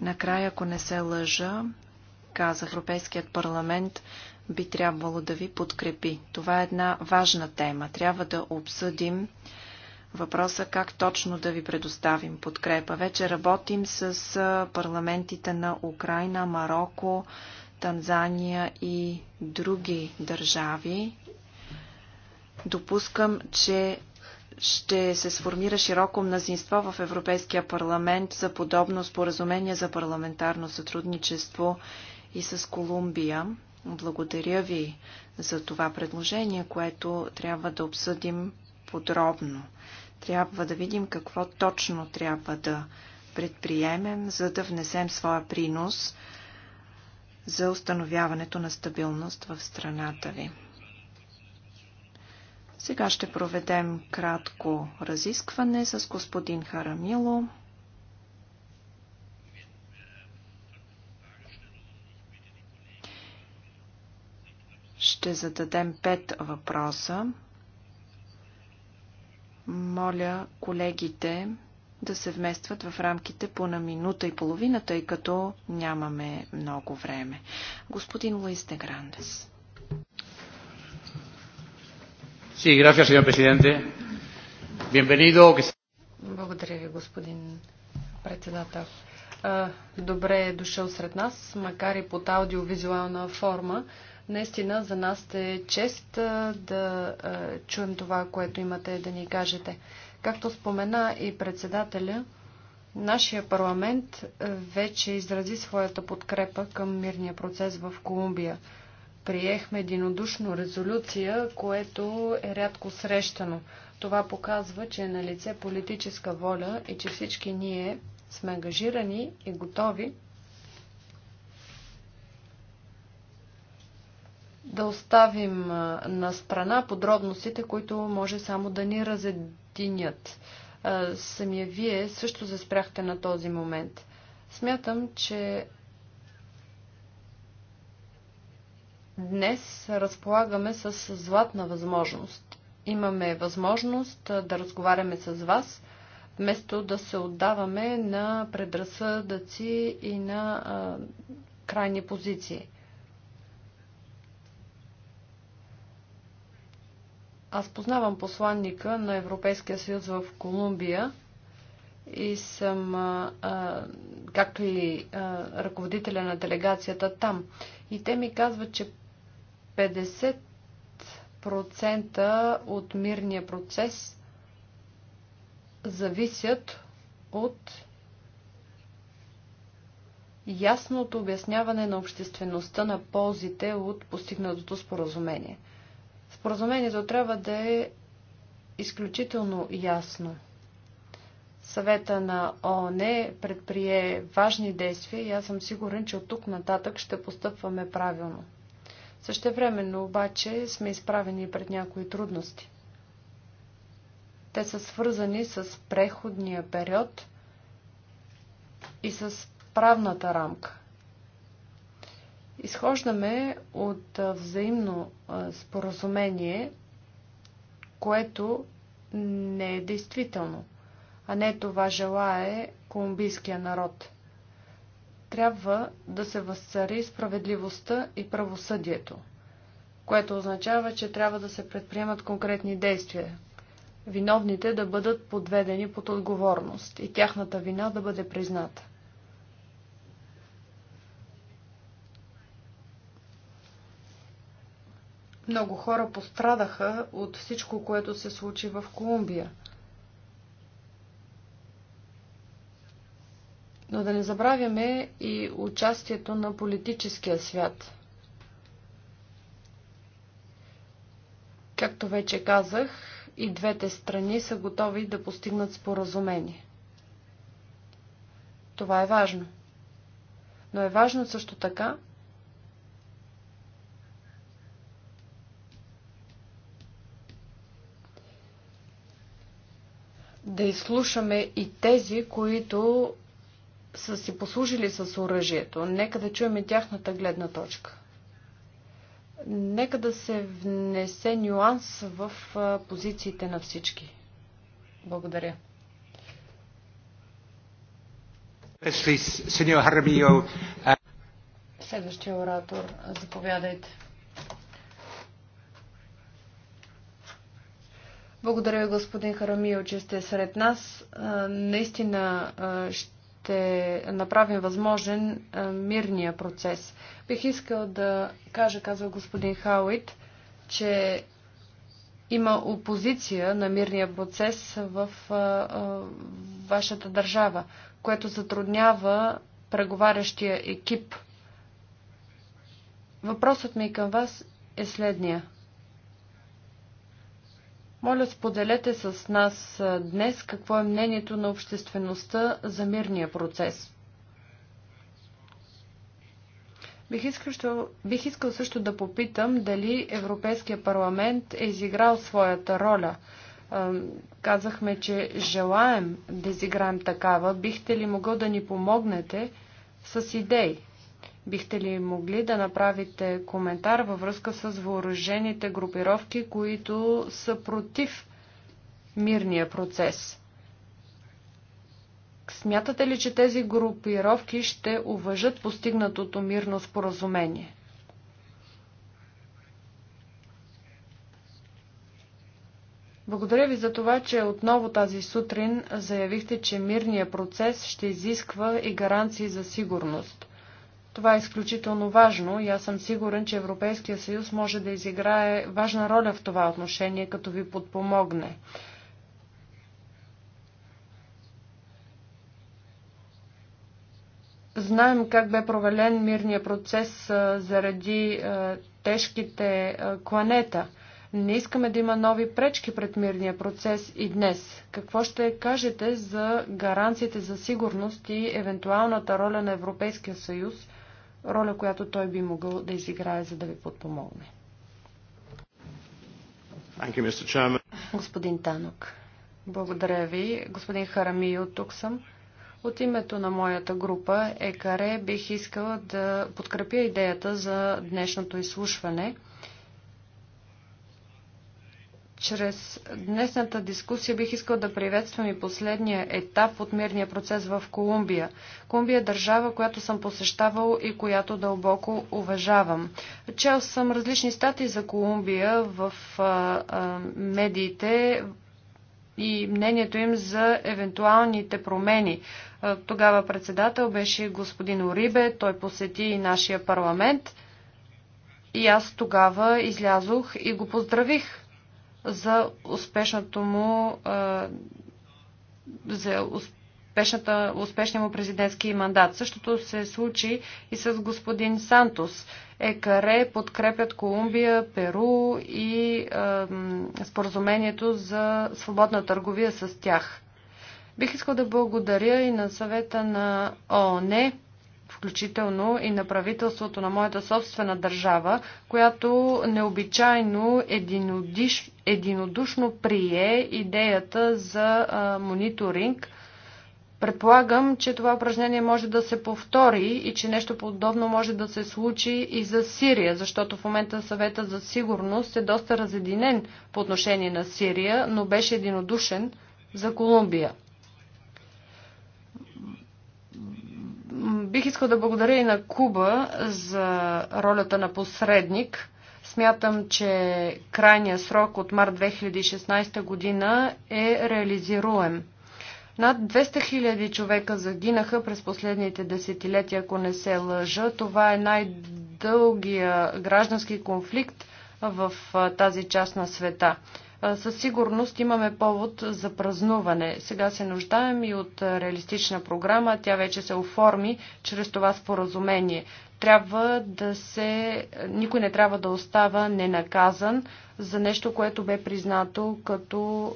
Накрая, ако не се лъжа, каза, Европейският парламент би трябвало да ви подкрепи. Това е една важна тема. Трябва да обсъдим въпроса как точно да ви предоставим подкрепа. Вече работим с парламентите на Украина, Марокко, Танзания и други държави. Допускам, че ще се сформира широко мнозинство в Европейския парламент за подобно споразумение за парламентарно сътрудничество и с Колумбия. Благодаря ви за това предложение, което трябва да обсъдим подробно. Трябва да видим какво точно трябва да предприемем, за да внесем своя принос за установяването на стабилност в страната ви. Сега ще проведем кратко разискване с господин Харамило. Ще зададем пет въпроса. Моля колегите да се вместват в рамките по на минута и половина, тъй като нямаме много време. Господин Луис де Грандес. Sí, gracias, señor presidente. Bienvenido. Благодаря ви, господин председател. Добре е дошъл сред нас, макар и под аудиовизуална форма. Наистина за нас е чест да чуем това, което имате да ни кажете. Както спомена и председателя, нашия парламент вече изрази своята подкрепа към мирния процес в Колумбия. Приехме единодушно резолюция, което е рядко срещано. Това показва, че е на лице политическа воля и че всички ние сме ангажирани и готови да оставим на страна подробностите, които може само да ни разединят. Самия вие също се спряхте на този момент. Смятам, че днес разполагаме с златна възможност. Имаме възможност да разговаряме с вас, вместо да се отдаваме на предразсъдъци и на а, крайни позиции. Аз познавам посланника на Европейския съюз в Колумбия и съм, а, а, както и а, ръководителя на делегацията там. И те ми казват, че 50% от мирния процес зависят от ясното обясняване на обществеността на ползите от постигнатото споразумение – Споразумението трябва да е изключително ясно. Съвета на ООН предприе важни действия и аз съм сигурен, че от тук нататък ще постъпваме правилно. Същевременно обаче сме изправени пред някои трудности. Те са свързани с преходния период и с правната рамка. Изхождаме от взаимно споразумение, което не е действително, а не това желае колумбийския народ. Трябва да се възцари справедливостта и правосъдието, което означава, че трябва да се предприемат конкретни действия, виновните да бъдат подведени под отговорност и тяхната вина да бъде призната. Много хора пострадаха от всичко, което се случи в Колумбия. Но да не забравяме и участието на политическия свят. Както вече казах, и двете страни са готови да постигнат споразумение. Това е важно. Но е важно също така да изслушаме и тези, които са си послужили с оръжието. Нека да чуем и тяхната гледна точка. Нека да се внесе нюанс в позициите на всички. Благодаря. Следващия оратор, заповядайте. Благодаря ви, господин Харамио, че сте сред нас. Наистина ще направим възможен мирния процес. Бих искал да кажа, казва господин Хауит, че има опозиция на мирния процес в вашата държава, което затруднява преговарящия екип. Въпросът ми към вас е следния. Моля, споделете с нас днес какво е мнението на обществеността за мирния процес. Бих искал, бих искал също да попитам дали Европейския парламент е изиграл своята роля. Казахме, че желаем да изиграем такава. Бихте ли могъл да ни помогнете с идеи? Бихте ли могли да направите коментар във връзка с въоръжените групировки, които са против мирния процес? Смятате ли, че тези групировки ще уважат постигнатото мирно споразумение? Благодаря ви за това, че отново тази сутрин заявихте, че мирният процес ще изисква и гаранции за сигурност. Това е изключително важно и аз съм сигурен, че Европейския съюз може да изиграе важна роля в това отношение, като ви подпомогне. Знаем как бе провален мирния процес заради тежките кланета. Не искаме да има нови пречки пред мирния процес и днес. Какво ще кажете за гаранциите за сигурност и евентуалната роля на Европейския съюз – роля, която той би могъл да изиграе, за да ви подпомогне. Господин Танок, благодаря ви. Господин Харамио, тук съм. От името на моята група ЕКАРЕ бих искала да подкрепя идеята за днешното изслушване – чрез днесната дискусия бих искал да приветствам и последния етап от мирния процес в Колумбия. Колумбия е държава, която съм посещавал и която дълбоко уважавам. Чел съм различни статии за Колумбия в а, а, медиите и мнението им за евентуалните промени. А, тогава председател беше господин Орибе, той посети и нашия парламент. И аз тогава излязох и го поздравих за успешното му за успешната, успешния му президентски мандат. Същото се случи и с господин Сантос. ЕКАРЕ подкрепят Колумбия, Перу и е, споразумението за свободна търговия с тях. Бих искал да благодаря и на съвета на ООН включително и на правителството на моята собствена държава, която необичайно единодиш, единодушно прие идеята за а, мониторинг. Предполагам, че това упражнение може да се повтори и че нещо подобно може да се случи и за Сирия, защото в момента съвета за сигурност е доста разединен по отношение на Сирия, но беше единодушен за Колумбия. Бих искал да благодаря и на Куба за ролята на посредник. Смятам, че крайния срок от март 2016 година е реализируем. Над 200 000 човека загинаха през последните десетилетия, ако не се лъжа. Това е най-дългия граждански конфликт в тази част на света със сигурност имаме повод за празнуване. Сега се нуждаем и от реалистична програма. Тя вече се оформи чрез това споразумение. Трябва да се... Никой не трябва да остава ненаказан за нещо, което бе признато като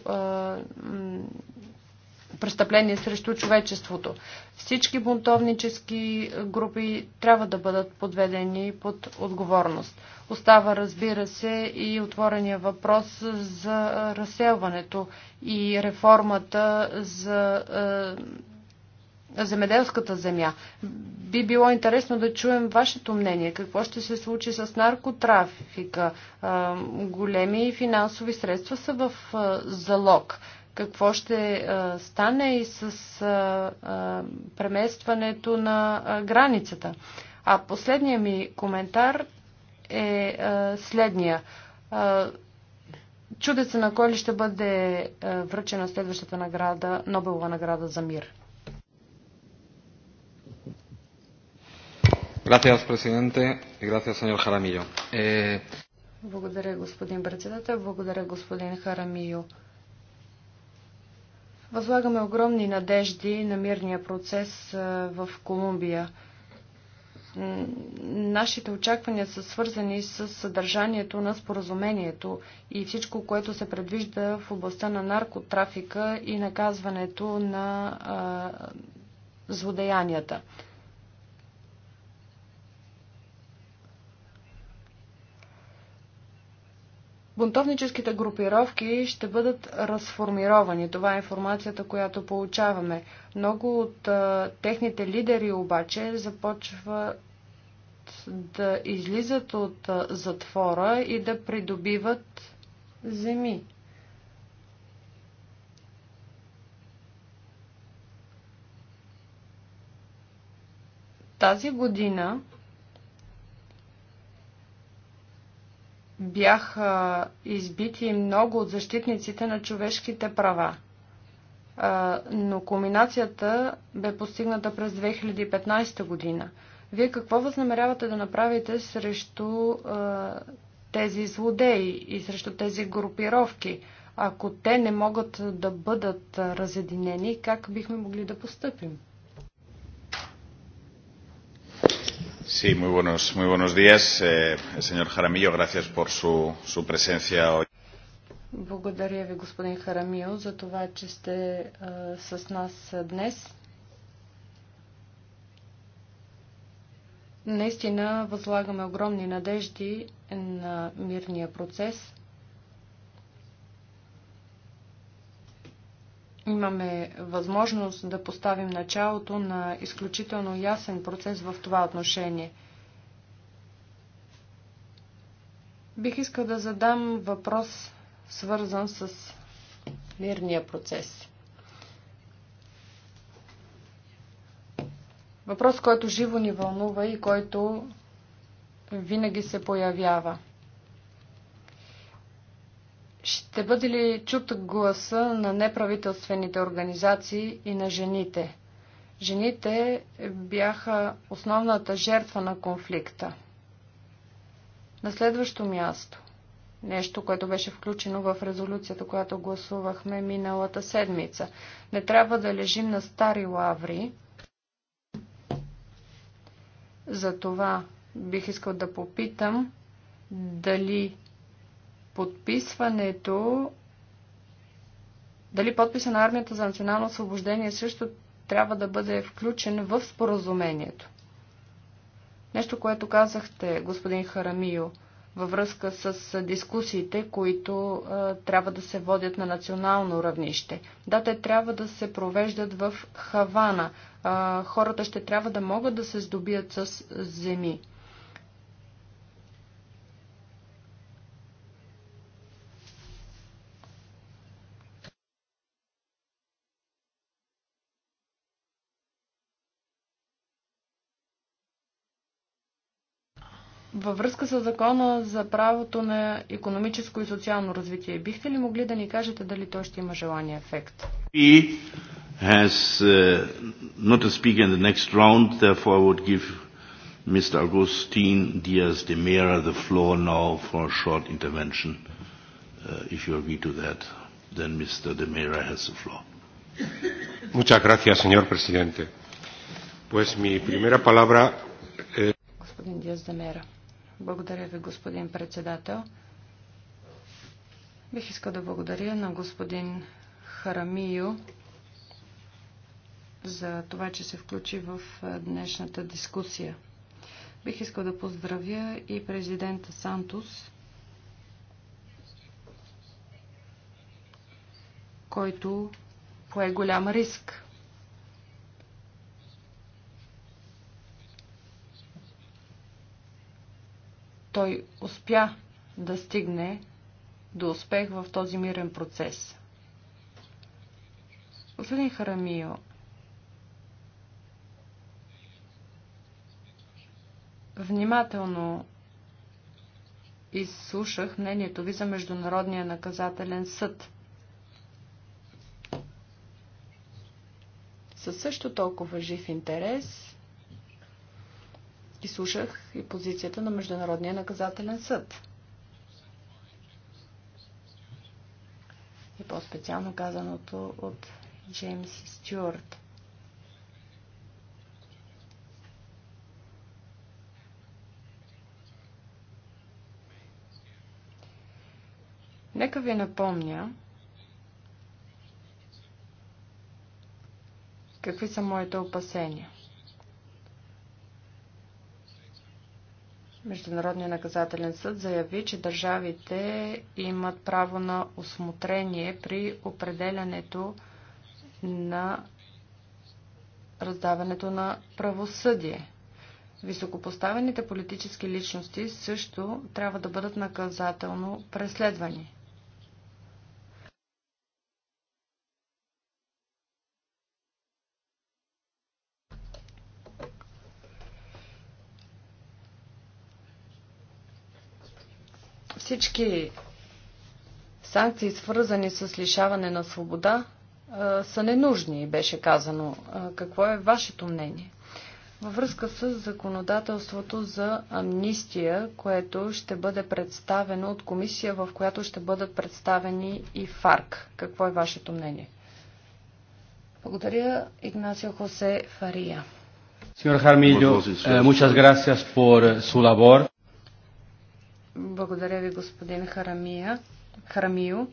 престъпление срещу човечеството. Всички бунтовнически групи трябва да бъдат подведени под отговорност. Остава, разбира се, и отворения въпрос за разселването и реформата за земеделската земя. Би било интересно да чуем вашето мнение. Какво ще се случи с наркотрафика? Големи финансови средства са в залог. Какво ще стане и с преместването на границата? А последният ми коментар е, е следния. Е, Чудя се на кой ли ще бъде е, връчена следващата награда, Нобелова награда за мир. Gracias, presidente. Gracias, señor Jaramillo. Eh... Благодаря, господин председател. Благодаря, господин Харамио. Възлагаме огромни надежди на мирния процес в Колумбия. Нашите очаквания са свързани с съдържанието на споразумението и всичко, което се предвижда в областта на наркотрафика и наказването на злодеянията. Бунтовническите групировки ще бъдат разформировани. Това е информацията, която получаваме. Много от а, техните лидери обаче започват да излизат от а, затвора и да придобиват земи. Тази година бяха избити много от защитниците на човешките права. Но комбинацията бе постигната през 2015 година. Вие какво възнамерявате да направите срещу тези злодеи и срещу тези групировки? Ако те не могат да бъдат разединени, как бихме могли да поступим? Sí, muy buenos, muy buenos días. Eh, señor Jaramillo, gracias por su, su presencia hoy. Благодаря ви, господин Харамио, за това, че сте а, с нас днес. Наистина възлагаме огромни надежди на мирния процес – имаме възможност да поставим началото на изключително ясен процес в това отношение. Бих искал да задам въпрос, свързан с мирния процес. Въпрос, който живо ни вълнува и който винаги се появява – ще бъде ли чут гласа на неправителствените организации и на жените? Жените бяха основната жертва на конфликта. На следващо място, нещо, което беше включено в резолюцията, която гласувахме миналата седмица. Не трябва да лежим на стари лаври. За това бих искал да попитам дали подписването, дали подписа на армията за национално освобождение също трябва да бъде включен в споразумението. Нещо, което казахте, господин Харамио, във връзка с дискусиите, които а, трябва да се водят на национално равнище. Да, те трябва да се провеждат в Хавана. А, хората ще трябва да могат да се здобият с земи. във връзка с закона за правото на економическо и социално развитие, бихте ли могли да ни кажете дали той ще има желания ефект? И has uh, not to speak in the next round, therefore I would give Mr. Agustin Diaz de Mera the floor now for a short intervention. Uh, if you agree to that, then Mr. de Mera has the floor. Muchas gracias, señor presidente. Pues mi primera palabra. Eh... Господин Диаз де Мера. Благодаря ви, господин председател. Бих искал да благодаря на господин Харамио за това, че се включи в днешната дискусия. Бих искал да поздравя и президента Сантос, който пое голям риск Той успя да стигне до успех в този мирен процес. Господин Харамио, внимателно изслушах мнението ви за Международния наказателен съд. Със също толкова жив интерес изслушах и позицията на Международния наказателен съд. И по-специално казаното от Джеймс Стюарт. Нека ви напомня, какви са моите опасения – Международния наказателен съд заяви, че държавите имат право на осмотрение при определянето на раздаването на правосъдие. Високопоставените политически личности също трябва да бъдат наказателно преследвани. Всички санкции, свързани с лишаване на свобода, са ненужни, беше казано. Какво е вашето мнение? Във връзка с законодателството за амнистия, което ще бъде представено от комисия, в която ще бъдат представени и ФАРК. Какво е вашето мнение? Благодаря, Игнасио Хосе Фария. Señor Хармидо, eh, muchas gracias por eh, su labor. Благодаря ви, господин Харамия. Харамио.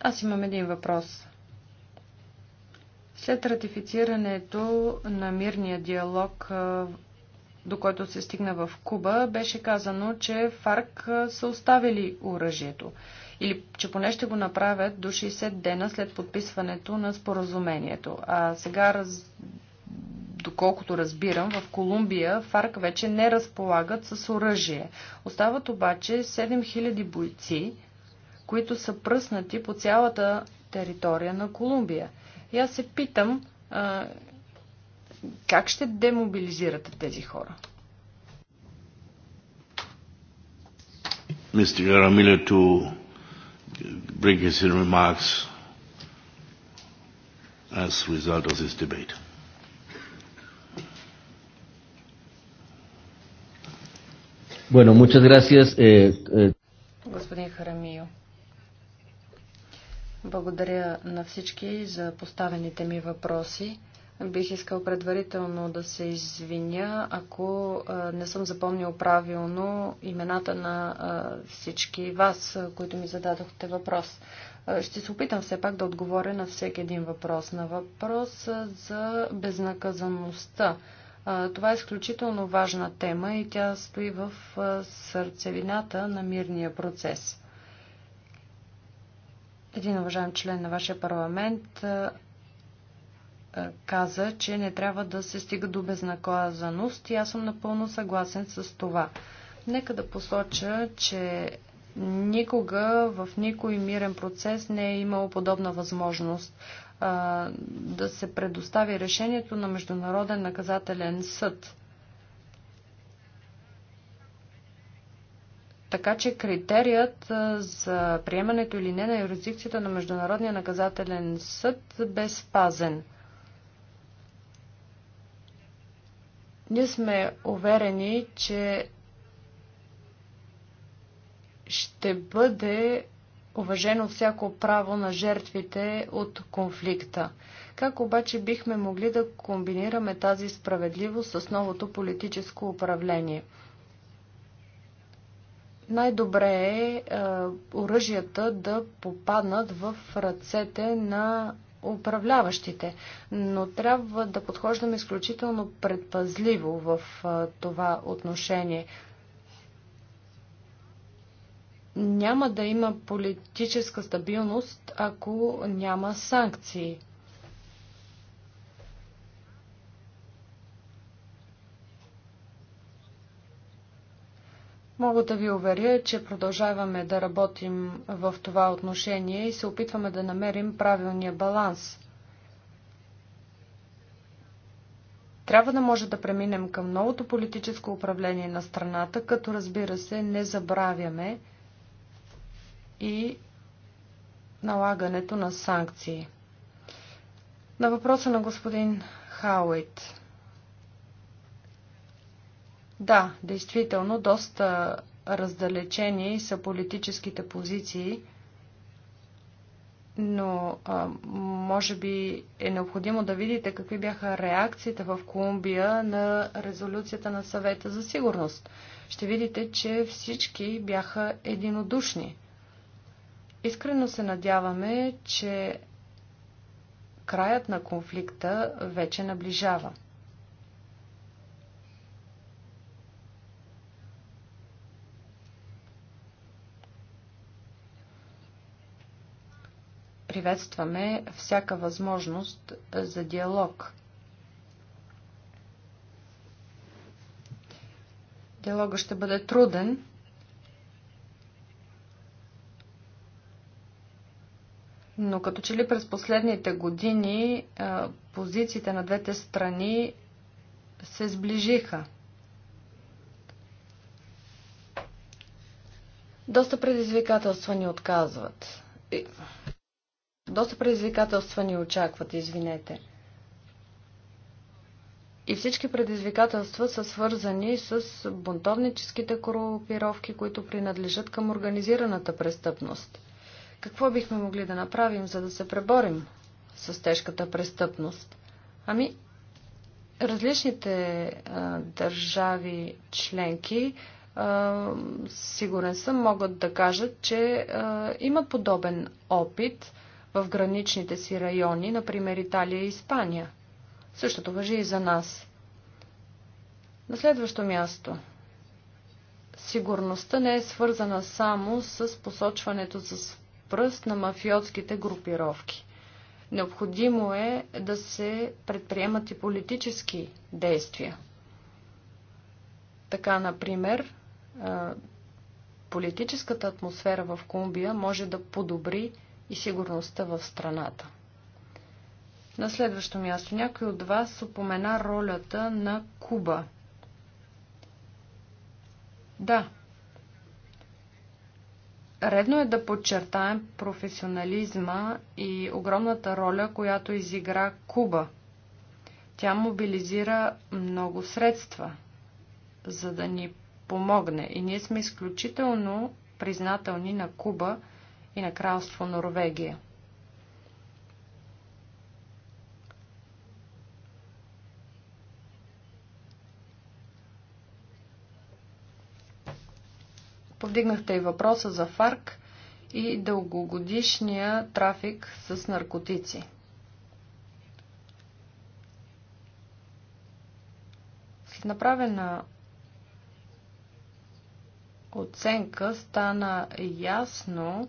Аз имам един въпрос. След ратифицирането на мирния диалог, до който се стигна в Куба, беше казано, че ФАРК са оставили оръжието или че поне ще го направят до 60 дена след подписването на споразумението. А сега раз доколкото разбирам, в Колумбия ФАРК вече не разполагат с оръжие. Остават обаче 7000 бойци, които са пръснати по цялата територия на Колумбия. И аз се питам, а, как ще демобилизирате тези хора? Mr. Garamilla to bring his remarks as a result of this debate. Bueno, muchas gracias. Eh, eh... Господин Харамио, благодаря на всички за поставените ми въпроси. Бих искал предварително да се извиня, ако не съм запомнил правилно имената на всички вас, които ми зададохте въпрос. Ще се опитам все пак да отговоря на всеки един въпрос. На въпрос за безнаказаността това е изключително важна тема и тя стои в сърцевината на мирния процес. Един уважаем член на вашия парламент каза, че не трябва да се стига до безнаказаност и аз съм напълно съгласен с това. Нека да посоча, че никога в никой мирен процес не е имало подобна възможност да се предостави решението на Международен наказателен съд. Така че критерият за приемането или не на юрисдикцията на Международния наказателен съд бе спазен. Ние сме уверени, че ще бъде уважено всяко право на жертвите от конфликта. Как обаче бихме могли да комбинираме тази справедливост с новото политическо управление? Най-добре е, е оръжията да попаднат в ръцете на управляващите, но трябва да подхождаме изключително предпазливо в е, това отношение няма да има политическа стабилност, ако няма санкции. Мога да ви уверя, че продължаваме да работим в това отношение и се опитваме да намерим правилния баланс. Трябва да може да преминем към новото политическо управление на страната, като разбира се не забравяме, и налагането на санкции. На въпроса на господин Хауит. Да, действително, доста раздалечени са политическите позиции, но а, може би е необходимо да видите какви бяха реакциите в Колумбия на резолюцията на съвета за сигурност. Ще видите, че всички бяха единодушни. Искрено се надяваме, че краят на конфликта вече наближава. Приветстваме всяка възможност за диалог. Диалогът ще бъде труден, Но като че ли през последните години позициите на двете страни се сближиха. Доста предизвикателства ни отказват. Доста предизвикателства ни очакват, извинете. И всички предизвикателства са свързани с бунтовническите корупировки, които принадлежат към организираната престъпност. Какво бихме могли да направим, за да се преборим с тежката престъпност? Ами, различните а, държави членки, а, сигурен съм, могат да кажат, че а, имат подобен опит в граничните си райони, например Италия и Испания. Същото въжи и за нас. На следващо място. Сигурността не е свързана само с посочването с пръст на мафиотските групировки. Необходимо е да се предприемат и политически действия. Така, например, политическата атмосфера в Колумбия може да подобри и сигурността в страната. На следващо място някой от вас упомена ролята на Куба. Да, Редно е да подчертаем професионализма и огромната роля, която изигра Куба. Тя мобилизира много средства, за да ни помогне. И ние сме изключително признателни на Куба и на Кралство Норвегия. Повдигнахте и въпроса за ФАРК и дългогодишния трафик с наркотици. След направена оценка стана ясно,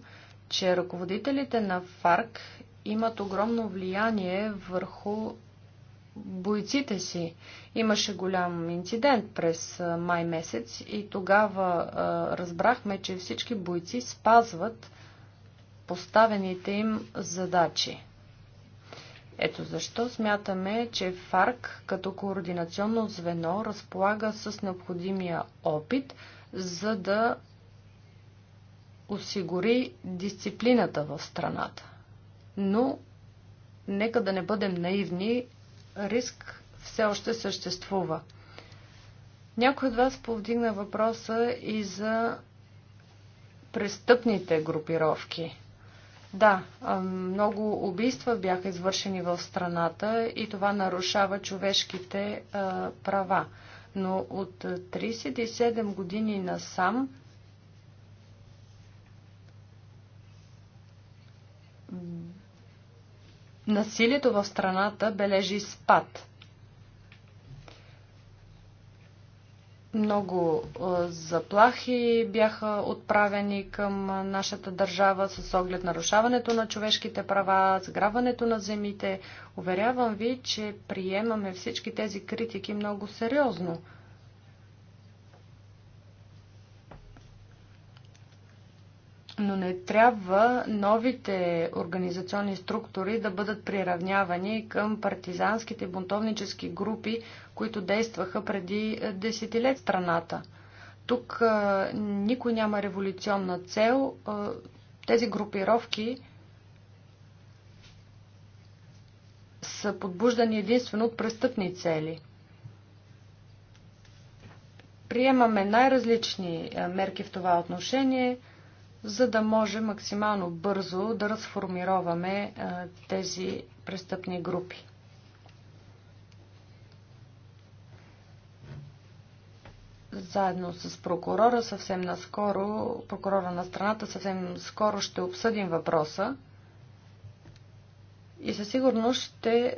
че ръководителите на ФАРК имат огромно влияние върху бойците си. Имаше голям инцидент през май месец и тогава разбрахме, че всички бойци спазват поставените им задачи. Ето защо смятаме, че ФАРК като координационно звено разполага с необходимия опит, за да осигури дисциплината в страната. Но нека да не бъдем наивни риск все още съществува. Някой от вас повдигна въпроса и за престъпните групировки. Да, много убийства бяха извършени в страната и това нарушава човешките права. Но от 37 години насам Насилието в страната бележи спад. Много е, заплахи бяха отправени към нашата държава с оглед нарушаването на човешките права, сграбването на земите. Уверявам ви, че приемаме всички тези критики много сериозно. но не трябва новите организационни структури да бъдат приравнявани към партизанските бунтовнически групи, които действаха преди е, десетилет страната. Тук е, никой няма революционна цел. Е, тези групировки са подбуждани единствено от престъпни цели. Приемаме най-различни мерки в това отношение – за да може максимално бързо да разформироваме е, тези престъпни групи. заедно с прокурора съвсем наскоро, прокурора на страната съвсем скоро ще обсъдим въпроса и със сигурност ще е,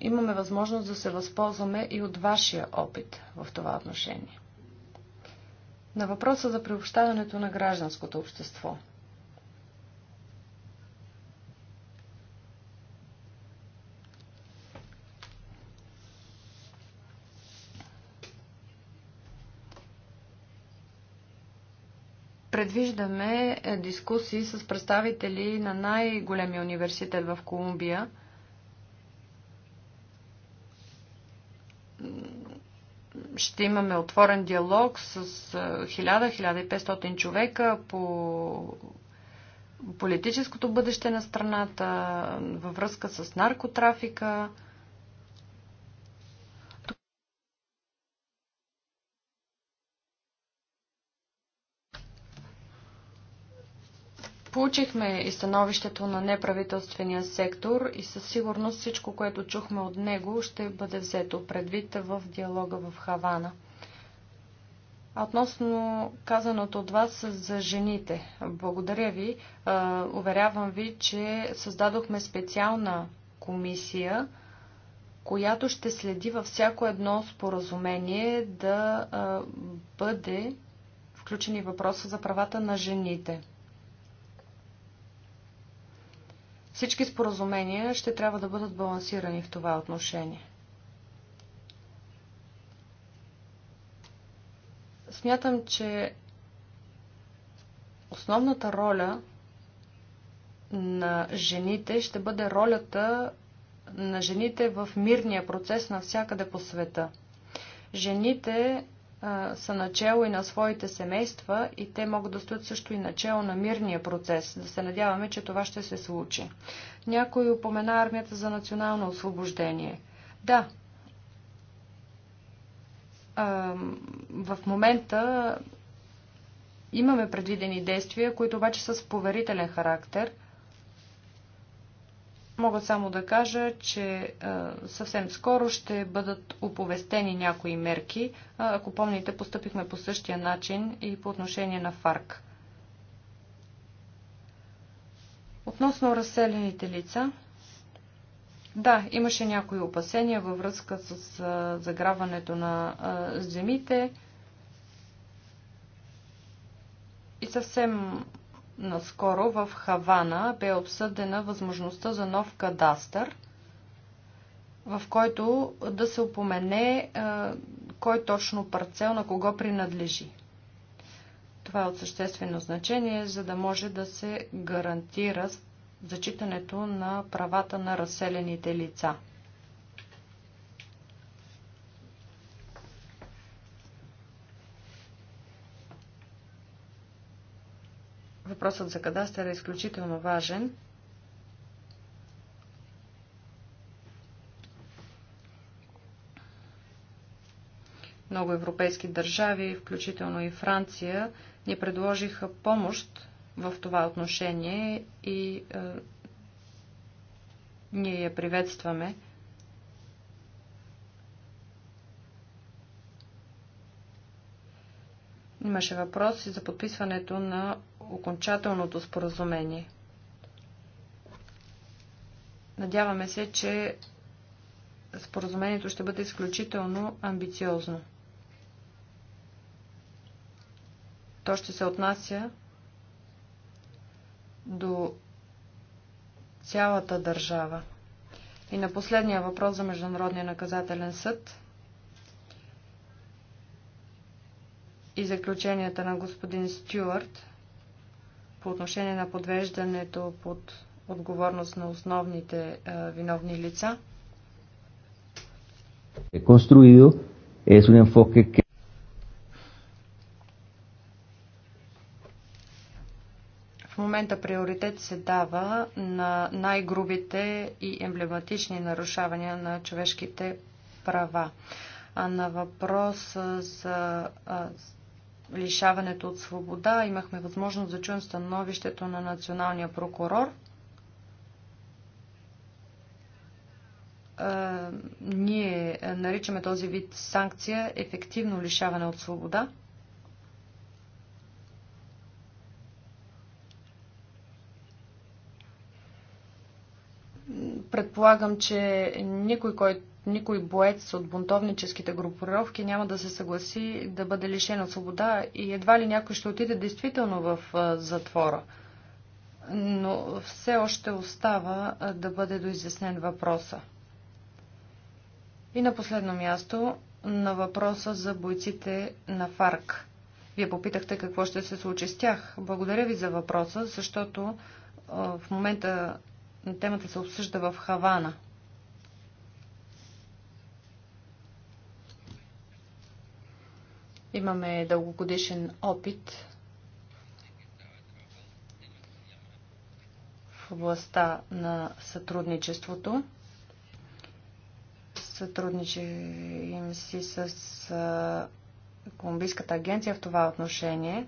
имаме възможност да се възползваме и от вашия опит в това отношение. На въпроса за приобщаването на гражданското общество. Предвиждаме е, дискусии с представители на най-големия университет в Колумбия – ще имаме отворен диалог с 1000-1500 човека по политическото бъдеще на страната, във връзка с наркотрафика. Получихме и становището на неправителствения сектор и със сигурност всичко, което чухме от него, ще бъде взето предвид в диалога в Хавана. Относно казаното от вас за жените, благодаря ви. Уверявам ви, че създадохме специална комисия, която ще следи във всяко едно споразумение да бъде включени въпроса за правата на жените. Всички споразумения ще трябва да бъдат балансирани в това отношение. Смятам, че основната роля на жените ще бъде ролята на жените в мирния процес навсякъде по света. Жените са начало и на своите семейства и те могат да стоят също и начало на мирния процес. Да се надяваме, че това ще се случи. Някой упомена армията за национално освобождение. Да. А, в момента имаме предвидени действия, които обаче са с поверителен характер – Мога само да кажа, че съвсем скоро ще бъдат оповестени някои мерки. Ако помните, поступихме по същия начин и по отношение на ФАРК. Относно разселените лица, да, имаше някои опасения във връзка с заграването на земите. И съвсем Наскоро в Хавана бе обсъдена възможността за нов кадастър, в който да се упомене е, кой точно парцел на кого принадлежи. Това е от съществено значение, за да може да се гарантира зачитането на правата на разселените лица. въпросът за кадастъра е изключително важен. Много европейски държави, включително и Франция, ни предложиха помощ в това отношение и е, ние я приветстваме. Имаше въпрос и за подписването на окончателното споразумение. Надяваме се, че споразумението ще бъде изключително амбициозно. То ще се отнася до цялата държава. И на последния въпрос за Международния наказателен съд и заключенията на господин Стюарт – по отношение на подвеждането под отговорност на основните а, виновни лица. Е конструидо, е un enfoque ке... В момента приоритет се дава на най-грубите и емблематични нарушавания на човешките права. А на въпрос за лишаването от свобода имахме възможност да чуем становището на националния прокурор. Е, ние наричаме този вид санкция ефективно лишаване от свобода. Предполагам, че никой, който никой боец от бунтовническите групировки няма да се съгласи да бъде лишен от свобода и едва ли някой ще отиде действително в затвора. Но все още остава да бъде доизяснен въпроса. И на последно място на въпроса за бойците на ФАРК. Вие попитахте какво ще се случи с тях. Благодаря ви за въпроса, защото в момента темата се обсъжда в Хавана – Имаме дългогодишен опит в областта на сътрудничеството. Сътрудничим си с Колумбийската агенция в това отношение.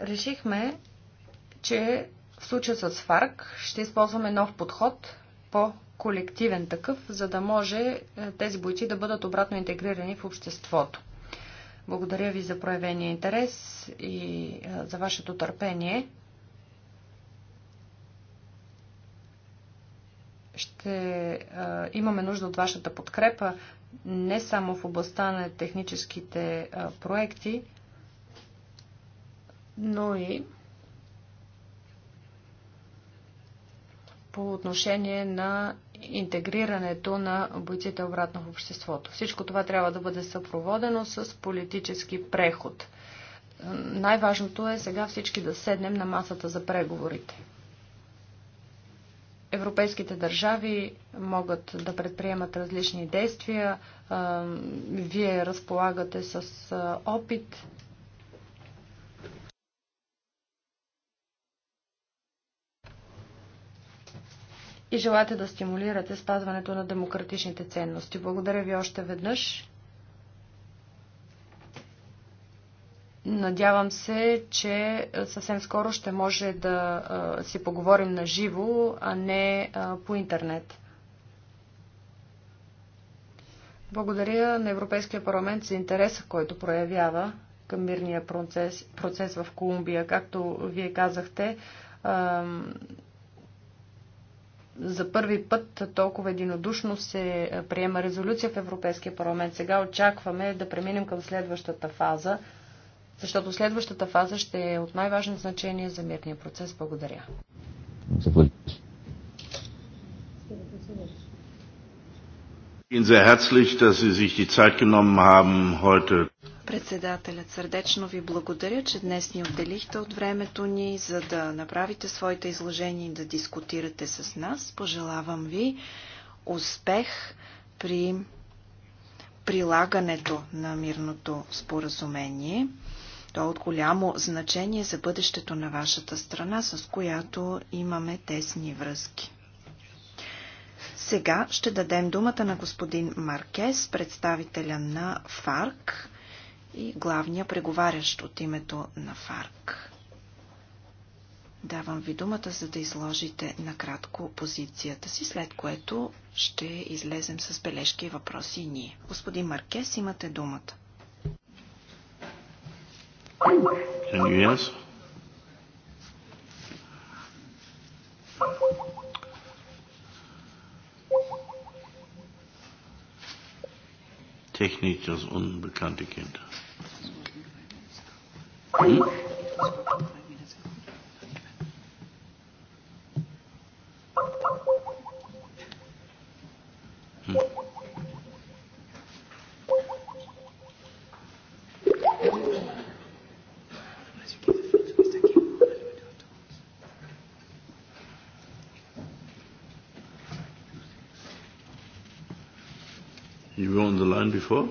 Решихме, че в случая с ФАРК ще използваме нов подход по колективен такъв, за да може е, тези бойци да бъдат обратно интегрирани в обществото. Благодаря ви за проявения интерес и е, за вашето търпение. Ще а, е, имаме нужда от вашата подкрепа не само в областта на техническите а, проекти, но и по отношение на интегрирането на бойците обратно в обществото. Всичко това трябва да бъде съпроводено с политически преход. Най-важното е сега всички да седнем на масата за преговорите. Европейските държави могат да предприемат различни действия. Вие разполагате с опит и желаете да стимулирате спазването на демократичните ценности. Благодаря ви още веднъж. Надявам се, че съвсем скоро ще може да си поговорим на живо, а не по интернет. Благодаря на Европейския парламент за интереса, който проявява към мирния процес, процес в Колумбия. Както вие казахте, за първи път толкова единодушно се приема резолюция в Европейския парламент. Сега очакваме да преминем към следващата фаза, защото следващата фаза ще е от най-важно значение за мирния процес. Благодаря. Ihnen sehr herzlich, dass Sie sich die Zeit genommen haben, heute Председателят, сърдечно ви благодаря, че днес ни отделихте от времето ни, за да направите своите изложения и да дискутирате с нас. Пожелавам ви успех при прилагането на мирното споразумение. То е от голямо значение за бъдещето на вашата страна, с която имаме тесни връзки. Сега ще дадем думата на господин Маркес, представителя на ФАРК, и главния преговарящ от името на ФАРК. Давам ви думата, за да изложите накратко позицията си, след което ще излезем с бележки и въпроси и ние. Господин Маркес, имате думата. Can you Technik das Unbekannte Kind. Hm? Hm. you were on the line before?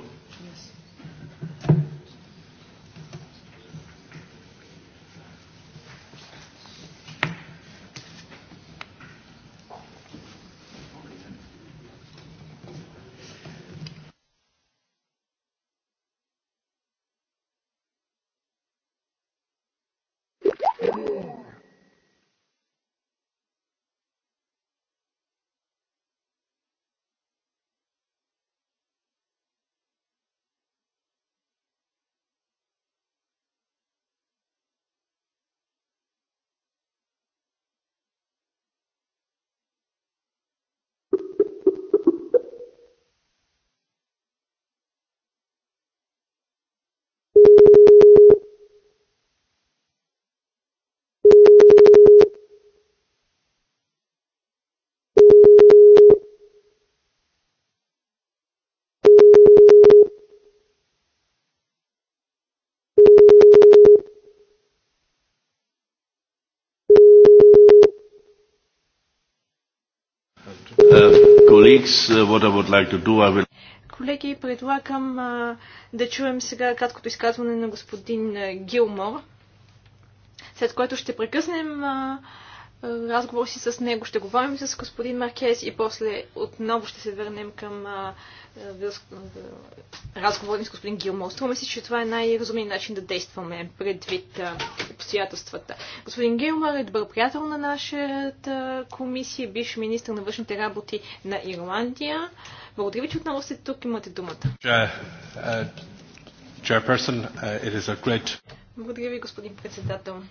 Колеги, предлагам да чуем сега краткото изказване на господин Гилмор, след което ще прекъснем разговор си с него. Ще говорим с господин Маркес и после отново ще се върнем към разговори с господин Гилмо. Струва си, че това е най-разумният начин да действаме предвид обстоятелствата. Господин Гилмар е добър приятел на нашата комисия, бивш министр на външните работи на Ирландия. Благодаря ви, че отново сте тук. Имате думата. Uh, благодаря ви, господин председател.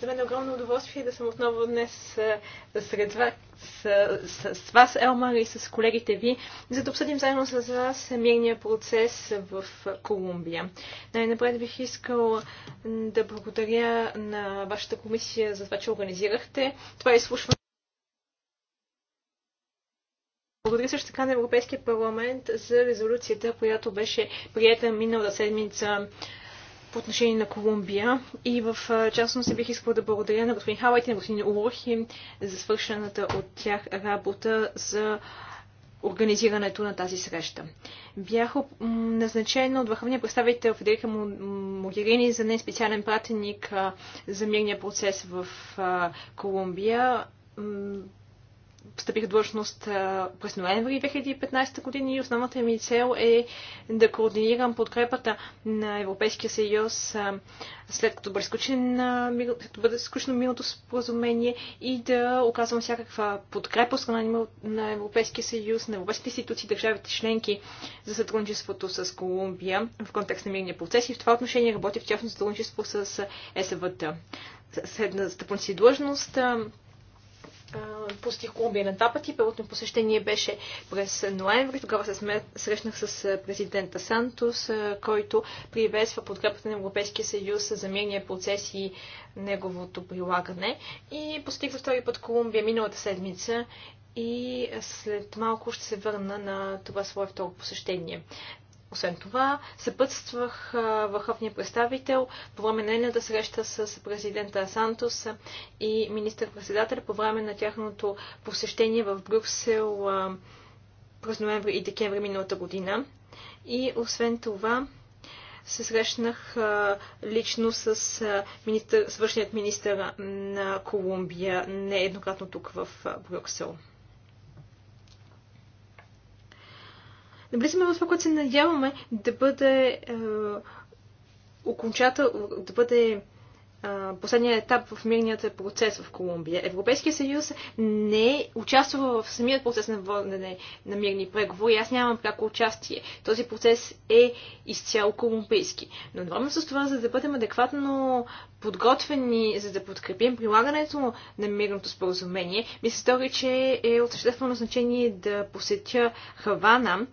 За мен е огромно удоволствие да съм отново днес сред вас, с, с, с вас, Елмар, и с колегите ви, за да обсъдим заедно с вас мирния процес в Колумбия. Най-напред бих искал да благодаря на вашата комисия за това, че организирахте това е изслушване. Благодаря също така на Европейския парламент за резолюцията, която беше приета миналата седмица по отношение на Колумбия и в частност бих искала да благодаря на господин Хавайт и на господин Улохи за свършената от тях работа за организирането на тази среща. Бях назначена от върховния представител Федерика Могерини за не специален пратеник за мирния процес в Колумбия встъпих в длъжност през ноември 2015 година и основната ми цел е да координирам подкрепата на Европейския съюз след като бъде сключено миналото споразумение и да оказвам всякаква подкрепа страна на Европейския съюз, на европейските институции, държавите членки за сътрудничеството с Колумбия в контекст на мирния процес и в това отношение работя в частно сътрудничество с СВТ. Следна стъпна си длъжност пустих Колумбия на два пъти. Първото ми посещение беше през ноември. Тогава се срещнах с президента Сантос, който приветства подкрепата на Европейския съюз за мирния процес и неговото прилагане. И посетих за втори път Колумбия миналата седмица и след малко ще се върна на това свое второ посещение. Освен това, съпътствах върховния представител по време на едната среща с президента Сантос и министър председател по време на тяхното посещение в Брюксел през ноември и декември миналата година. И освен това, се срещнах лично с свършният министър на Колумбия нееднократно тук в Брюксел. Наблизаме в това, което се надяваме да бъде е, окончател, да бъде е, последният етап в мирният процес в Колумбия. Европейския съюз не е участвал в самият процес на водене на мирни преговори. Аз нямам пряко участие. Този процес е изцяло колумбийски. Но едновременно с това, за да бъдем адекватно подготвени, за да подкрепим прилагането на мирното споразумение, ми се стори, че е от съществено значение да посетя Хавана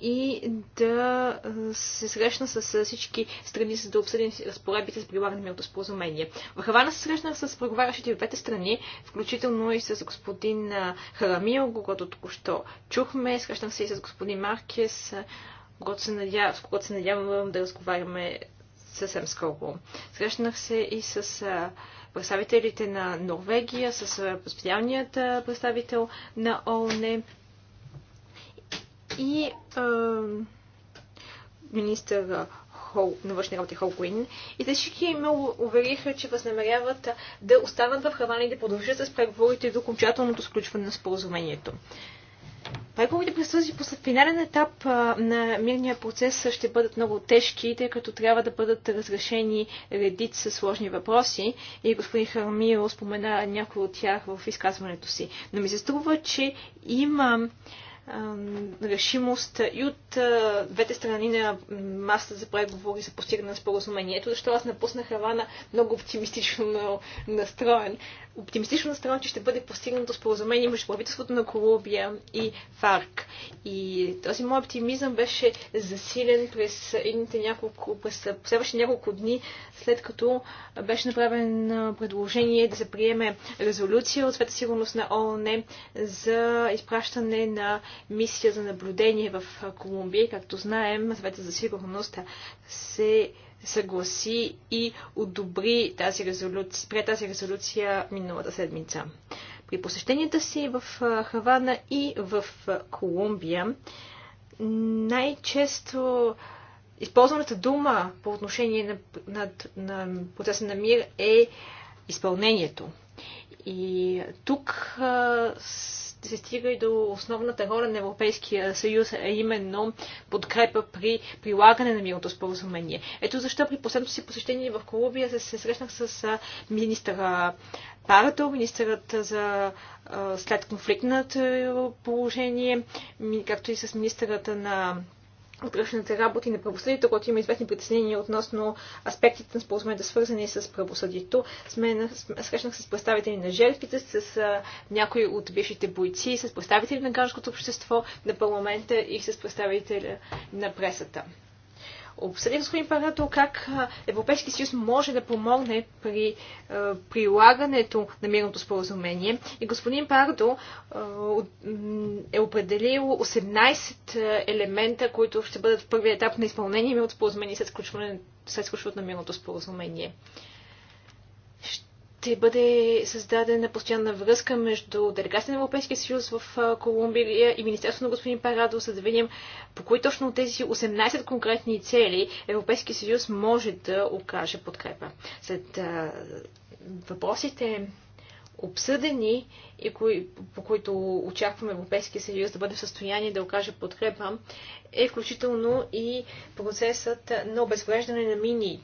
и да се срещна с всички страни, за да обсъдим разпоредбите с прилагане на споразумение. В Хавана се срещнах с преговарящите от двете страни, включително и с господин Харамил, когато току-що чухме. Срещнах се и с господин Маркес, когато се, с когато се надявам да разговаряме съвсем скоро. Срещнах се и с представителите на Норвегия, с специалният представител на ООН и министър Хол, на външни работи Холкуин. И те всички ме увериха, че възнамеряват да останат в Хавана и да продължат с преговорите до окончателното сключване на споразумението. Преговорите през този финален етап на мирния процес ще бъдат много тежки, тъй като трябва да бъдат разрешени редица сложни въпроси и господин Хармио спомена някои от тях в изказването си. Но ми се струва, че има решимост и от двете страни на масата за преговори за постигане на споразумението, защото аз напуснах Равана много оптимистично настроен. Оптимистично настроен, че ще бъде постигнато споразумение между правителството на Колумбия и ФАРК. И този мой оптимизъм беше засилен през, едните няколко, през следващите няколко дни, след като беше направено предложение да се приеме резолюция от Света сигурност на ООН за изпращане на мисия за наблюдение в Колумбия. Както знаем, Съвета за сигурност се съгласи и одобри тази резолюция, прие тази резолюция миналата седмица. При посещенията си в Хавана и в Колумбия най-често използваната дума по отношение на, на, на процеса на мир е изпълнението. И тук а, се стига и до основната роля на Европейския съюз, а именно подкрепа при прилагане на мирното споразумение. Ето защо при последното си посещение в Колумбия се, се срещнах с министъра Парато, министърът за след конфликтното положение, както и с министърът на вътрешните работи на правосъдието, който има известни притеснения относно аспектите на споразумението, свързани с правосъдието. Сме, срещнах се с представители на жертвите, с а, някои от бившите бойци, с представители на гражданското общество, на парламента и с представители на пресата. Обсъдим с господин Парато как Европейски съюз може да помогне при прилагането на мирното споразумение. И господин Парато е определил 18 елемента, които ще бъдат в първият етап на изпълнение мирното споразумение след сключването на мирното споразумение ще бъде създадена постоянна връзка между делегация на Европейския съюз в Колумбия и Министерството на господин Парадо, за да видим по кои точно тези 18 конкретни цели Европейския съюз може да окаже подкрепа. След а, въпросите обсъдени и кои, по които очакваме Европейския съюз да бъде в състояние да окаже подкрепа, е включително и процесът на обезвреждане на мини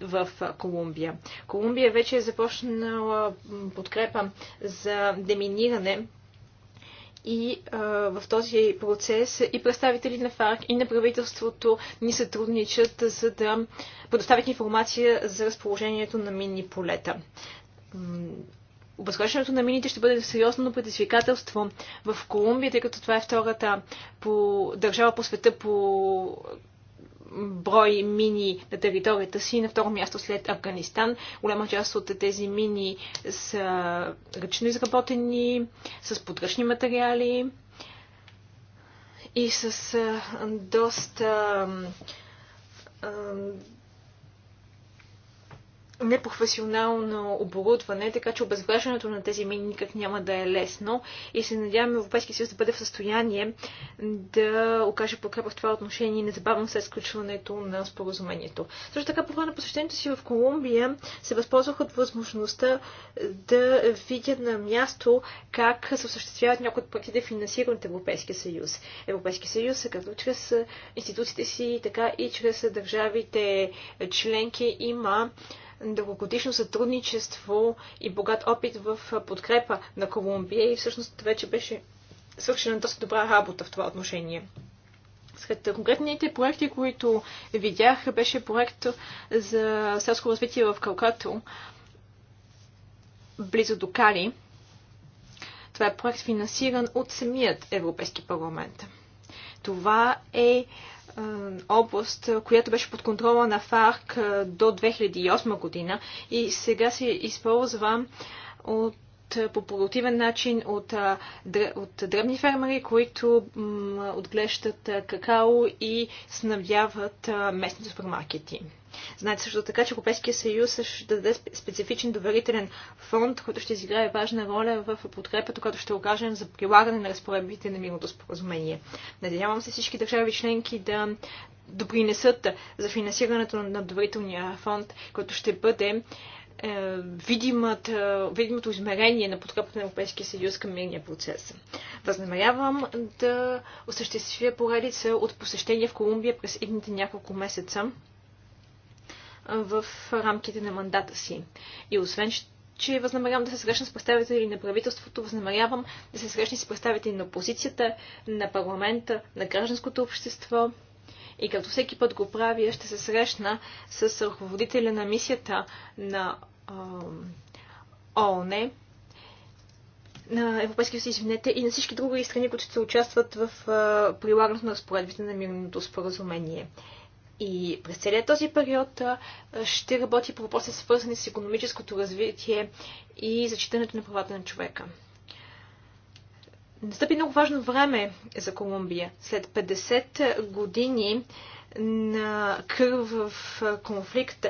в Колумбия. Колумбия вече е започнала подкрепа за деминиране и а, в този процес и представители на ФАРК и на правителството ни сътрудничат, за да предоставят информация за разположението на минни полета. Обезхващането на мините ще бъде сериозно предизвикателство в Колумбия, тъй като това е втората по държава по света по брой мини на територията си, на второ място след Афганистан. Голяма част от тези мини са ръчно изработени, с подръчни материали и с доста непрофесионално оборудване, така че обезвреждането на тези мини никак няма да е лесно и се надяваме Европейския съюз да бъде в състояние да окаже подкрепа в това отношение незабавно след сключването на споразумението. Също така по време на посещението си в Колумбия се възползвах от възможността да видя на място как се осъществяват някои от проектите финансирани от Европейския съюз. Европейския съюз, както чрез институциите си, така и чрез държавите членки има дългогодишно сътрудничество и богат опит в подкрепа на Колумбия и всъщност вече беше свършена доста добра работа в това отношение. Сред конкретните проекти, които видях, беше проект за селско развитие в Калкато, близо до Кали. Това е проект финансиран от самият Европейски парламент. Това е област, която беше под контрола на ФАРК до 2008 година и сега се използва от по продуктивен начин от, от древни фермери, които отглеждат какао и снабдяват местните супермаркети. Знаете също така, че Европейския съюз ще даде специфичен доверителен фонд, който ще изиграе важна роля в подкрепата, която ще окажем за прилагане на разпоредбите на мирното споразумение. Надявам се всички държави членки да допринесат за финансирането на доверителния фонд, който ще бъде е, е, видимото измерение на подкрепата на Европейския съюз към мирния процес. Възнамерявам да осъществя поредица от посещения в Колумбия през едните няколко месеца в рамките на мандата си. И освен, че възнамерявам да се срещна с представители на правителството, възнамерявам да се срещна с представители на опозицията, на парламента, на гражданското общество. И като всеки път го правя, ще се срещна с ръководителя на мисията на ООН, на Европейския съюз, извинете, и на всички други страни, които ще участват в прилагането на разпоредбите на мирното споразумение. И през целият този период ще работи по въпроси свързани с економическото развитие и зачитането на правата на човека. Настъпи много важно време за Колумбия. След 50 години на в конфликт,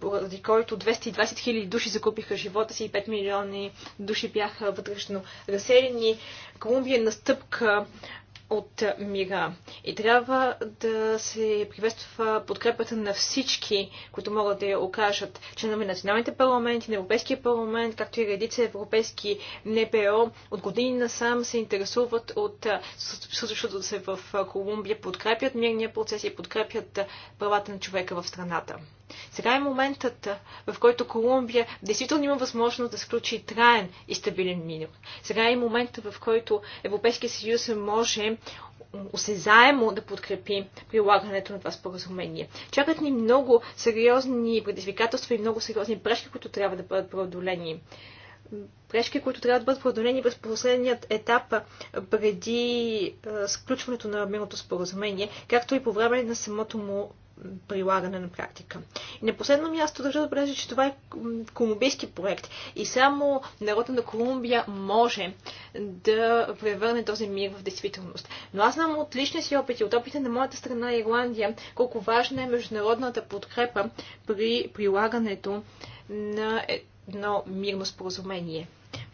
поради който 220 хиляди души закупиха живота си и 5 милиони души бяха вътрешно разселени, Колумбия е настъпка от мира. И трябва да се приветства подкрепата на всички, които могат да я окажат. Членове на националните парламенти, на Европейския парламент, както и редица европейски НПО от години насам се интересуват от случващото се в Колумбия, подкрепят мирния процес и подкрепят правата на човека в страната. Сега е моментът, в който Колумбия действително има възможност да сключи траен и стабилен мир. Сега е моментът, в който Европейския съюз може осезаемо да подкрепи прилагането на това споразумение. Чакат ни много сериозни предизвикателства и много сериозни прешки, които трябва да бъдат преодолени. Прешки, които трябва да бъдат преодолени през последният етап преди сключването на мирното споразумение, както и по време на самото му прилагане на практика. И на последно място държа да отбележа, че това е колумбийски проект и само народа на Колумбия може да превърне този мир в действителност. Но аз знам от личния си опит и от опита на моята страна Ирландия колко важна е международната подкрепа при прилагането на едно мирно споразумение.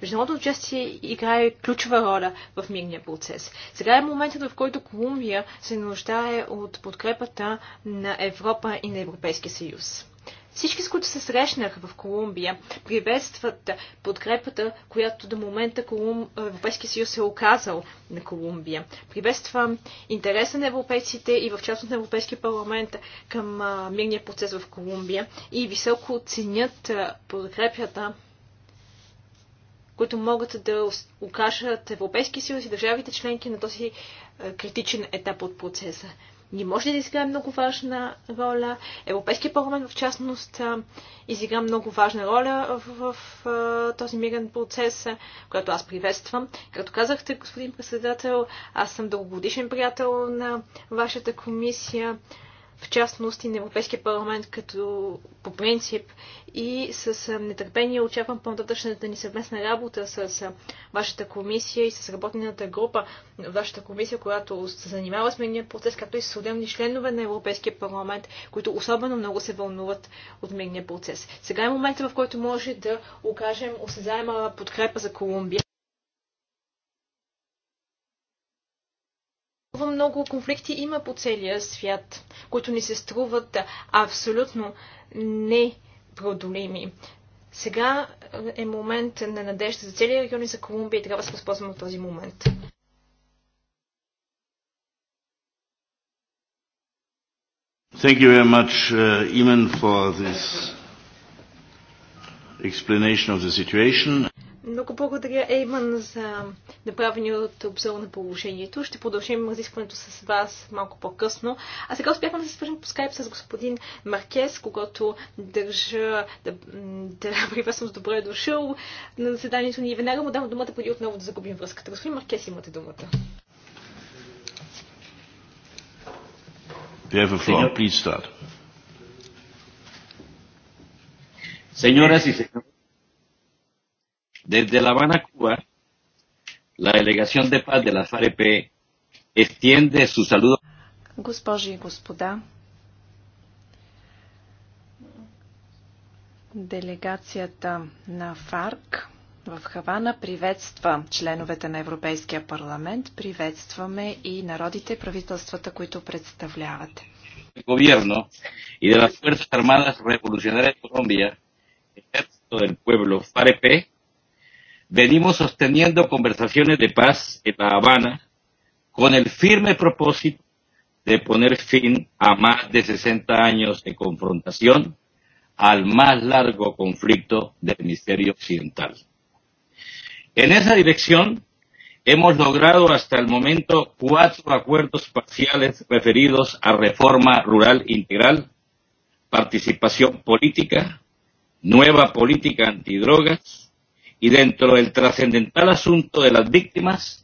Международното участие играе ключова роля в мирния процес. Сега е моментът, в който Колумбия се нуждае от подкрепата на Европа и на Европейския съюз. Всички, с които се срещнах в Колумбия, приветстват подкрепата, която до момента Колум... Европейския съюз е оказал на Колумбия. Приветствам интереса на европейците и в частност на Европейския парламент към мирния процес в Колумбия и високо ценят подкрепята които могат да окажат Европейския съюз и държавите членки на този критичен етап от процеса. Не може да изиграе много важна роля. Европейския парламент, в частност, изигра много важна роля в, в, в този мирен процес, който аз приветствам. Като казахте, господин председател, аз съм дългогодишен приятел на вашата комисия в частност и на Европейския парламент като по принцип и с нетърпение очаквам по-нататъчната ни съвместна работа с вашата комисия и с работната група на вашата комисия, която се занимава с мирния процес, както и с отделни членове на Европейския парламент, които особено много се вълнуват от мирния процес. Сега е момента, в който може да окажем осезаема подкрепа за Колумбия. Много конфликти има по целия свят които ни се струват абсолютно непродолими. Сега е момент на надежда за целия регион и за Колумбия и трябва да се възползваме от този момент. Thank you very much, uh, Iman, for this explanation of the situation. Много благодаря, Ейман, за направения от обзор на положението. Ще продължим разискването с вас малко по-късно. А сега успяхме да се свържим по скайп с господин Маркес, когато държа да, да приветствам с добре е дошъл на заседанието ни. Веднага му дам думата, преди отново да загубим връзката. Господин Маркес, имате думата. Señoras y señores. Desde La Habana, Cuba, la delegación de paz de la FAREP extiende su saludo. Госпожи и господа, делегацията на ФАРК в Хавана приветства членовете на Европейския парламент, приветстваме и народите и правителствата, които представлявате. Говерно и de las Fuerzas Armadas Revolucionarias de Colombia, Ejército del Pueblo, FAREP, venimos sosteniendo conversaciones de paz en La Habana con el firme propósito de poner fin a más de 60 años de confrontación al más largo conflicto del hemisferio occidental. En esa dirección, hemos logrado hasta el momento cuatro acuerdos parciales referidos a reforma rural integral, participación política, nueva política antidrogas, y dentro del trascendental asunto de las víctimas,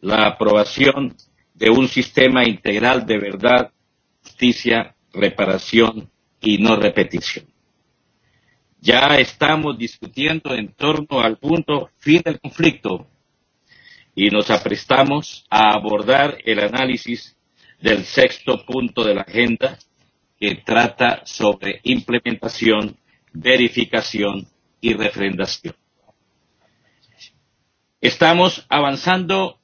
la aprobación de un sistema integral de verdad, justicia, reparación y no repetición. Ya estamos discutiendo en torno al punto fin del conflicto y nos aprestamos a abordar el análisis del sexto punto de la agenda que trata sobre implementación, verificación y refrendación. Estamos avanzando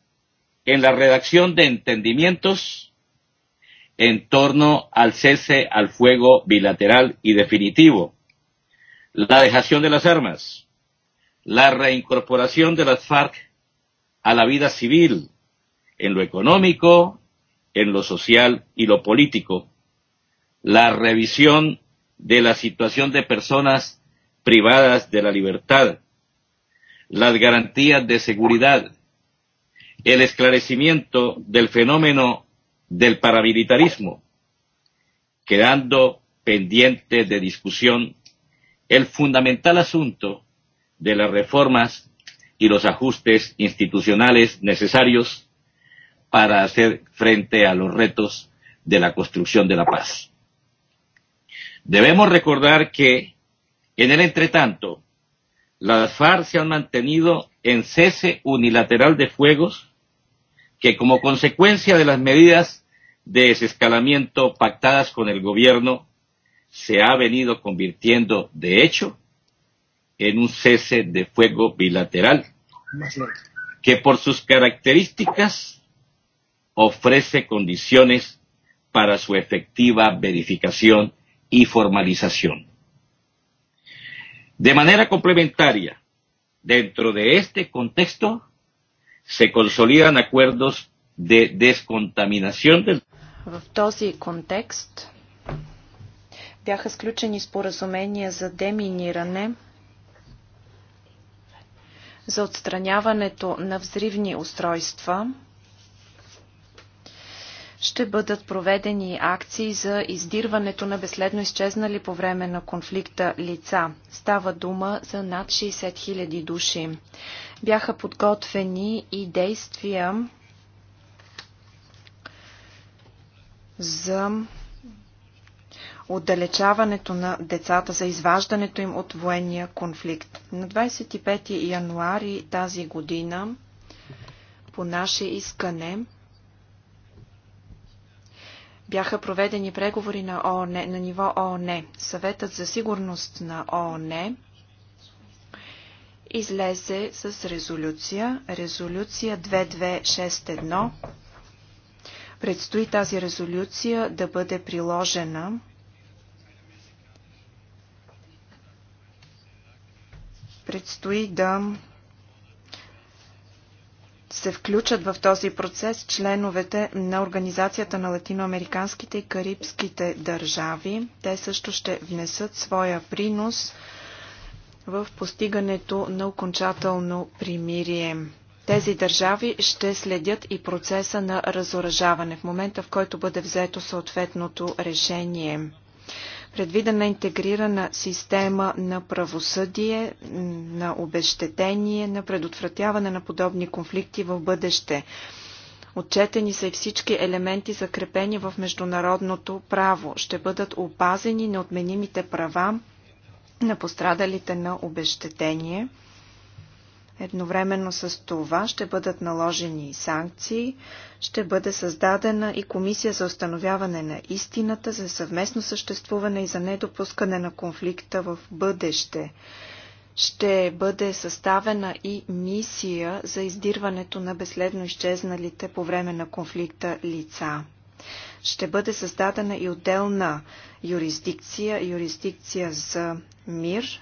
en la redacción de entendimientos en torno al cese al fuego bilateral y definitivo, la dejación de las armas, la reincorporación de las FARC a la vida civil, en lo económico, en lo social y lo político, la revisión de la situación de personas privadas de la libertad, las garantías de seguridad, el esclarecimiento del fenómeno del paramilitarismo, quedando pendiente de discusión el fundamental asunto de las reformas y los ajustes institucionales necesarios para hacer frente a los retos de la construcción de la paz. Debemos recordar que, en el entretanto, las FARC se han mantenido en cese unilateral de fuegos que como consecuencia de las medidas de desescalamiento pactadas con el gobierno se ha venido convirtiendo de hecho en un cese de fuego bilateral que por sus características ofrece condiciones para su efectiva verificación y formalización. De manera complementaria, dentro de este contexto, se consolidan acuerdos de descontaminación del... В този контекст бяха сключени споразумения за деминиране, за отстраняването на взривни устройства, ще бъдат проведени акции за издирването на безследно изчезнали по време на конфликта лица. Става дума за над 60 000 души. Бяха подготвени и действия за отдалечаването на децата, за изваждането им от военния конфликт. На 25 януари тази година по наше искане бяха проведени преговори на, ООН, на ниво ООН. Съветът за сигурност на ООН излезе с резолюция, резолюция 2261. Предстои тази резолюция да бъде приложена предстои да се включат в този процес членовете на Организацията на латиноамериканските и карибските държави. Те също ще внесат своя принос в постигането на окончателно примирие. Тези държави ще следят и процеса на разоръжаване в момента, в който бъде взето съответното решение предвидена интегрирана система на правосъдие, на обещетение, на предотвратяване на подобни конфликти в бъдеще. Отчетени са и всички елементи, закрепени в международното право. Ще бъдат опазени неотменимите права на пострадалите на обещетение – Едновременно с това ще бъдат наложени санкции, ще бъде създадена и комисия за установяване на истината, за съвместно съществуване и за недопускане на конфликта в бъдеще. Ще бъде съставена и мисия за издирването на безследно изчезналите по време на конфликта лица. Ще бъде създадена и отделна юрисдикция, юрисдикция за мир,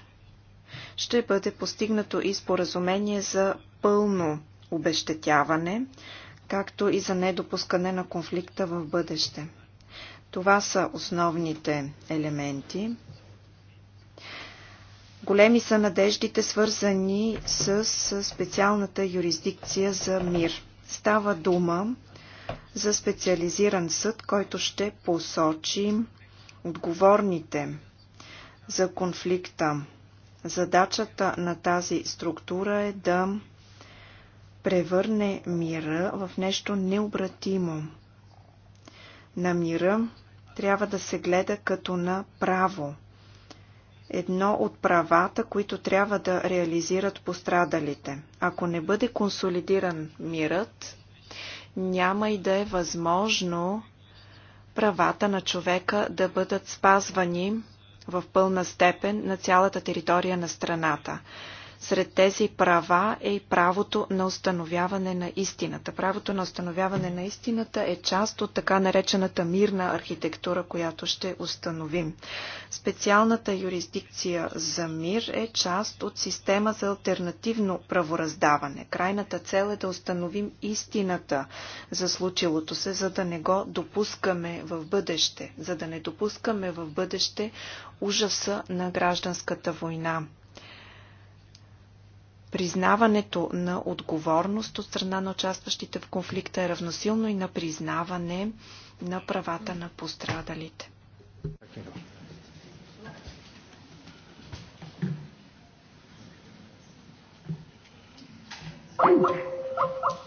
ще бъде постигнато и споразумение за пълно обещетяване, както и за недопускане на конфликта в бъдеще. Това са основните елементи. Големи са надеждите, свързани с специалната юрисдикция за мир. Става дума за специализиран съд, който ще посочи отговорните за конфликта. Задачата на тази структура е да превърне мира в нещо необратимо. На мира трябва да се гледа като на право. Едно от правата, които трябва да реализират пострадалите. Ако не бъде консолидиран мирът, няма и да е възможно правата на човека да бъдат спазвани в пълна степен на цялата територия на страната. Сред тези права е и правото на установяване на истината. Правото на установяване на истината е част от така наречената мирна архитектура, която ще установим. Специалната юрисдикция за мир е част от система за альтернативно правораздаване. Крайната цел е да установим истината за случилото се, за да не го допускаме в бъдеще, за да не допускаме в бъдеще ужаса на гражданската война. Признаването на отговорност от страна на участващите в конфликта е равносилно и на признаване на правата на пострадалите. Thank you.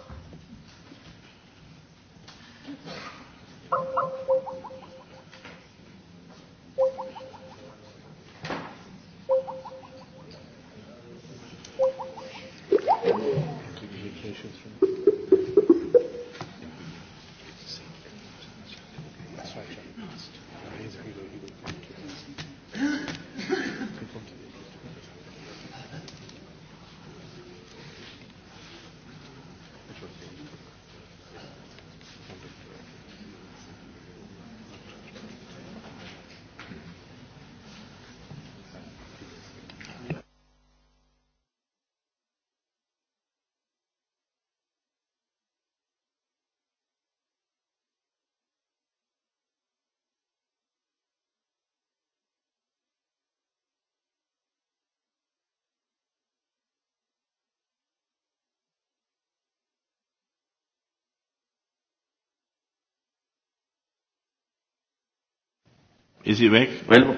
Is he back? Well,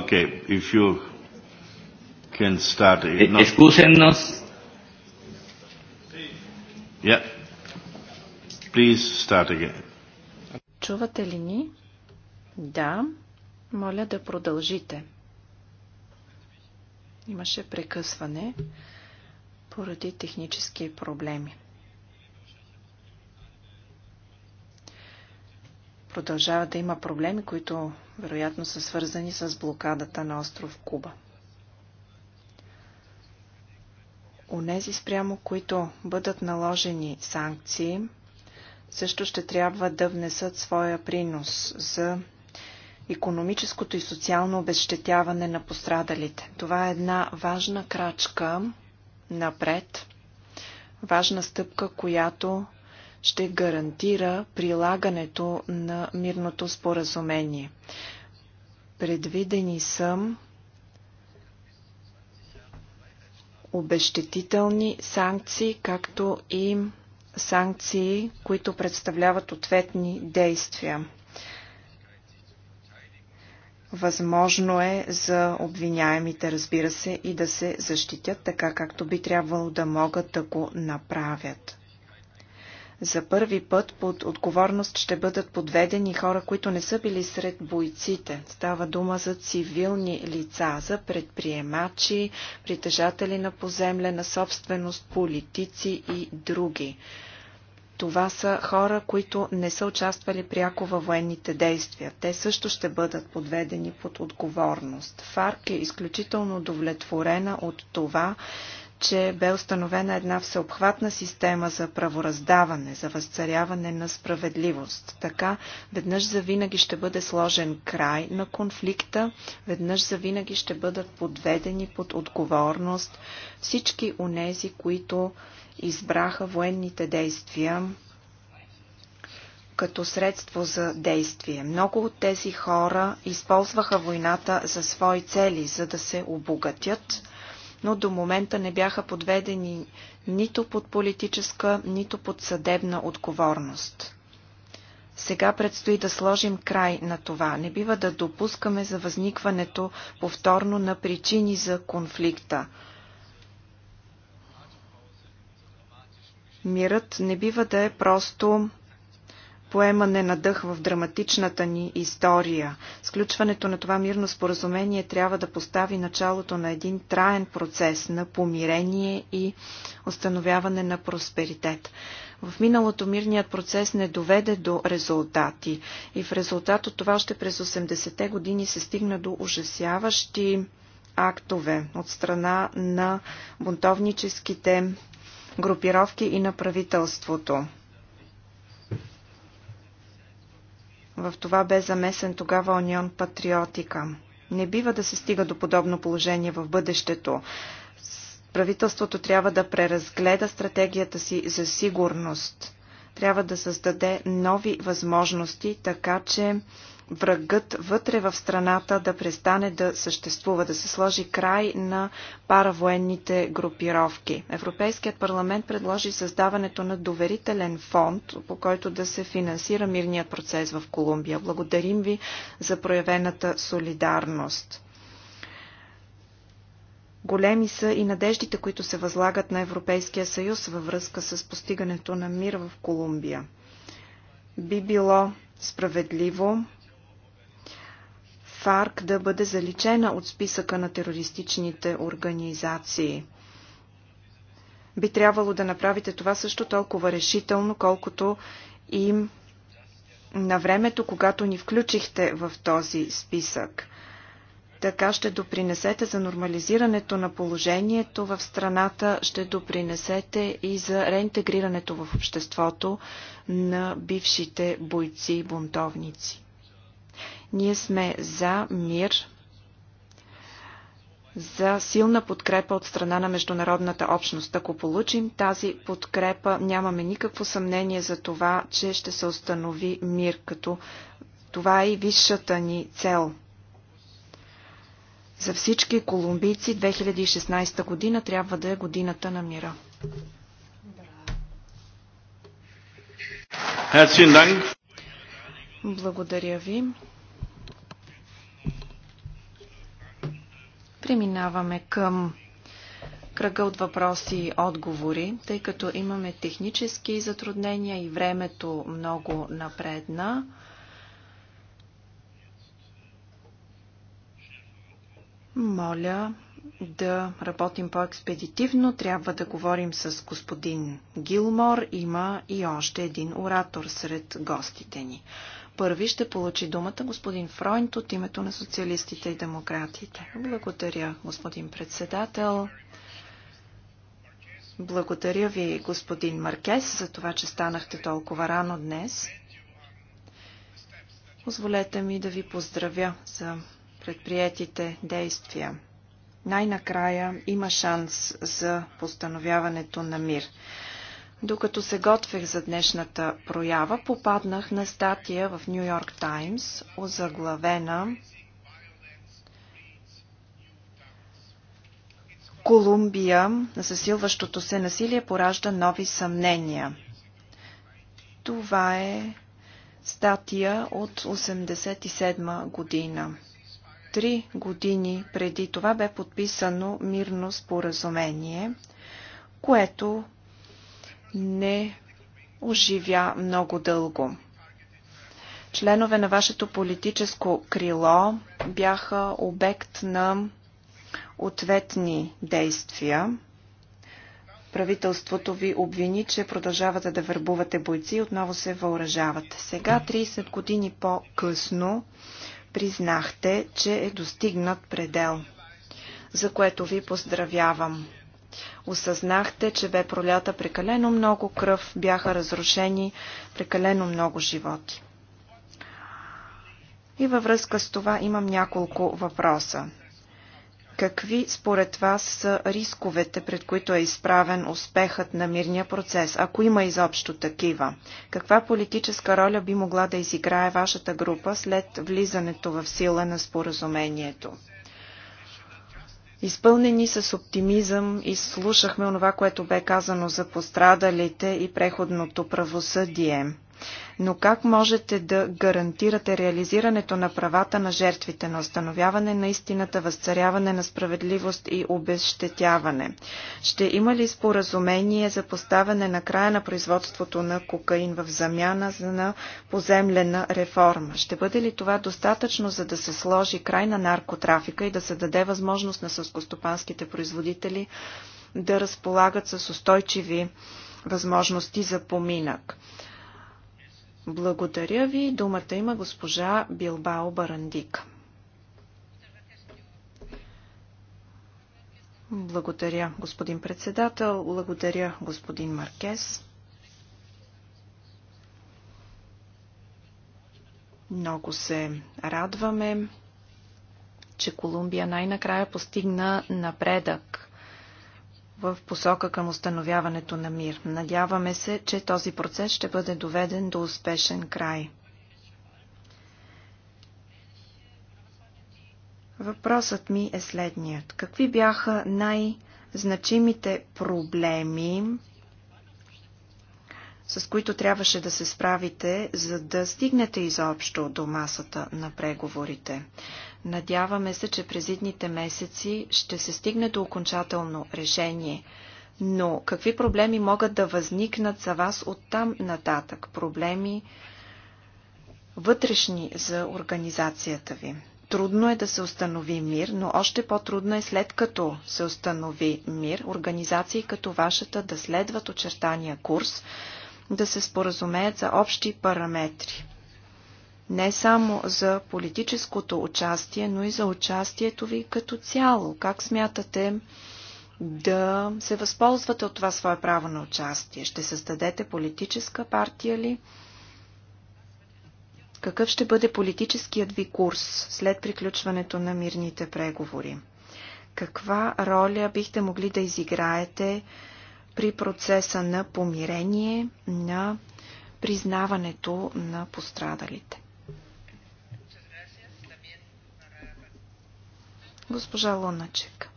okay, if you can start. No. Excúsennos. Yeah. Please start again. Чувате ли ни? Да. Моля да продължите. Имаше прекъсване поради технически проблеми. Продължава да има проблеми, които вероятно са свързани с блокадата на остров Куба. Онези спрямо които бъдат наложени санкции, също ще трябва да внесат своя принос за економическото и социално обезщетяване на пострадалите. Това е една важна крачка напред, важна стъпка, която ще гарантира прилагането на мирното споразумение. Предвидени са обещетителни санкции, както и санкции, които представляват ответни действия. Възможно е за обвиняемите, разбира се, и да се защитят така, както би трябвало да могат да го направят. За първи път под отговорност ще бъдат подведени хора, които не са били сред бойците. Става дума за цивилни лица, за предприемачи, притежатели на поземлена собственост, политици и други. Това са хора, които не са участвали пряко във военните действия. Те също ще бъдат подведени под отговорност. ФАРК е изключително удовлетворена от това, че бе установена една всеобхватна система за правораздаване, за възцаряване на справедливост. Така, веднъж за винаги ще бъде сложен край на конфликта, веднъж за винаги ще бъдат подведени под отговорност всички унези, които избраха военните действия като средство за действие. Много от тези хора използваха войната за свои цели, за да се обогатят, но до момента не бяха подведени нито под политическа, нито под съдебна отговорност. Сега предстои да сложим край на това. Не бива да допускаме за възникването повторно на причини за конфликта. Мирът не бива да е просто поемане на дъх в драматичната ни история. Сключването на това мирно споразумение трябва да постави началото на един траен процес на помирение и установяване на просперитет. В миналото мирният процес не доведе до резултати и в резултат от това още през 80-те години се стигна до ужасяващи актове от страна на бунтовническите групировки и на правителството. В това бе замесен тогава Унион Патриотика. Не бива да се стига до подобно положение в бъдещето. Правителството трябва да преразгледа стратегията си за сигурност. Трябва да създаде нови възможности, така че врагът вътре в страната да престане да съществува, да се сложи край на паравоенните групировки. Европейският парламент предложи създаването на доверителен фонд, по който да се финансира мирният процес в Колумбия. Благодарим ви за проявената солидарност. Големи са и надеждите, които се възлагат на Европейския съюз във връзка с постигането на мир в Колумбия. Би било справедливо ФАРК да бъде заличена от списъка на терористичните организации. Би трябвало да направите това също толкова решително, колкото и на времето, когато ни включихте в този списък. Така ще допринесете за нормализирането на положението в страната, ще допринесете и за реинтегрирането в обществото на бившите бойци и бунтовници. Ние сме за мир, за силна подкрепа от страна на международната общност. Ако получим тази подкрепа, нямаме никакво съмнение за това, че ще се установи мир, като това е и висшата ни цел. За всички колумбийци 2016 година трябва да е годината на мира. Благодаря ви. Преминаваме към кръга от въпроси и отговори, тъй като имаме технически затруднения и времето много напредна. Моля да работим по-експедитивно. Трябва да говорим с господин Гилмор. Има и още един оратор сред гостите ни. Първи ще получи думата господин Фройнт от името на социалистите и демократите. Благодаря, господин председател. Благодаря ви, господин Маркес, за това, че станахте толкова рано днес. Позволете ми да ви поздравя за предприятите действия. Най-накрая има шанс за постановяването на мир. Докато се готвих за днешната проява, попаднах на статия в Нью Йорк Таймс, озаглавена Колумбия, засилващото се насилие поражда нови съмнения. Това е статия от 1987 година. Три години преди това бе подписано мирно споразумение, което не оживя много дълго. Членове на вашето политическо крило бяха обект на ответни действия. Правителството ви обвини, че продължавате да върбувате бойци и отново се въоръжавате. Сега, 30 години по-късно, признахте, че е достигнат предел, за което ви поздравявам. Осъзнахте, че бе пролята прекалено много кръв, бяха разрушени прекалено много животи. И във връзка с това имам няколко въпроса. Какви според вас са рисковете, пред които е изправен успехът на мирния процес, ако има изобщо такива? Каква политическа роля би могла да изиграе вашата група след влизането в сила на споразумението? Изпълнени с оптимизъм и слушахме онова, което бе казано за пострадалите и преходното правосъдие. Но как можете да гарантирате реализирането на правата на жертвите, на установяване на истината, възцаряване на справедливост и обезщетяване? Ще има ли споразумение за поставяне на края на производството на кокаин в замяна за на поземлена реформа? Ще бъде ли това достатъчно, за да се сложи край на наркотрафика и да се даде възможност на съскостопанските производители да разполагат с устойчиви възможности за поминък. Благодаря ви. Думата има госпожа Билбао Барандик. Благодаря, господин председател. Благодаря, господин Маркес. Много се радваме, че Колумбия най-накрая постигна напредък в посока към установяването на мир. Надяваме се, че този процес ще бъде доведен до успешен край. Въпросът ми е следният. Какви бяха най-значимите проблеми, с които трябваше да се справите, за да стигнете изобщо до масата на преговорите? Надяваме се, че през идните месеци ще се стигне до окончателно решение. Но какви проблеми могат да възникнат за вас от там нататък? Проблеми вътрешни за организацията ви. Трудно е да се установи мир, но още по-трудно е след като се установи мир, организации като вашата да следват очертания курс, да се споразумеят за общи параметри не само за политическото участие, но и за участието ви като цяло. Как смятате да се възползвате от това свое право на участие? Ще създадете политическа партия ли? Какъв ще бъде политическият ви курс след приключването на мирните преговори? Каква роля бихте могли да изиграете при процеса на помирение, на признаването на пострадалите? Госпожа Луначек.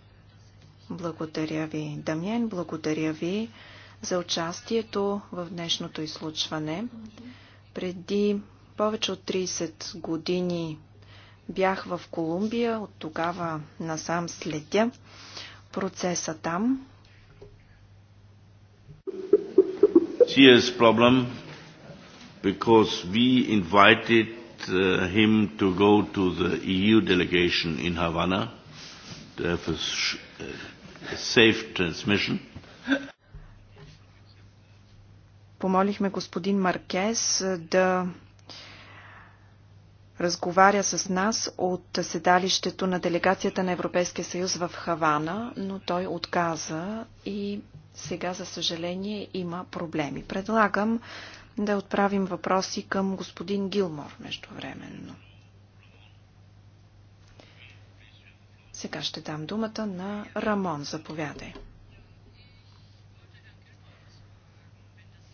Благодаря ви, Дамян. Благодаря ви за участието в днешното изслучване. Преди повече от 30 години бях в Колумбия, от тогава насам следя процеса там. Serious because we invited uh, him to go to the EU delegation in Havana for uh, safe transmission. Помолихме господин Маркес е, да разговаря с нас от седалището на делегацията на Европейския съюз в Хавана, но той отказа и сега, за съжаление, има проблеми. Предлагам да отправим въпроси към господин Гилмор междувременно. Сега ще дам думата на Рамон. Заповядай.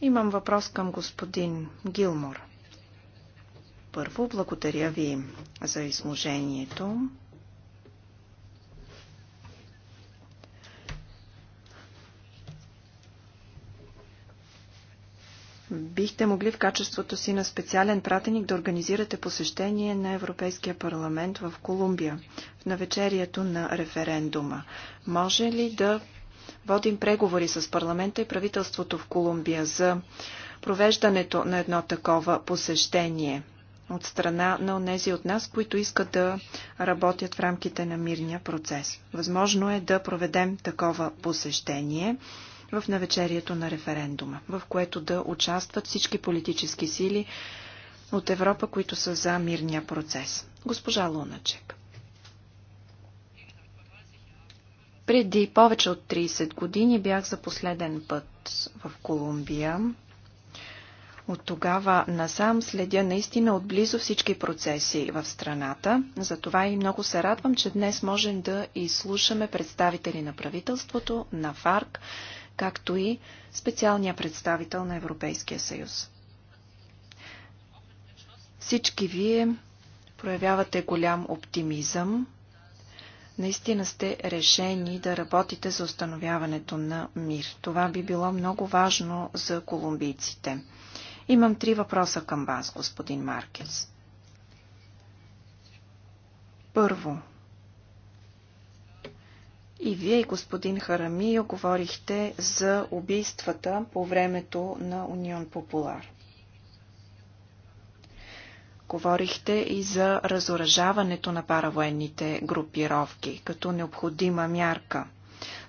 Имам въпрос към господин Гилмор. Първо, благодаря ви за изложението. Бихте могли в качеството си на специален пратеник да организирате посещение на Европейския парламент в Колумбия в навечерието на референдума. Може ли да водим преговори с парламента и правителството в Колумбия за провеждането на едно такова посещение от страна на онези от нас, които искат да работят в рамките на мирния процес. Възможно е да проведем такова посещение в навечерието на референдума, в което да участват всички политически сили от Европа, които са за мирния процес. Госпожа Луначек. Преди повече от 30 години бях за последен път в Колумбия. От тогава насам следя наистина отблизо всички процеси в страната. Затова и много се радвам, че днес можем да изслушаме представители на правителството, на ФАРК, както и специалния представител на Европейския съюз. Всички вие проявявате голям оптимизъм. Наистина сте решени да работите за установяването на мир. Това би било много важно за колумбийците. Имам три въпроса към вас, господин Маркес. Първо, и вие, господин Харамио, говорихте за убийствата по времето на Унион Популар. Говорихте и за разоръжаването на паравоенните групировки като необходима мярка.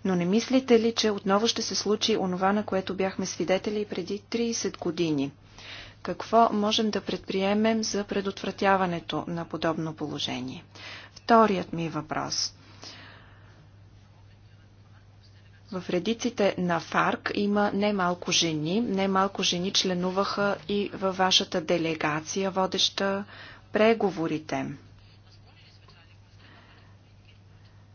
Но не мислите ли, че отново ще се случи онова, на което бяхме свидетели преди 30 години? Какво можем да предприемем за предотвратяването на подобно положение? Вторият ми въпрос – В редиците на ФАРК има немалко жени. Немалко жени членуваха и във вашата делегация, водеща преговорите.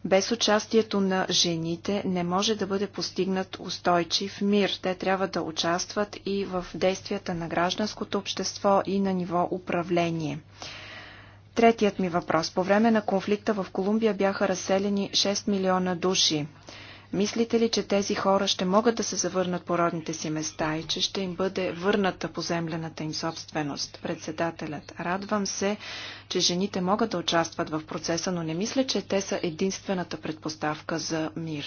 Без участието на жените не може да бъде постигнат устойчив мир. Те трябва да участват и в действията на гражданското общество и на ниво управление. Третият ми въпрос. По време на конфликта в Колумбия бяха разселени 6 милиона души. Мислите ли, че тези хора ще могат да се завърнат по родните си места и че ще им бъде върната поземлената им собственост? Председателят. Радвам се, че жените могат да участват в процеса, но не мисля, че те са единствената предпоставка за мир.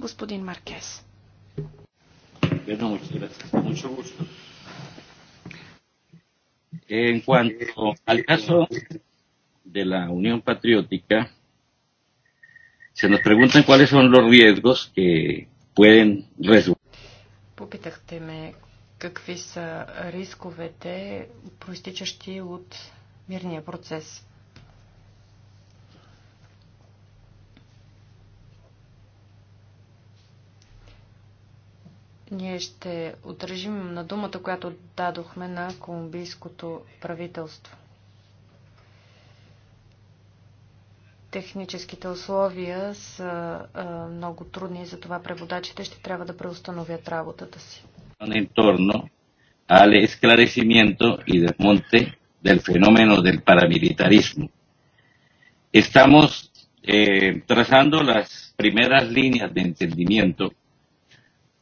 Господин Маркес. En cuanto al caso de la Unión Patriótica, се нас preguntan cuáles son los riesgos que pueden Попитахте ме какви са рисковете, проистичащи от мирния процес. Ние ще отражим на думата, която дадохме на колумбийското правителство. техническите условия са много трудни и затова преводачите ще трябва да преустановят работата си. Entorno al esclarecimiento y desmonte del fenómeno del paramilitarismo. Estamos eh, trazando las primeras líneas de entendimiento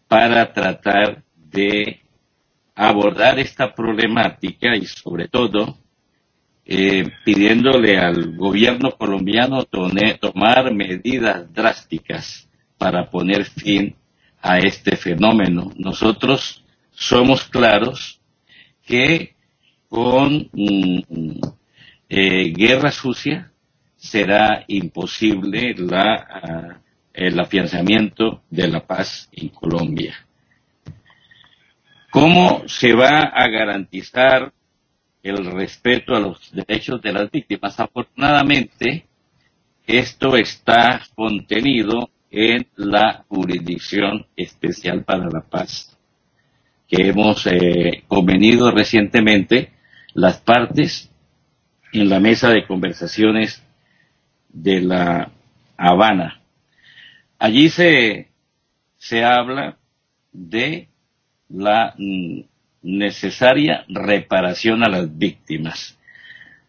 para tratar de abordar esta problemática y sobre todo eh, pidiéndole al gobierno colombiano tome, tomar medidas drásticas para poner fin a este fenómeno. Nosotros somos claros que con mm, eh, guerra sucia será imposible la, uh, el afianzamiento de la paz en Colombia. ¿Cómo se va a garantizar el respeto a los derechos de las víctimas. Afortunadamente, esto está contenido en la Jurisdicción Especial para la Paz, que hemos eh, convenido recientemente las partes en la mesa de conversaciones de la Habana. Allí se, se habla de la necesaria reparación a las víctimas.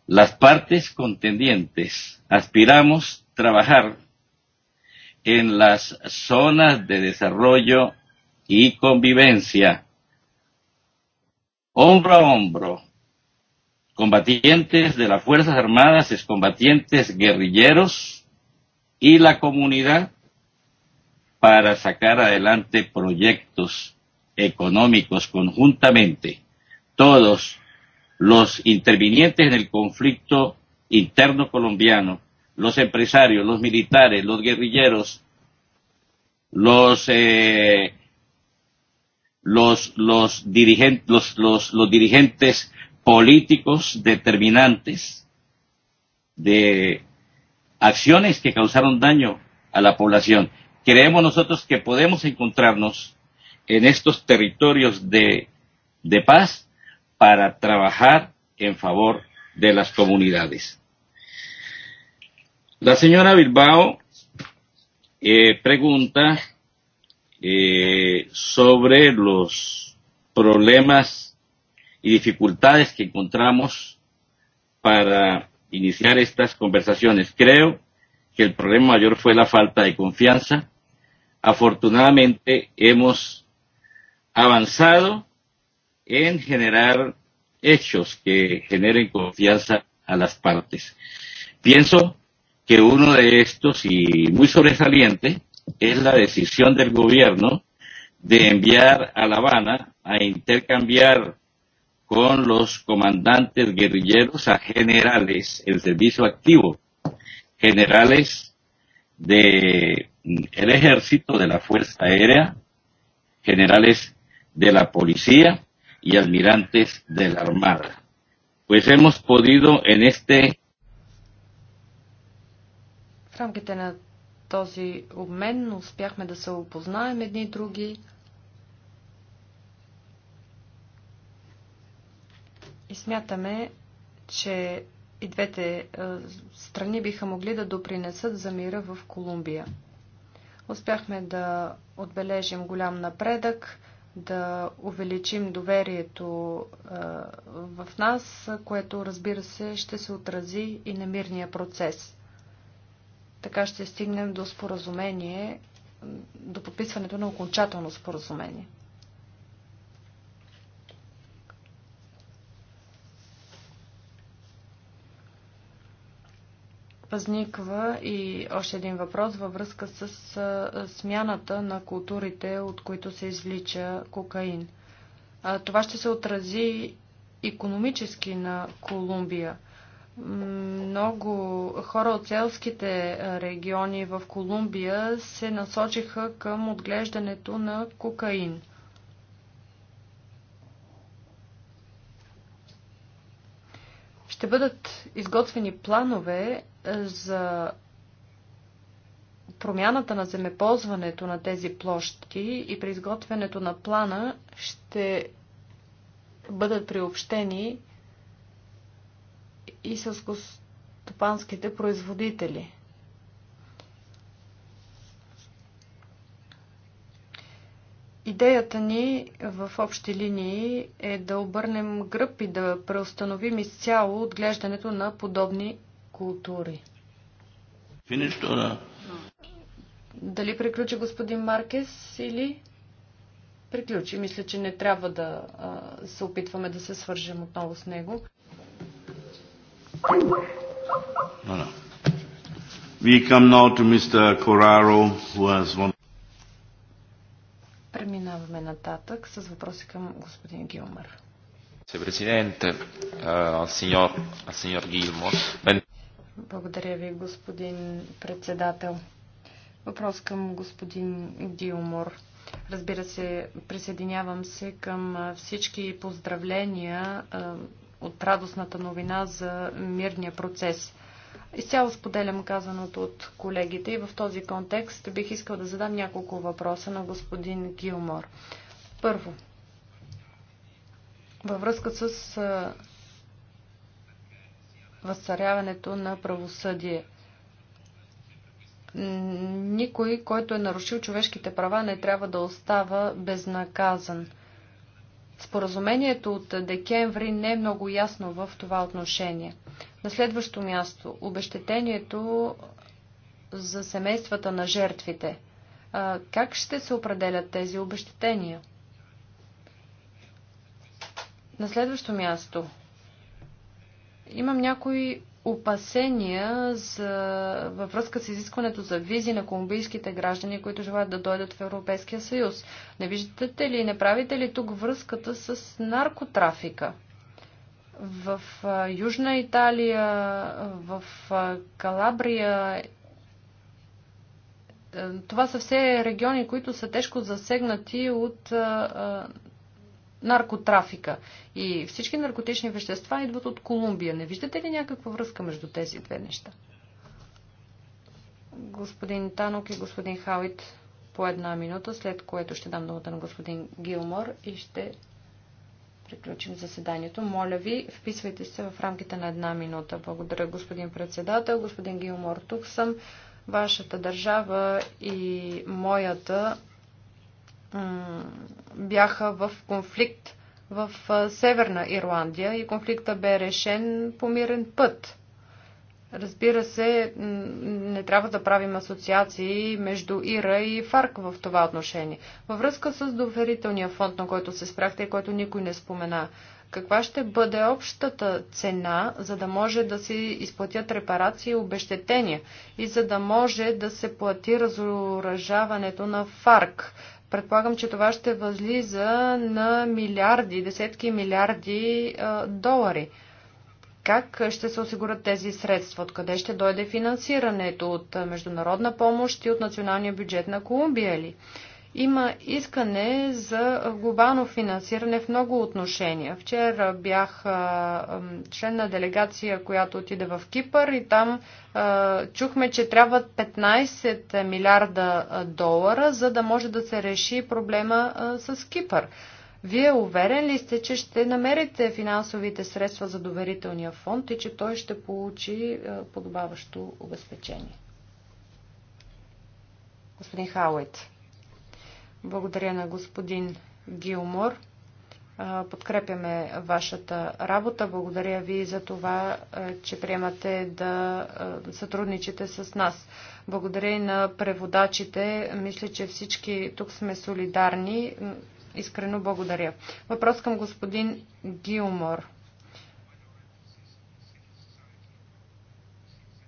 Las partes contendientes aspiramos trabajar en las zonas de desarrollo y convivencia, hombro a hombro, combatientes de las Fuerzas Armadas, excombatientes guerrilleros y la comunidad para sacar adelante proyectos económicos conjuntamente todos los intervinientes en el conflicto interno colombiano, los empresarios, los militares, los guerrilleros, los eh, los los dirigentes los, los, los dirigentes políticos determinantes de acciones que causaron daño a la población. Creemos nosotros que podemos encontrarnos en estos territorios de, de paz para trabajar en favor de las comunidades. La señora Bilbao eh, pregunta eh, sobre los problemas y dificultades que encontramos para iniciar estas conversaciones. Creo que el problema mayor fue la falta de confianza. Afortunadamente hemos avanzado en generar hechos que generen confianza a las partes. Pienso que uno de estos y muy sobresaliente es la decisión del gobierno de enviar a La Habana a intercambiar con los comandantes guerrilleros a generales el servicio activo, generales de el ejército, de la Fuerza Aérea, generales de la policía y almirantes de la Armada. Pues hemos podido en este в рамките на този обмен успяхме да се опознаем едни и други. И смятаме, че и двете е, страни биха могли да допринесат за мира в Колумбия. Успяхме да отбележим голям напредък да увеличим доверието в нас, което разбира се ще се отрази и на мирния процес. Така ще стигнем до споразумение, до подписването на окончателно споразумение. Възниква и още един въпрос във връзка с смяната на културите, от които се излича кокаин. Това ще се отрази економически на Колумбия. Много хора от селските региони в Колумбия се насочиха към отглеждането на кокаин. Ще бъдат изготвени планове за промяната на земеползването на тези площи и при изготвянето на плана ще бъдат приобщени и селскостопанските производители. Идеята ни в общи линии е да обърнем гръб и да преустановим изцяло отглеждането на подобни култури. Финишто, да. Дали приключи господин Маркес или приключи? Мисля, че не трябва да а, се опитваме да се свържем отново с него. No, no. We come now to Mr. Coraro, who has one... Преминаваме нататък с въпроси към господин Гилмар. Grazie Presidente, uh, al, signor, благодаря ви, господин председател. Въпрос към господин Диумор. Разбира се, присъединявам се към всички поздравления от радостната новина за мирния процес. Изцяло споделям казаното от колегите и в този контекст бих искал да задам няколко въпроса на господин Гилмор. Първо, във връзка с възцаряването на правосъдие. Никой, който е нарушил човешките права, не трябва да остава безнаказан. Споразумението от декември не е много ясно в това отношение. На следващо място, обещетението за семействата на жертвите. Как ще се определят тези обещетения? На следващо място, Имам някои опасения за, във връзка с изискването за визи на колумбийските граждани, които желаят да дойдат в Европейския съюз. Не виждате ли, не правите ли тук връзката с наркотрафика? В Южна Италия, в Калабрия това са все региони, които са тежко засегнати от наркотрафика. И всички наркотични вещества идват от Колумбия. Не виждате ли някаква връзка между тези две неща? Господин Танок и господин Хауит по една минута, след което ще дам думата на господин Гилмор и ще приключим заседанието. Моля ви, вписвайте се в рамките на една минута. Благодаря, господин председател. Господин Гилмор, тук съм. Вашата държава и моята бяха в конфликт в Северна Ирландия и конфликта бе решен по мирен път. Разбира се, не трябва да правим асоциации между Ира и Фарк в това отношение. Във връзка с доверителния фонд, на който се спряхте и който никой не спомена, каква ще бъде общата цена, за да може да се изплатят репарации и обещетения и за да може да се плати разоръжаването на ФАРК? Предполагам, че това ще възлиза на милиарди, десетки милиарди долари. Как ще се осигурят тези средства? Откъде ще дойде финансирането? От международна помощ и от националния бюджет на Колумбия ли? Има искане за глобално финансиране в много отношения. Вчера бях член на делегация, която отиде в Кипър и там чухме, че трябват 15 милиарда долара, за да може да се реши проблема с Кипър. Вие уверен ли сте, че ще намерите финансовите средства за доверителния фонд и че той ще получи подобаващо обезпечение? Господин Хауит. Благодаря на господин Гилмор. Подкрепяме вашата работа. Благодаря ви за това, че приемате да сътрудничите с нас. Благодаря и на преводачите. Мисля, че всички тук сме солидарни. Искрено благодаря. Въпрос към господин Гилмор.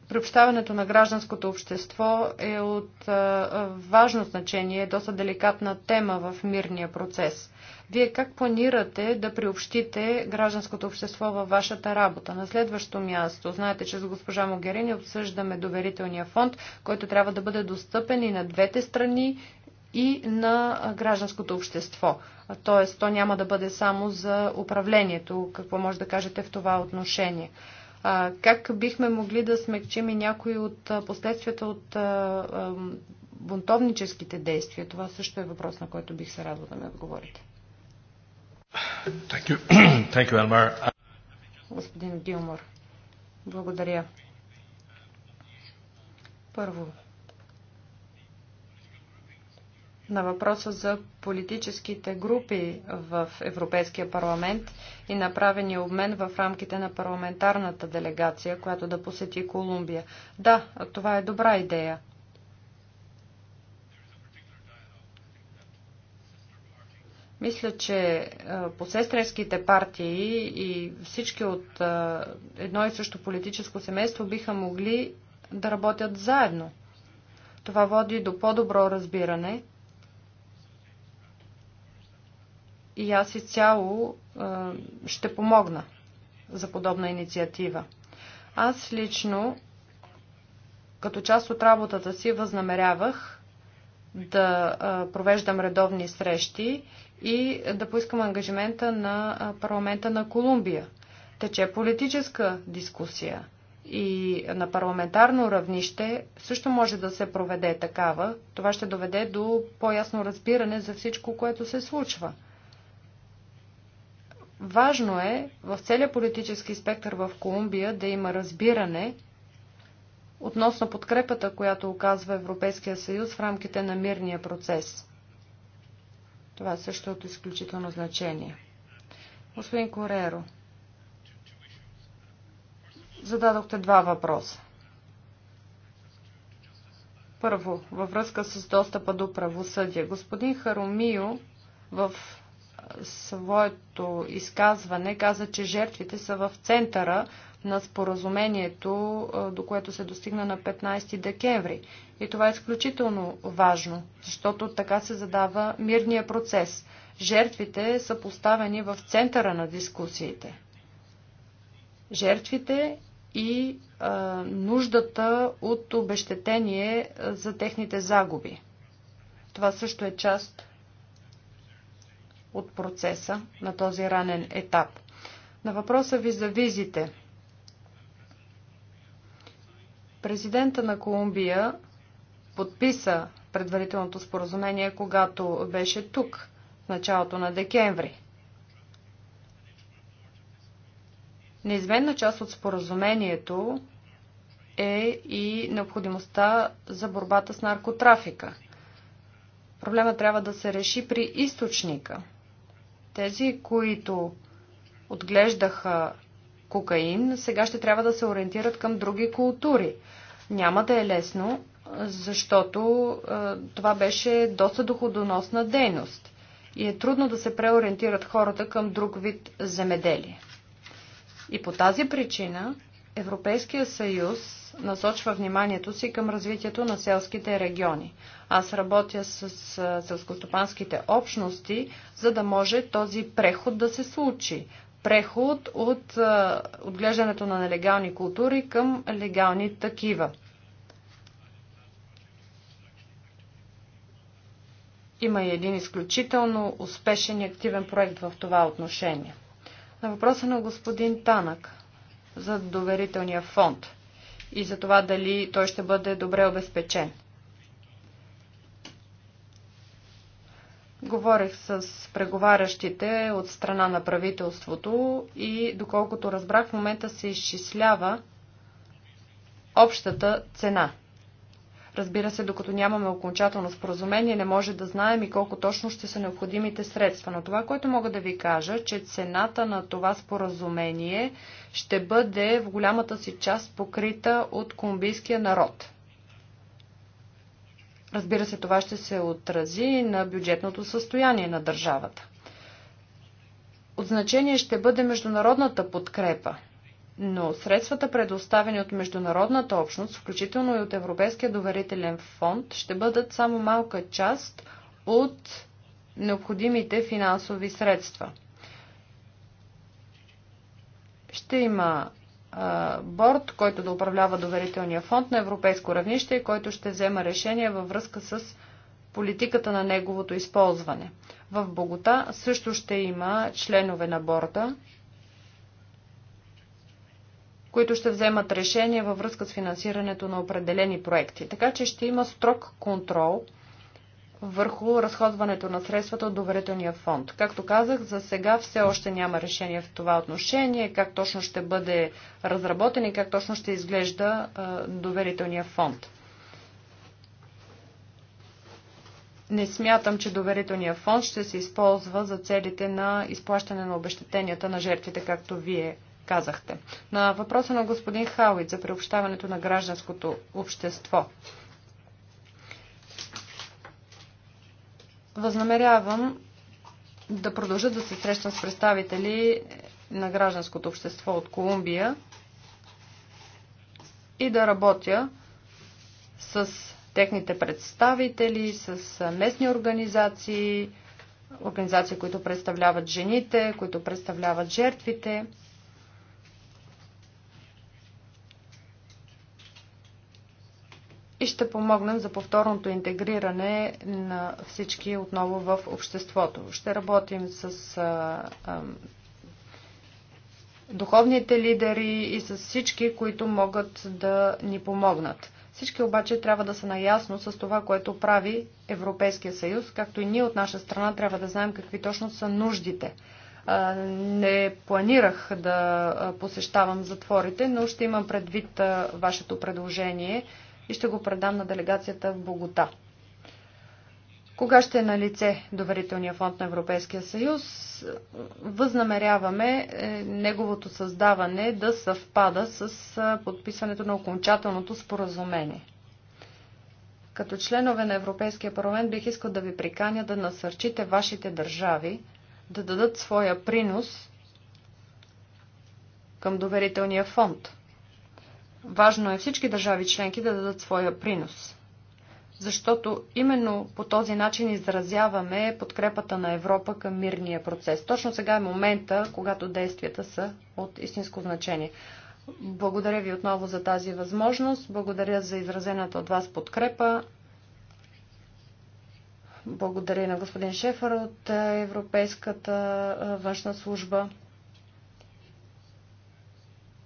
Приобщаването на гражданското общество е от а, важно значение, е доста деликатна тема в мирния процес. Вие как планирате да приобщите гражданското общество във вашата работа? На следващо място, знаете, че с госпожа Могерини обсъждаме доверителния фонд, който трябва да бъде достъпен и на двете страни и на гражданското общество. Тоест, то няма да бъде само за управлението. Какво може да кажете в това отношение? как бихме могли да смекчим и някои от последствията от бунтовническите действия? Това също е въпрос, на който бих се радвал да ми отговорите. Thank you. Thank you, Elmar. Господин Гилмор, благодаря. Първо, на въпроса за политическите групи в Европейския парламент и направени обмен в рамките на парламентарната делегация, която да посети Колумбия. Да, това е добра идея. Мисля, че посестренските партии и всички от едно и също политическо семейство биха могли да работят заедно. Това води до по-добро разбиране – и аз изцяло ще помогна за подобна инициатива. Аз лично, като част от работата си, възнамерявах да провеждам редовни срещи и да поискам ангажимента на парламента на Колумбия. Тече политическа дискусия и на парламентарно равнище също може да се проведе такава. Това ще доведе до по-ясно разбиране за всичко, което се случва – Важно е в целия политически спектър в Колумбия да има разбиране относно подкрепата, която оказва Европейския съюз в рамките на мирния процес. Това също е от изключително значение. Господин Кореро, зададохте два въпроса. Първо, във връзка с достъпа до правосъдие. Господин Харумио в своето изказване каза, че жертвите са в центъра на споразумението, до което се достигна на 15 декември. И това е изключително важно, защото така се задава мирния процес. Жертвите са поставени в центъра на дискусиите. Жертвите и а, нуждата от обещетение за техните загуби. Това също е част от процеса на този ранен етап. На въпроса ви за визите. Президента на Колумбия подписа предварителното споразумение, когато беше тук, в началото на декември. Неизменна част от споразумението е и необходимостта за борбата с наркотрафика. Проблема трябва да се реши при източника – тези, които отглеждаха кокаин, сега ще трябва да се ориентират към други култури. Няма да е лесно, защото е, това беше доста доходоносна дейност и е трудно да се преориентират хората към друг вид земеделие. И по тази причина Европейския съюз насочва вниманието си към развитието на селските региони. Аз работя с селскостопанските общности, за да може този преход да се случи. Преход от отглеждането на нелегални култури към легални такива. Има и един изключително успешен и активен проект в това отношение. На въпроса на господин Танък за доверителния фонд и за това дали той ще бъде добре обезпечен. Говорих с преговарящите от страна на правителството и доколкото разбрах, в момента се изчислява общата цена – Разбира се, докато нямаме окончателно споразумение, не може да знаем и колко точно ще са необходимите средства. Но това, което мога да ви кажа, че цената на това споразумение ще бъде в голямата си част покрита от колумбийския народ. Разбира се, това ще се отрази на бюджетното състояние на държавата. От значение ще бъде международната подкрепа но средствата предоставени от международната общност, включително и от Европейския доверителен фонд, ще бъдат само малка част от необходимите финансови средства. Ще има борт, който да управлява доверителния фонд на европейско равнище и който ще взема решение във връзка с политиката на неговото използване. В Богота също ще има членове на борда, които ще вземат решение във връзка с финансирането на определени проекти. Така че ще има строг контрол върху разходването на средствата от доверителния фонд. Както казах, за сега все още няма решение в това отношение, как точно ще бъде разработен и как точно ще изглежда доверителния фонд. Не смятам, че доверителния фонд ще се използва за целите на изплащане на обещетенията на жертвите, както вие казахте. На въпроса на господин Хауит за приобщаването на гражданското общество. Възнамерявам да продължа да се срещам с представители на гражданското общество от Колумбия и да работя с техните представители, с местни организации, организации, които представляват жените, които представляват жертвите. и ще помогнем за повторното интегриране на всички отново в обществото. Ще работим с а, а, духовните лидери и с всички, които могат да ни помогнат. Всички обаче трябва да са наясно с това, което прави Европейския съюз, както и ние от наша страна трябва да знаем какви точно са нуждите. Не планирах да посещавам затворите, но ще имам предвид вашето предложение и ще го предам на делегацията в Богота. Кога ще е на лице доверителния фонд на Европейския съюз, възнамеряваме е, неговото създаване да съвпада с е, подписването на окончателното споразумение. Като членове на Европейския парламент бих искал да ви приканя да насърчите вашите държави да дадат своя принос към доверителния фонд. Важно е всички държави членки да дадат своя принос. Защото именно по този начин изразяваме подкрепата на Европа към мирния процес. Точно сега е момента, когато действията са от истинско значение. Благодаря ви отново за тази възможност. Благодаря за изразената от вас подкрепа. Благодаря на господин Шефър от Европейската външна служба.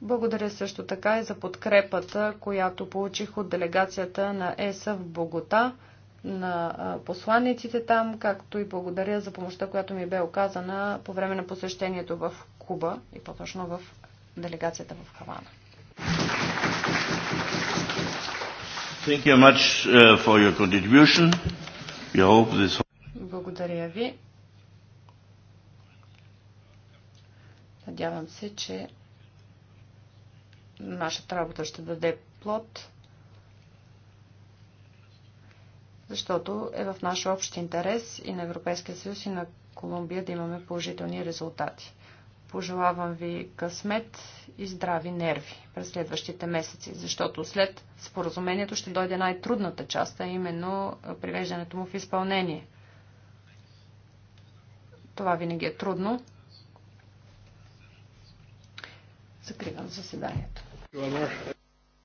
Благодаря също така и за подкрепата, която получих от делегацията на ЕСА в Богота, на посланниците там, както и благодаря за помощта, която ми бе оказана по време на посещението в Куба и по-точно в делегацията в Хавана. Thank you much uh, for your contribution. We hope this... Благодаря ви. Надявам се, че нашата работа ще даде плод, защото е в наш общ интерес и на Европейския съюз и на Колумбия да имаме положителни резултати. Пожелавам ви късмет и здрави нерви през следващите месеци, защото след споразумението ще дойде най-трудната част, а именно привеждането му в изпълнение. Това винаги е трудно. Закривам заседанието. Good one, Mark.